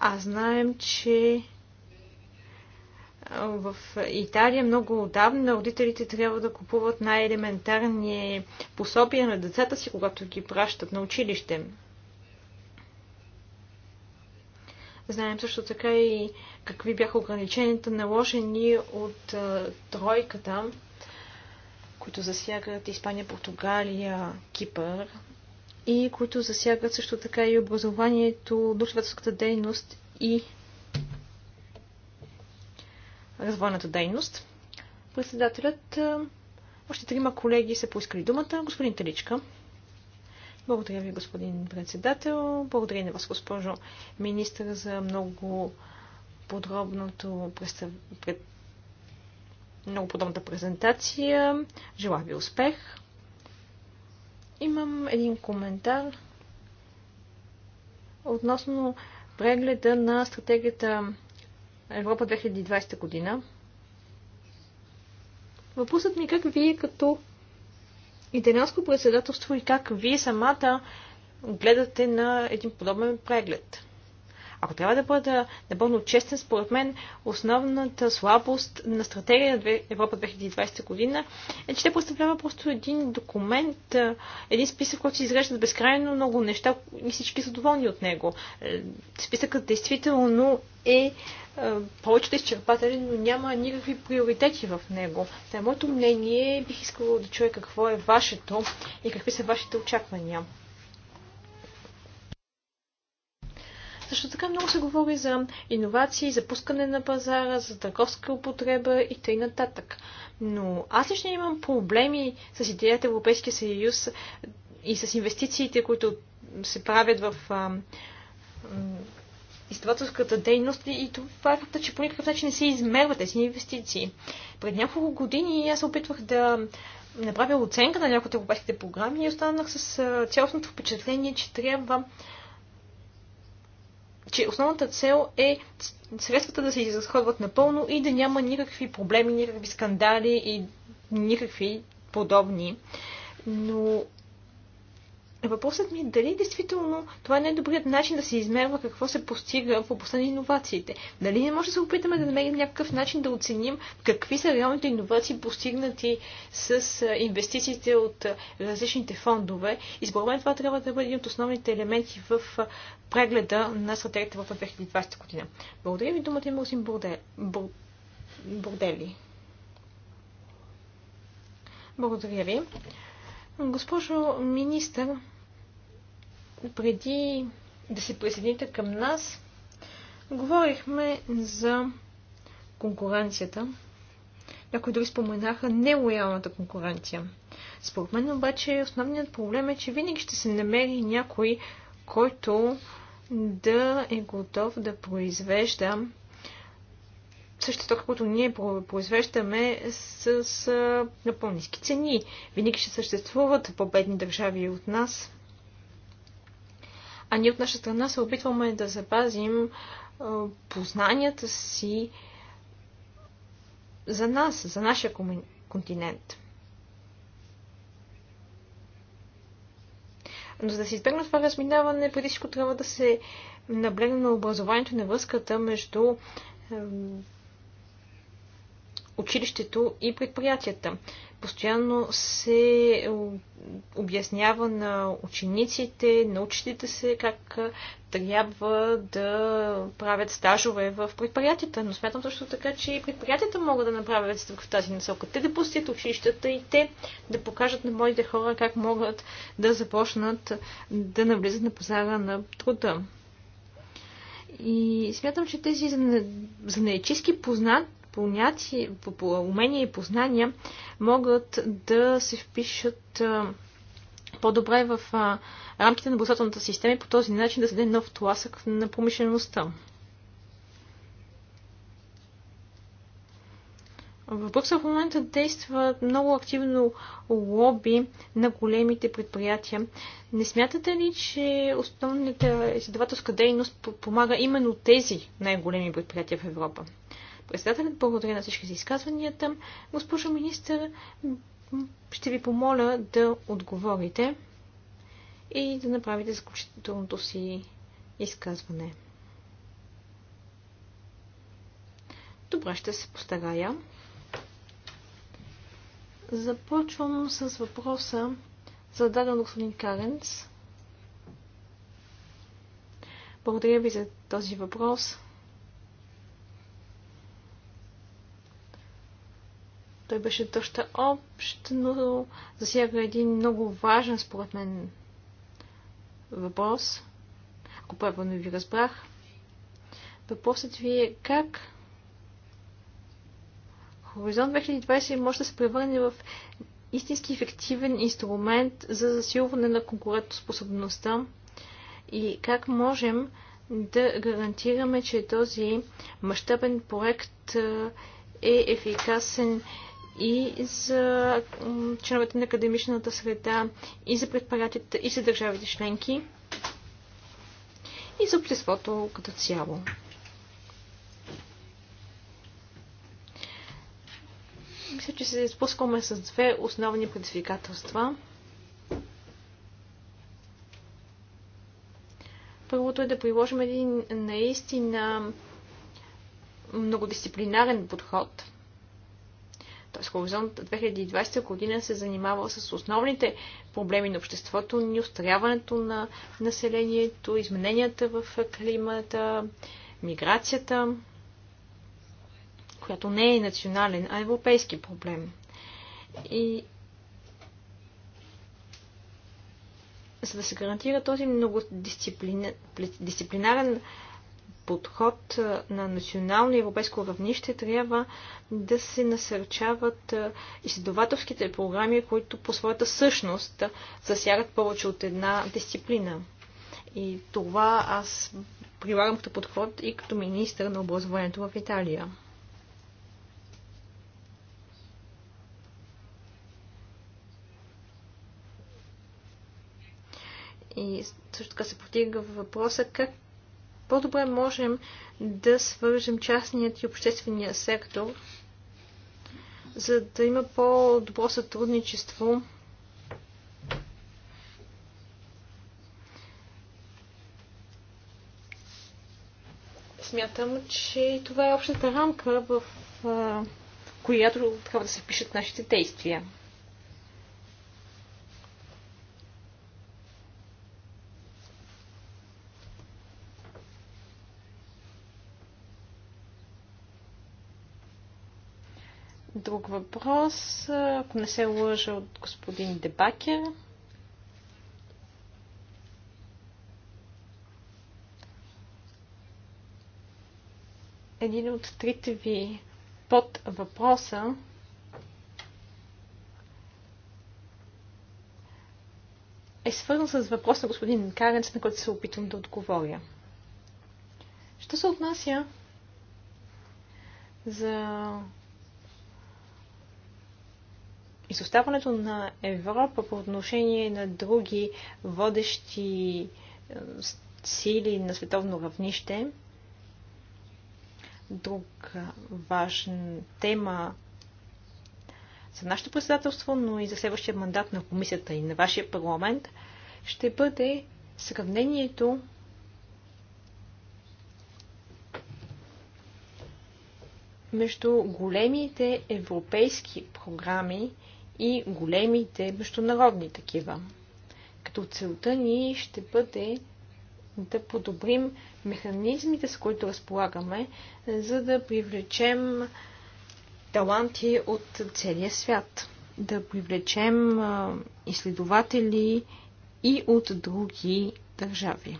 А знаем, че в Италия много отдавна родителите трябва да купуват най-елементарни пособия на децата си, когато ги пращат на училище. Знаем също така и какви бяха ограниченията наложени от тройката които засягат Испания, Португалия, Кипър и които засягат също така и образованието, душеватската дейност и развойната дейност. Председателят, още трима колеги са поискали думата. Господин Теличка. Благодаря ви, господин председател. Благодаря на вас, госпожо министър, за много подробното много подобната презентация. Желая ви успех. Имам един коментар относно прегледа на стратегията Европа 2020 година. Въпросът ми е как вие като италианско председателство и как вие самата гледате на един подобен преглед. Ако трябва да бъда напълно честен, според мен основната слабост на стратегия на Европа 2020 година е, че те представлява просто един документ, един списък, който се изрежда безкрайно много неща и всички са доволни от него. Е, списъкът действително е повечето изчерпателен, но няма никакви приоритети в него. Та моето мнение е, бих искала да чуя какво е вашето и какви са вашите очаквания. Също така много се говори за иновации, за пускане на пазара, за търговска употреба и т.н. Но аз лично имам проблеми с идеята Европейския съюз и с инвестициите, които се правят в изтователската дейност и това е факта, че по никакъв начин не се измерват тези инвестиции. Пред няколко години аз се опитвах да направя оценка на някои от европейските програми и останах с цялостното впечатление, че трябва че основната цел е средствата да се изразходват напълно и да няма никакви проблеми, никакви скандали и никакви подобни. Но Въпросът ми е дали действително това е най-добрият начин да се измерва какво се постига в областта на иновациите. Дали не може да се опитаме да намерим някакъв начин да оценим какви са реалните иновации постигнати с инвестициите от различните фондове. И според мен това трябва да бъде един от основните елементи в прегледа на стратегията в 2020 година. Благодаря ви, думата има Бордели. Благодаря ви. Госпожо министър, преди да се присъедините към нас, говорихме за конкуренцията. Някои дори споменаха нелоялната конкуренция. Според мен обаче основният проблем е, че винаги ще се намери някой, който да е готов да произвежда същото, каквото което ние произвеждаме с, с на цени. Винаги ще съществуват победни държави от нас а ние от наша страна се опитваме да запазим познанията си за нас, за нашия континент. Но за да се избегне това разминаване, преди всичко трябва да се наблегне на образованието на връзката между училището и предприятията. Постоянно се обяснява на учениците, на учителите се как трябва да правят стажове в предприятията. Но смятам също така, че и предприятията могат да направят стъпка в тази насока. Те да пустят училищата и те да покажат на моите хора как могат да започнат да навлизат на пазара на труда. И смятам, че тези занечиски познат, по, умения и познания могат да се впишат по-добре в рамките на образователната система и по този начин да създаде нов тласък на промишлеността. В Брюксел в момента действа много активно лоби на големите предприятия. Не смятате ли, че основната изследователска дейност помага именно тези най-големи предприятия в Европа? Председателят благодаря на всички за изказванията. Госпожо министър, ще ви помоля да отговорите и да направите заключителното си изказване. Добре, ще се постарая. Започвам с въпроса, зададен от господин Каренц. Благодаря ви за този въпрос. Той беше доста общ, но засяга един много важен, според мен, въпрос. Ако правилно ви разбрах, въпросът ви е как Хоризонт 2020 може да се превърне в истински ефективен инструмент за засилване на конкурентоспособността и как можем да гарантираме, че този мащабен проект е ефикасен и за членовете на академичната среда, и за предприятията, и за държавите членки, и за обществото като цяло. Мисля, че се спускаме с две основни предизвикателства. Първото е да приложим един наистина многодисциплинарен подход – т.е. Хоризонт 2020 година се занимава с основните проблеми на обществото ни, устаряването на населението, измененията в климата, миграцията, която не е национален, а европейски проблем. И за да се гарантира този многодисциплинарен подход на национално и европейско равнище трябва да се насърчават изследователските програми, които по своята същност засягат повече от една дисциплина. И това аз прилагам като подход и като министър на образованието в Италия. И също така се потига въпроса как по-добре можем да свържем частният и обществения сектор, за да има по-добро сътрудничество смятам, че това е общата рамка, в която трябва да се пишат нашите действия. друг въпрос, ако не се лъжа от господин Дебакер. Един от трите ви под въпроса е свързан с въпрос на господин Каренц, на който се опитвам да отговоря. Що се отнася за изоставането на Европа по отношение на други водещи е, сили на световно равнище. Друг е, важен тема за нашето председателство, но и за следващия мандат на комисията и на вашия парламент ще бъде сравнението между големите европейски програми и големите международни такива. Като целта ни ще бъде да подобрим механизмите, с които разполагаме, за да привлечем таланти от целия свят. Да привлечем изследователи и от други държави.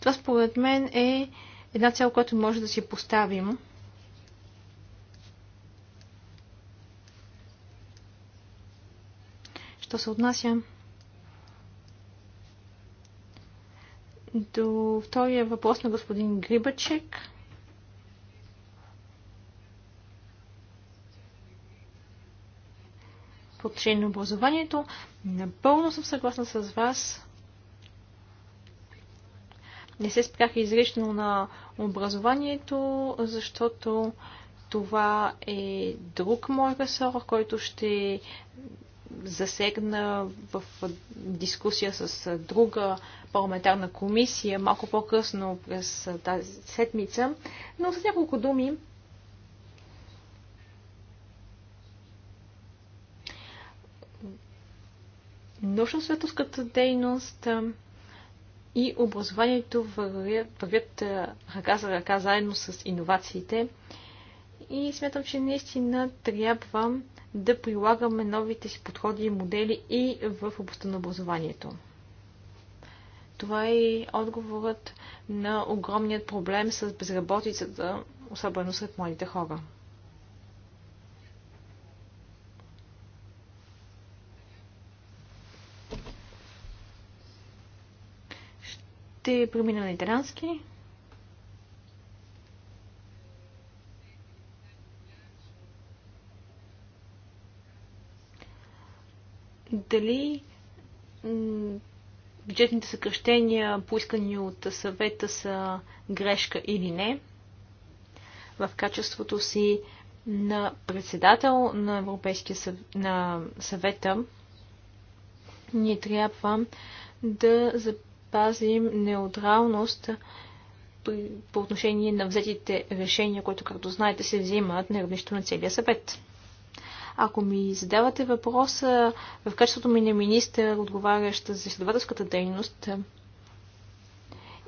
Това според мен е една цел, която може да си поставим Що се отнася до втория въпрос на господин Грибачек. По отношение на образованието, напълно съм съгласна с вас. Не се спрях изрично на образованието, защото това е друг мой ресор, който ще засегна в дискусия с друга парламентарна комисия малко по-късно през тази седмица, но с няколко думи научно-световската дейност и образованието вървят, вървят ръка за ръка заедно с иновациите. И смятам, че наистина трябва да прилагаме новите си подходи и модели и в областта на образованието. Това е и отговорът на огромният проблем с безработицата, особено сред младите хора. Ще премина на италянски. дали бюджетните съкръщения, поискани от съвета, са грешка или не. В качеството си на председател на Европейския съв... на съвета, ние трябва да запазим неутралност по отношение на взетите решения, които, както знаете, се взимат на равнището на целия съвет. Ако ми задавате въпроса в качеството ми на министър, отговаряща за изследователската дейност е,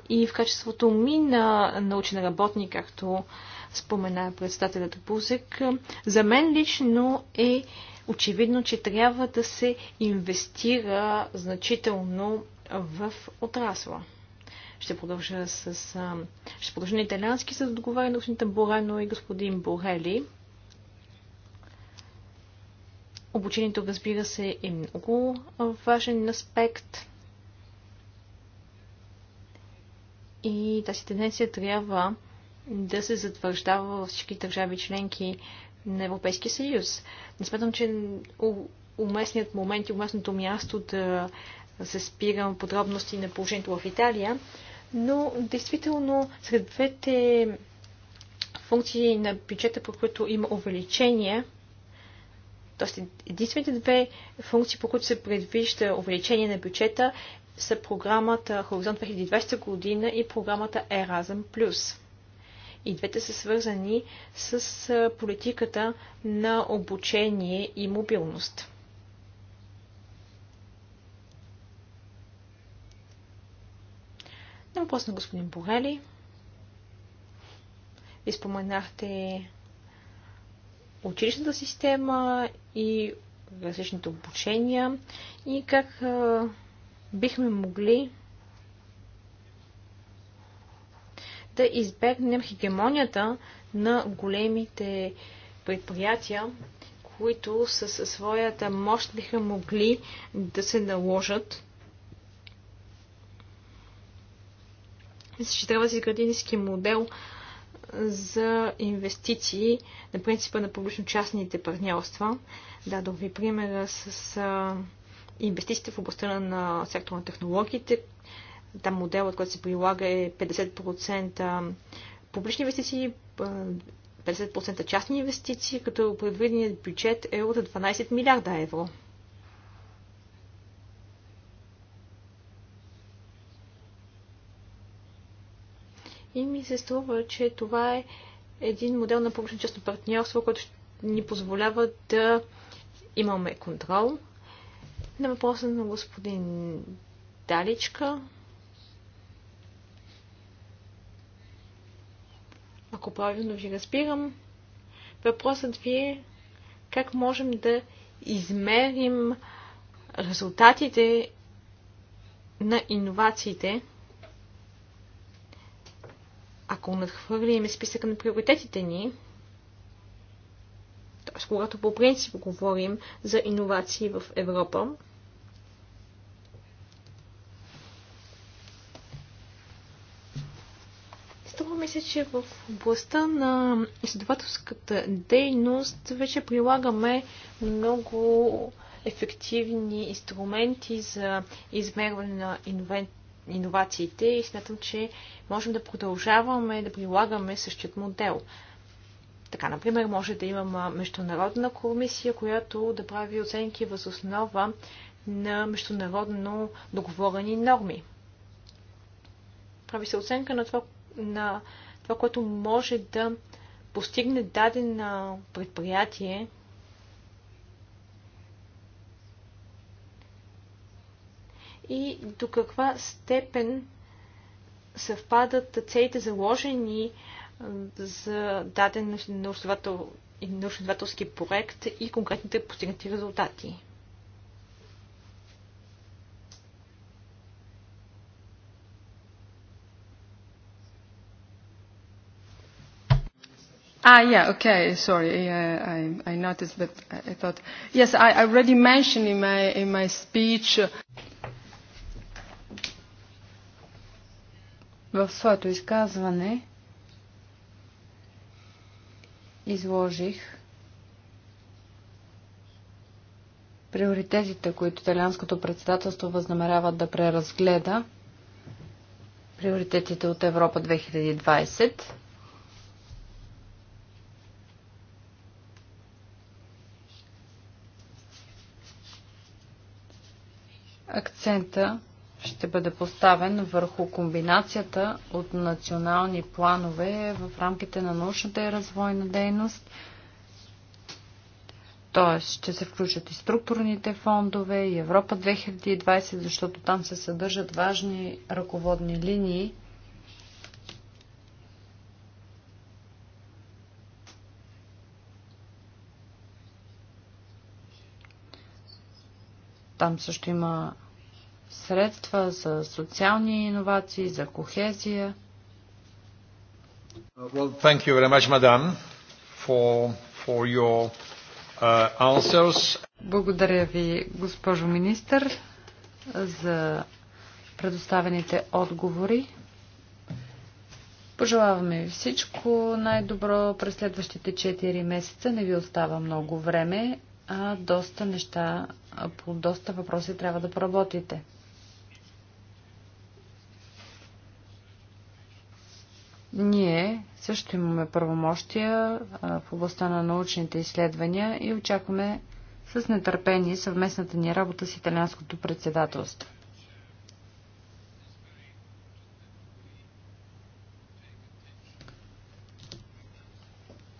и в качеството ми на научен работник, както спомена председателят Бузек, е, за мен лично е очевидно, че трябва да се инвестира значително в отрасла. Ще продължа с... Е, ще продължа на италиански, за да отговаря на господин Борено и господин Борели. Обучението, разбира се, е много важен аспект. И тази тенденция трябва да се затвърждава във всички държави членки на Европейския съюз. Не смятам, че е уместният момент и уместното място да се спирам подробности на положението в Италия, но действително сред двете функции на бюджета, по които има увеличение, Тоест, единствените две функции, по които се предвижда увеличение на бюджета, са програмата Хоризонт 2020 година и програмата Еразъм Плюс. И двете са свързани с политиката на обучение и мобилност. На въпрос на господин Борели. изпоменахте. споменахте училищната система и различните обучения и как бихме могли да избегнем хегемонията на големите предприятия, които със своята мощ биха могли да се наложат. Мисля, че трябва да се изгради модел за инвестиции на принципа на публично-частните партньорства. Дадох ви примера с инвестициите в областта на сектора на технологиите. Там моделът, който се прилага е 50% публични инвестиции, 50% частни инвестиции, като предвиденият бюджет е от 12 милиарда евро. И ми се струва, че това е един модел на публично-частно партньорство, който ни позволява да имаме контрол. На въпроса на господин Даличка. Ако правилно ви разбирам, въпросът ви е как можем да измерим резултатите на иновациите ако надхвърлим списъка на приоритетите ни, т.е. когато по принцип говорим за иновации в Европа, Струва ми се, че в областта на изследователската дейност вече прилагаме много ефективни инструменти за измерване на иновациите и смятам, че можем да продължаваме да прилагаме същият модел. Така, например, може да имам международна комисия, която да прави оценки въз основа на международно договорени норми. Прави се оценка на това, на това което може да постигне дадено предприятие и до каква степен съвпадат целите заложени за даден научно-двателски проект и конкретните постигнати резултати. Ah, yeah, okay, sorry, yeah, I, I noticed, but I thought, yes, I already mentioned in my, in my speech. в своето изказване изложих приоритетите, които италианското председателство възнамерява да преразгледа, приоритетите от Европа 2020. Акцента ще бъде поставен върху комбинацията от национални планове в рамките на научната и развойна дейност. Тоест ще се включат и структурните фондове, и Европа 2020, защото там се съдържат важни ръководни линии. Там също има средства за социални иновации, за кохезия. Uh, well, thank you very much, madam, for, for your uh, answers. Благодаря ви, госпожо министър, за предоставените отговори. Пожелаваме ви всичко най-добро през следващите 4 месеца. Не ви остава много време, а доста неща, по доста въпроси трябва да поработите. Ние също имаме правомощия в областта на научните изследвания и очакваме с нетърпение съвместната ни работа с италианското председателство.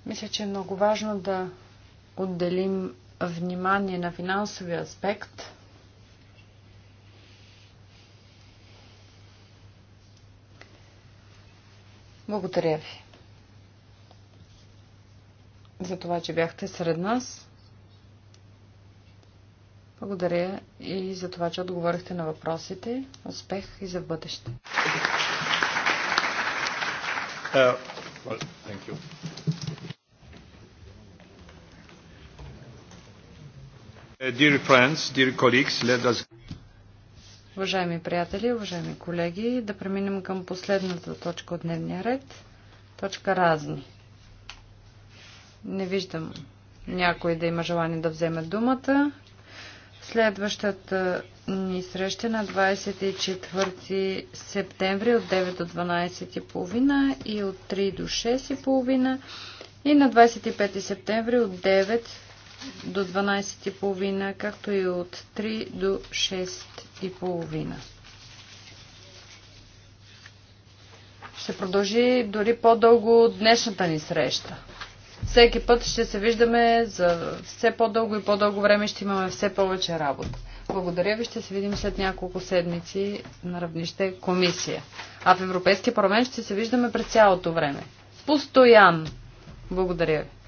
Мисля, че е много важно да отделим внимание на финансовия аспект – Благодаря ви за това, че бяхте сред нас. Благодаря и за това, че отговорихте на въпросите. Успех и за бъдеще. Uh, well, thank uh, Dear friends, dear colleagues, let us... Уважаеми приятели, уважаеми колеги, да преминем към последната точка от дневния ред. Точка разни. Не виждам някой да има желание да вземе думата. Следващата ни среща на 24 септември от 9 до 12.30 и от 3 до 6.30 и на 25 септември от 9 до 12,5, както и от 3 до 6,5. Ще продължи дори по-дълго днешната ни среща. Всеки път ще се виждаме за все по-дълго и по-дълго време ще имаме все повече работа. Благодаря ви, ще се видим след няколко седмици на равнище комисия. А в Европейския парламент ще се виждаме през цялото време. Постоянно. Благодаря ви.